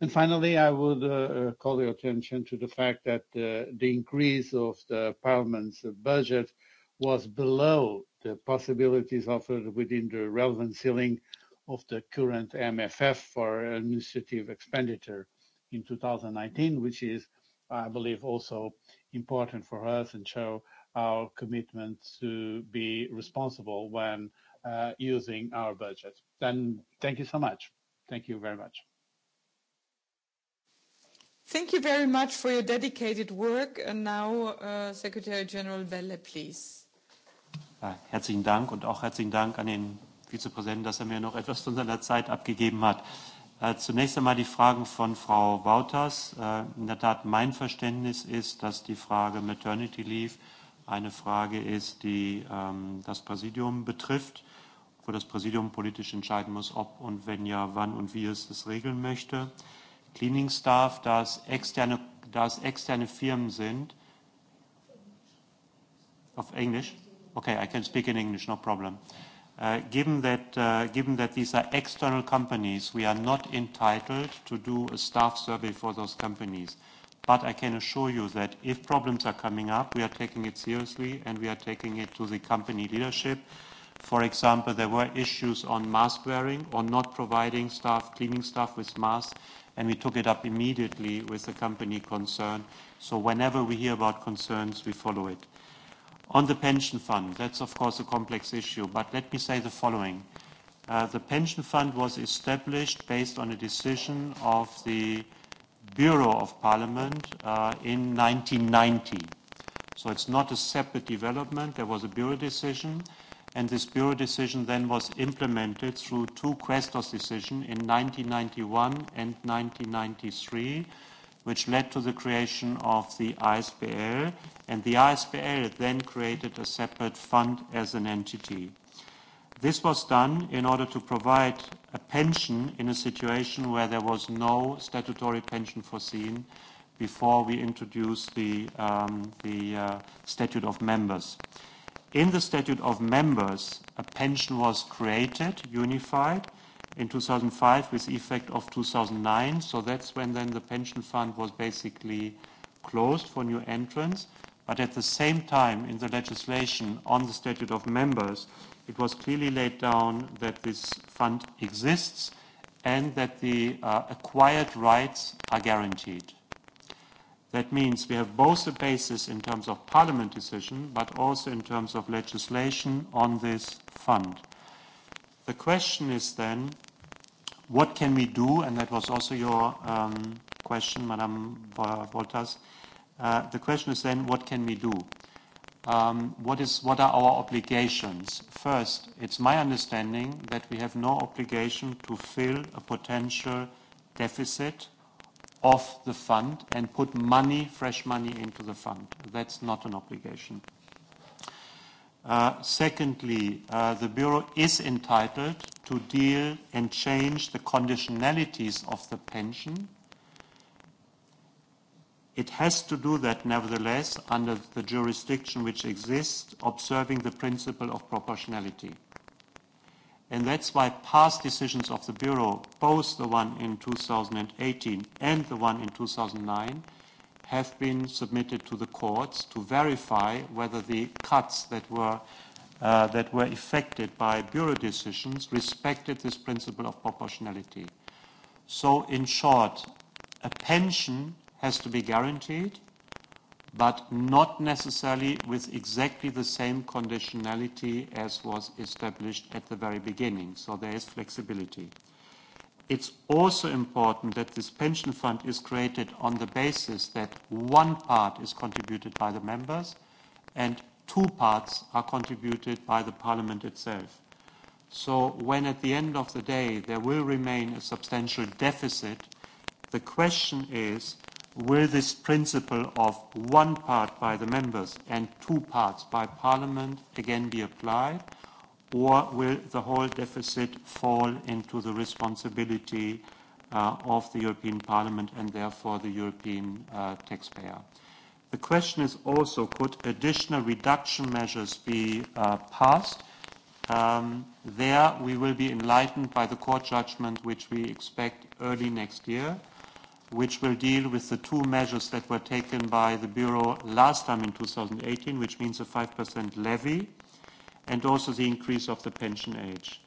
And finally, I would uh, call your attention to the fact that the increase of the parliament's budget was below the possibilities offered within the relevant ceiling of the current MFF for administrative expenditure in 2019, which is, I believe, also important for us and show our commitment to be responsible when Uh, using our budget. Thank you so much. Thank you very much. Thank you very much for your dedicated work. And now, uh, Secretary General Belle, please. Ja, herzlichen Dank und auch herzlichen Dank an den Vizepräsidenten, dass er mir noch etwas von seiner Zeit abgegeben hat. Äh, zunächst einmal die Fragen von Frau Wouters. Äh, in der Tat, mein Verständnis ist, dass die Frage Maternity Leave eine Frage ist, die ähm, das Präsidium betrifft wo das Präsidium politisch entscheiden muss, ob und wenn ja, wann und wie es es regeln möchte. Cleaning Staff, da es externe, da es externe Firmen sind, auf English? Okay, I can speak in English, no problem. Uh, given, that, uh, given that these are external companies, we are not entitled to do a staff survey for those companies. But I can assure you that if problems are coming up, we are taking it seriously and we are taking it to the company leadership. For example, there were issues on mask wearing or not providing staff, cleaning staff with masks, and we took it up immediately with the company concerned. So whenever we hear about concerns, we follow it. On the pension fund, that's of course a complex issue, but let me say the following. Uh, the pension fund was established based on a decision of the Bureau of Parliament uh, in 1990. So it's not a separate development. There was a Bureau decision and this Bureau decision then was implemented through two Questos decisions in 1991 and 1993, which led to the creation of the ISBL, and the ISBL then created a separate fund as an entity. This was done in order to provide a pension in a situation where there was no statutory pension foreseen before we introduced the, um, the uh, statute of members in the statute of members, a pension was created, unified, in 2005 with effect of 2009. So that's when then the pension fund was basically closed for new entrants. But at the same time, in the legislation on the statute of members, it was clearly laid down that this fund exists and that the uh, acquired rights are guaranteed. That means we have both the basis in terms of parliament decision, but also in terms of legislation on this fund. The question is then, what can we do? And that was also your um, question, Madame Voltas. Uh, the question is then, what can we do? Um, what, is, what are our obligations? First, it's my understanding that we have no obligation to fill a potential deficit of the fund and put money, fresh money into the fund. That's not an obligation. Uh, secondly, uh, the Bureau is entitled to deal and change the conditionalities of the pension. It has to do that, nevertheless, under the jurisdiction which exists, observing the principle of proportionality. And that's why past decisions of the Bureau, both the one in 2018 and the one in 2009, have been submitted to the courts to verify whether the cuts that were uh, that were affected by bureau decisions respected this principle of proportionality. So in short, a pension has to be guaranteed but not necessarily with exactly the same conditionality as was established at the very beginning. So there is flexibility. It's also important that this pension fund is created on the basis that one part is contributed by the members and two parts are contributed by the parliament itself. So when at the end of the day there will remain a substantial deficit, the question is will this principle of one part by the members and two parts by parliament again be applied, or will the whole deficit fall into the responsibility uh, of the European Parliament and therefore the European uh, taxpayer? The question is also, could additional reduction measures be uh, passed? Um, there we will be enlightened by the court judgment which we expect early next year which will deal with the two measures that were taken by the Bureau last time in 2018, which means a 5% levy and also the increase of the pension age.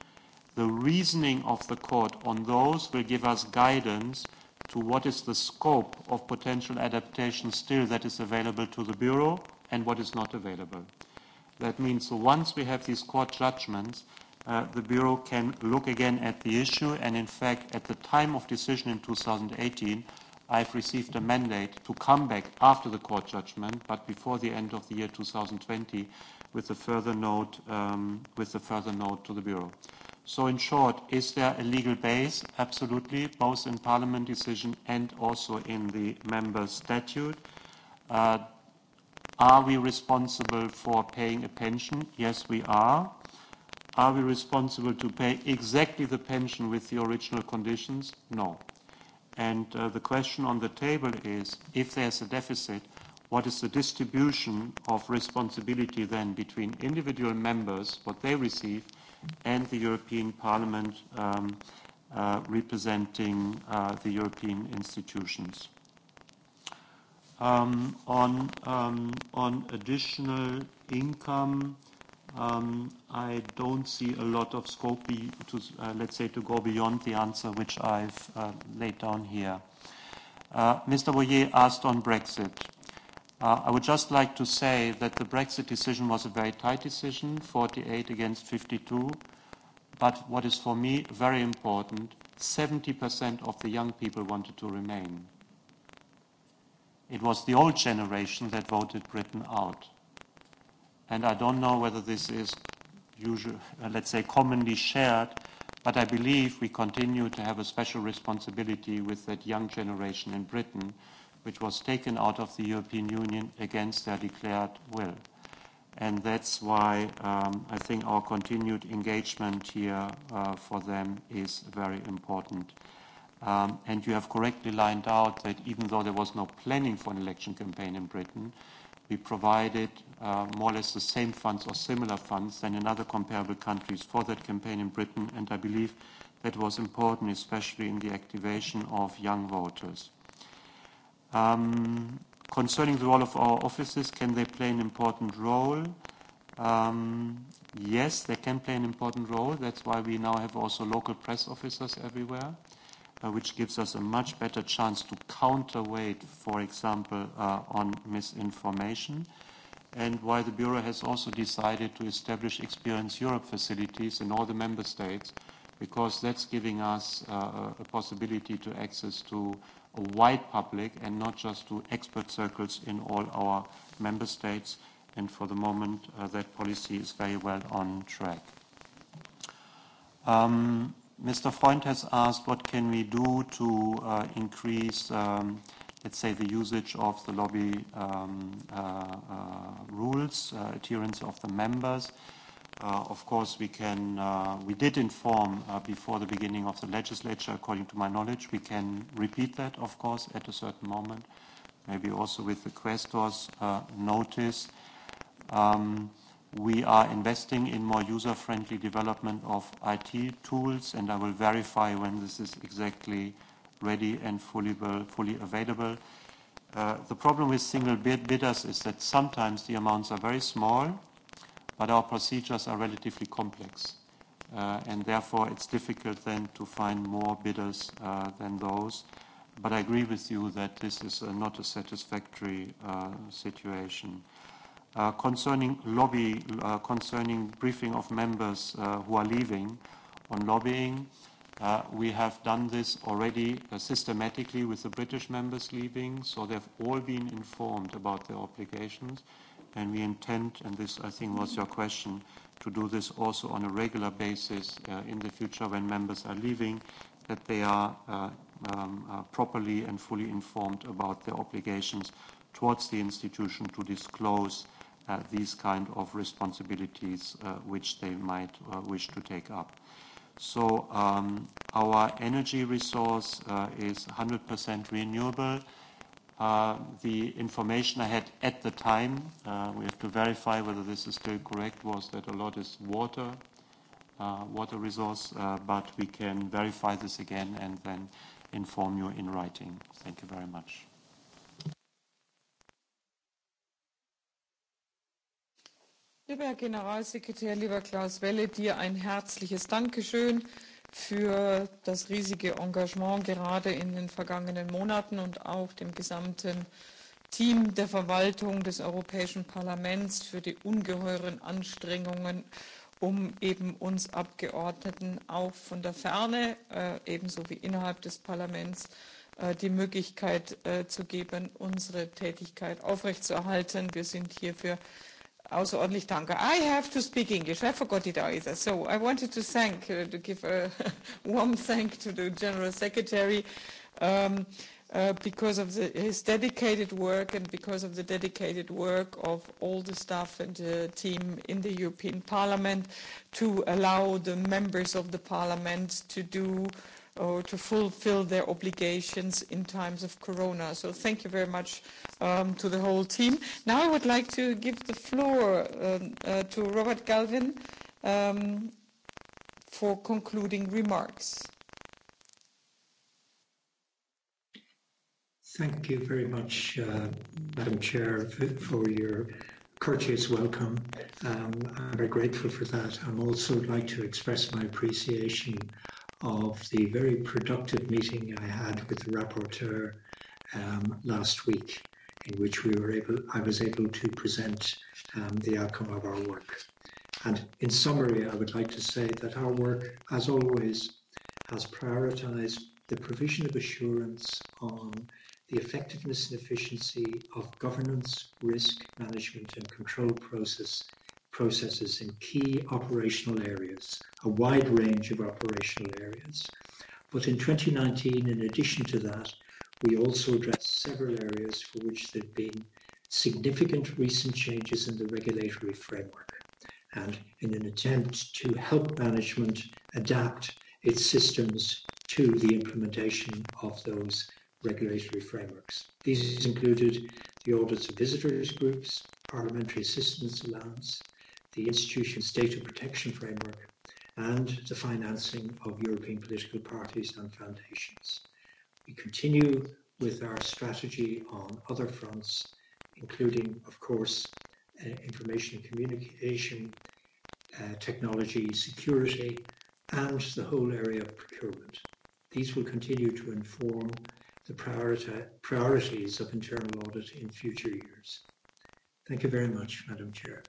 The reasoning of the court on those will give us guidance to what is the scope of potential adaptation still that is available to the Bureau and what is not available. That means once we have these court judgments, Uh, the Bureau can look again at the issue. And in fact, at the time of decision in 2018, I've received a mandate to come back after the court judgment, but before the end of the year 2020, with a further note, um, with a further note to the Bureau. So in short, is there a legal base? Absolutely, both in Parliament decision and also in the member statute. Uh, are we responsible for paying a pension? Yes, we are are we responsible to pay exactly the pension with the original conditions? No. And uh, the question on the table is, if there's a deficit, what is the distribution of responsibility then between individual members, what they receive, and the European Parliament um, uh, representing uh, the European institutions. Um, on, um, on additional income, Um, I don't see a lot of scope to, uh, let's say, to go beyond the answer which I've uh, laid down here. Uh, Mr. Boyer asked on Brexit. I would just like to say that the Brexit decision was a very tight decision, 48 against 52. But what is for me very important, 70% of the young people wanted to remain. It was the old generation that voted Britain out and I don't know whether this is usual, uh, let's say, commonly shared, but I believe we continue to have a special responsibility with that young generation in Britain, which was taken out of the European Union against their declared will. And that's why um, I think our continued engagement here uh, for them is very important. Um, and you have correctly lined out that even though there was no planning for an election campaign in Britain, we provided uh, more or less the same funds or similar funds than in other comparable countries for that campaign in Britain, and I believe that was important, especially in the activation of young voters. Um, concerning the role of our offices, can they play an important role? Um, yes, they can play an important role. That's why we now have also local press officers everywhere. Uh, uh, which gives us a much better chance to counterweight, for example, uh, on misinformation. And why the Bureau has also decided to establish Experience Europe facilities in all the member states, because that's giving us uh, a possibility to access to a wide public and not just to expert circles in all our member states. And for the moment, uh, that policy is very well on track. Um, Mr. Freund has asked what can we do to uh, increase, um, let's say, the usage of the lobby um, uh, uh, rules, uh, adherence of the members. Uh, of course, we can. Uh, we did inform uh, before the beginning of the legislature, according to my knowledge. We can repeat that, of course, at a certain moment, maybe also with the questors' uh, notice. Um, We are investing in more user-friendly development of IT tools, and I will verify when this is exactly ready and fully available. Uh, the problem with single bidders is that sometimes the amounts are very small, but our procedures are relatively complex. Uh, therefore, it's difficult then to find more bidders uh, than those. I agree with you that this is not a satisfactory situation. Uh, concerning lobby, uh, concerning briefing of members uh, who are leaving on lobbying, uh, we have done this already uh, systematically with the British members leaving, so they've all been informed about their obligations. And we intend, and this I think was your question, to do this also on a regular basis uh, in the future when members are leaving, that they are uh, um, uh, properly and fully informed about their obligations towards the institution to disclose uh, these kind of responsibilities uh, which they might uh, wish to take up. So um, our energy resource uh, is 100% renewable. Uh, the information I had at the time, uh, we have to verify whether this is still correct, was that a lot is water, uh, water resource, uh, but we can verify this again and then inform you in writing. Thank you very much. Lieber Herr Generalsekretär, lieber Klaus Welle, dir ein herzliches Dankeschön für das riesige Engagement gerade in den vergangenen Monaten und auch dem gesamten Team der Verwaltung des Europäischen Parlaments für die ungeheuren Anstrengungen, um eben uns Abgeordneten auch von der Ferne, äh, ebenso wie innerhalb des Parlaments, äh, die Möglichkeit äh, zu geben, unsere Tätigkeit aufrechtzuerhalten. Wir sind hierfür außerordentlich danke. I have to speak English. I forgot it either. So I wanted to thank, uh, to give a warm thank to the General Secretary um, uh, because of the, his dedicated work and because of the dedicated work of all the staff and the team in the European Parliament to allow the members of the Parliament to do or to fulfill their obligations in times of corona. So thank you very much um, to the whole team. Now I would like to give the floor um, uh, to Robert Galvin um, for concluding remarks. Thank you very much, uh, Madam Chair, for your courteous welcome. Um, I'm very grateful for that. I'm also like to express my appreciation of the very productive meeting I had with the rapporteur um, last week in which we were able, I was able to present um, the outcome of our work. In summary, I would like to say that our work, as always, has prioritized the provision of assurance on the effectiveness and efficiency of governance, risk management, and control processes in key operational areas, a wide range of operational areas. In 2019, in addition to that, We also addressed several areas for which there have been significant recent changes in the regulatory framework, and in an attempt to help management adapt its systems to the implementation of those regulatory frameworks. These included the audits of visitors groups, parliamentary assistance allowance, the institution's data protection framework, and the financing of European political parties and foundations. We continue with our strategy on other fronts, including, of course, uh, information and communication uh, technology, security, and the whole area of procurement. These will continue to inform the priorities of internal audit in future years. Thank you very much, Madam Chair.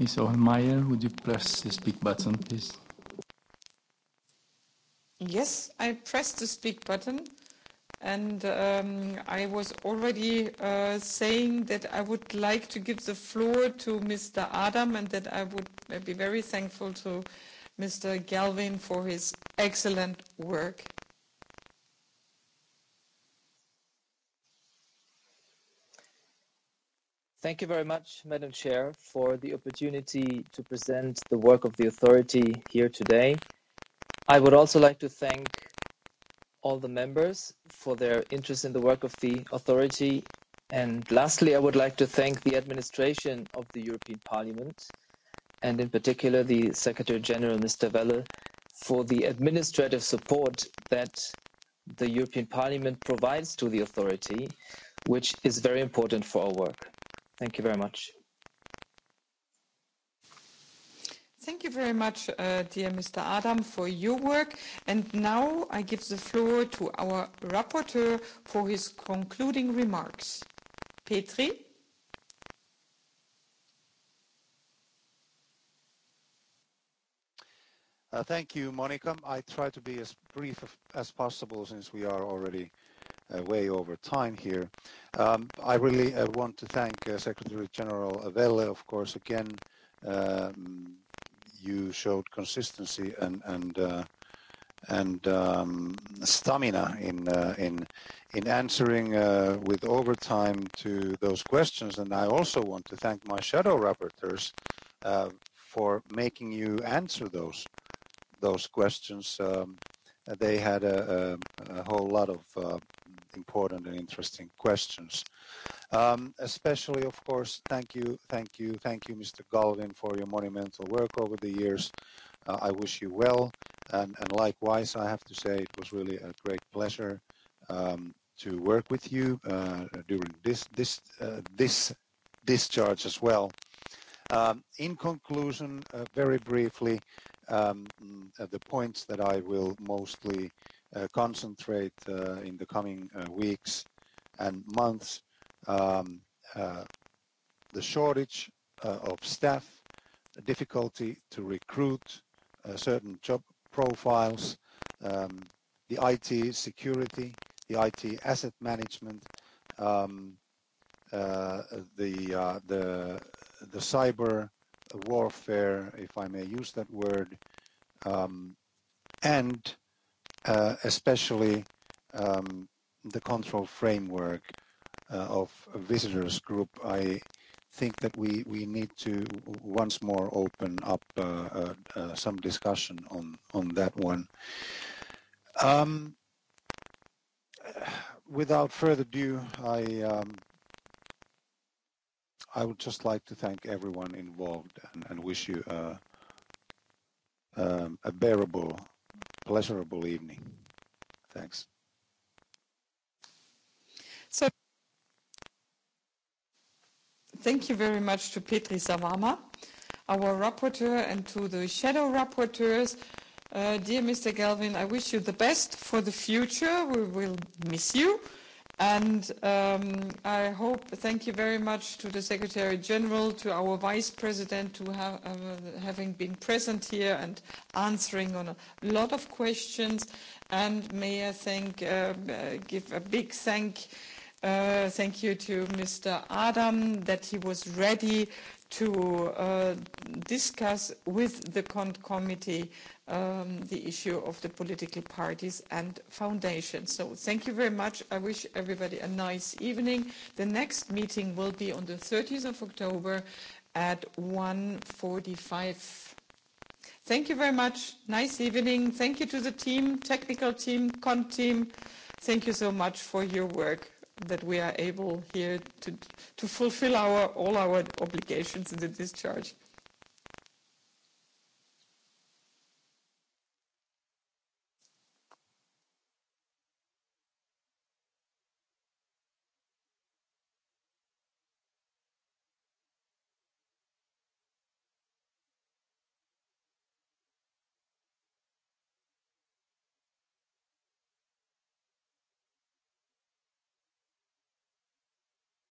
Ms. Hohlmeier, would you press the speak button, please? Yes, I pressed the speak button, and um, I was already uh, saying that I would like to give the floor to Mr. Adam and that I would uh, be very thankful to Mr. Galvin for his excellent work. Thank you very much, Madam Chair, for the opportunity to present the work of the authority here today. I would also like to thank all the members for their interest in the work of the authority. And lastly, I would like to thank the administration of the European Parliament, and in particular the Secretary General, Mr. Welle, for the administrative support that the European Parliament provides to the authority, which is very important for our work. Thank you very much. Thank you very much, uh, dear Mr. Adam, for your work. And now I give the floor to our rapporteur for his concluding remarks. Petri? Uh, thank you, Monica. I try to be as brief as possible since we are already uh, Uh, way over time here. Um, I really uh, want to thank uh, Secretary General Velle, of course, again. Um, you showed consistency and and uh, and um, stamina in uh, in in answering uh, with overtime to those questions. And I also want to thank my shadow rapporteurs for making you answer those those questions. Um, they had a, a, a whole lot of important and interesting questions. Um, especially, of course, thank you, thank you, thank you, Mr. Galvin, for your monumental work over the years. Uh, I wish you well, and, and likewise, I have to say it was really a great pleasure um, to work with you uh, during this this uh, this discharge as well. Um, in conclusion, uh, very briefly, um, mm, uh, the points that I will mostly Uh, concentrate uh, in the coming uh, weeks and months. Um, the shortage of staff, the difficulty to recruit certain job profiles, um, the IT security, the IT asset management, um, uh, the, uh, the, the cyber warfare, if I may use that word, um, and Uh, especially um, the control framework uh, of visitors group, I think that we, we need to once more open up uh, uh, uh some discussion on, on that one. Um, without further ado, I, um, I would just like to thank everyone involved and, and wish you a, um, a bearable pleasurable evening. Thanks. So, thank you very much to Petri Savama, our rapporteur, and to the shadow rapporteurs. Uh, dear Mr. Galvin, I wish you the best for the future. We will miss you. And um, I hope, thank you very much to the Secretary General, to our Vice President, to having been present here and answering on a lot of questions. And may I thank, uh, give a big thank, uh, thank you to Mr. Adam that he was ready to uh, discuss with the CONT committee um, the issue of the political parties and foundations. So thank you very much. I wish everybody a nice evening. The next meeting will be on the 30th of October at 1.45. Thank you very much. Nice evening. Thank you to the team, technical team, CONT team. Thank you so much for your work that we are able here to, to fulfill our, all our obligations in the discharge.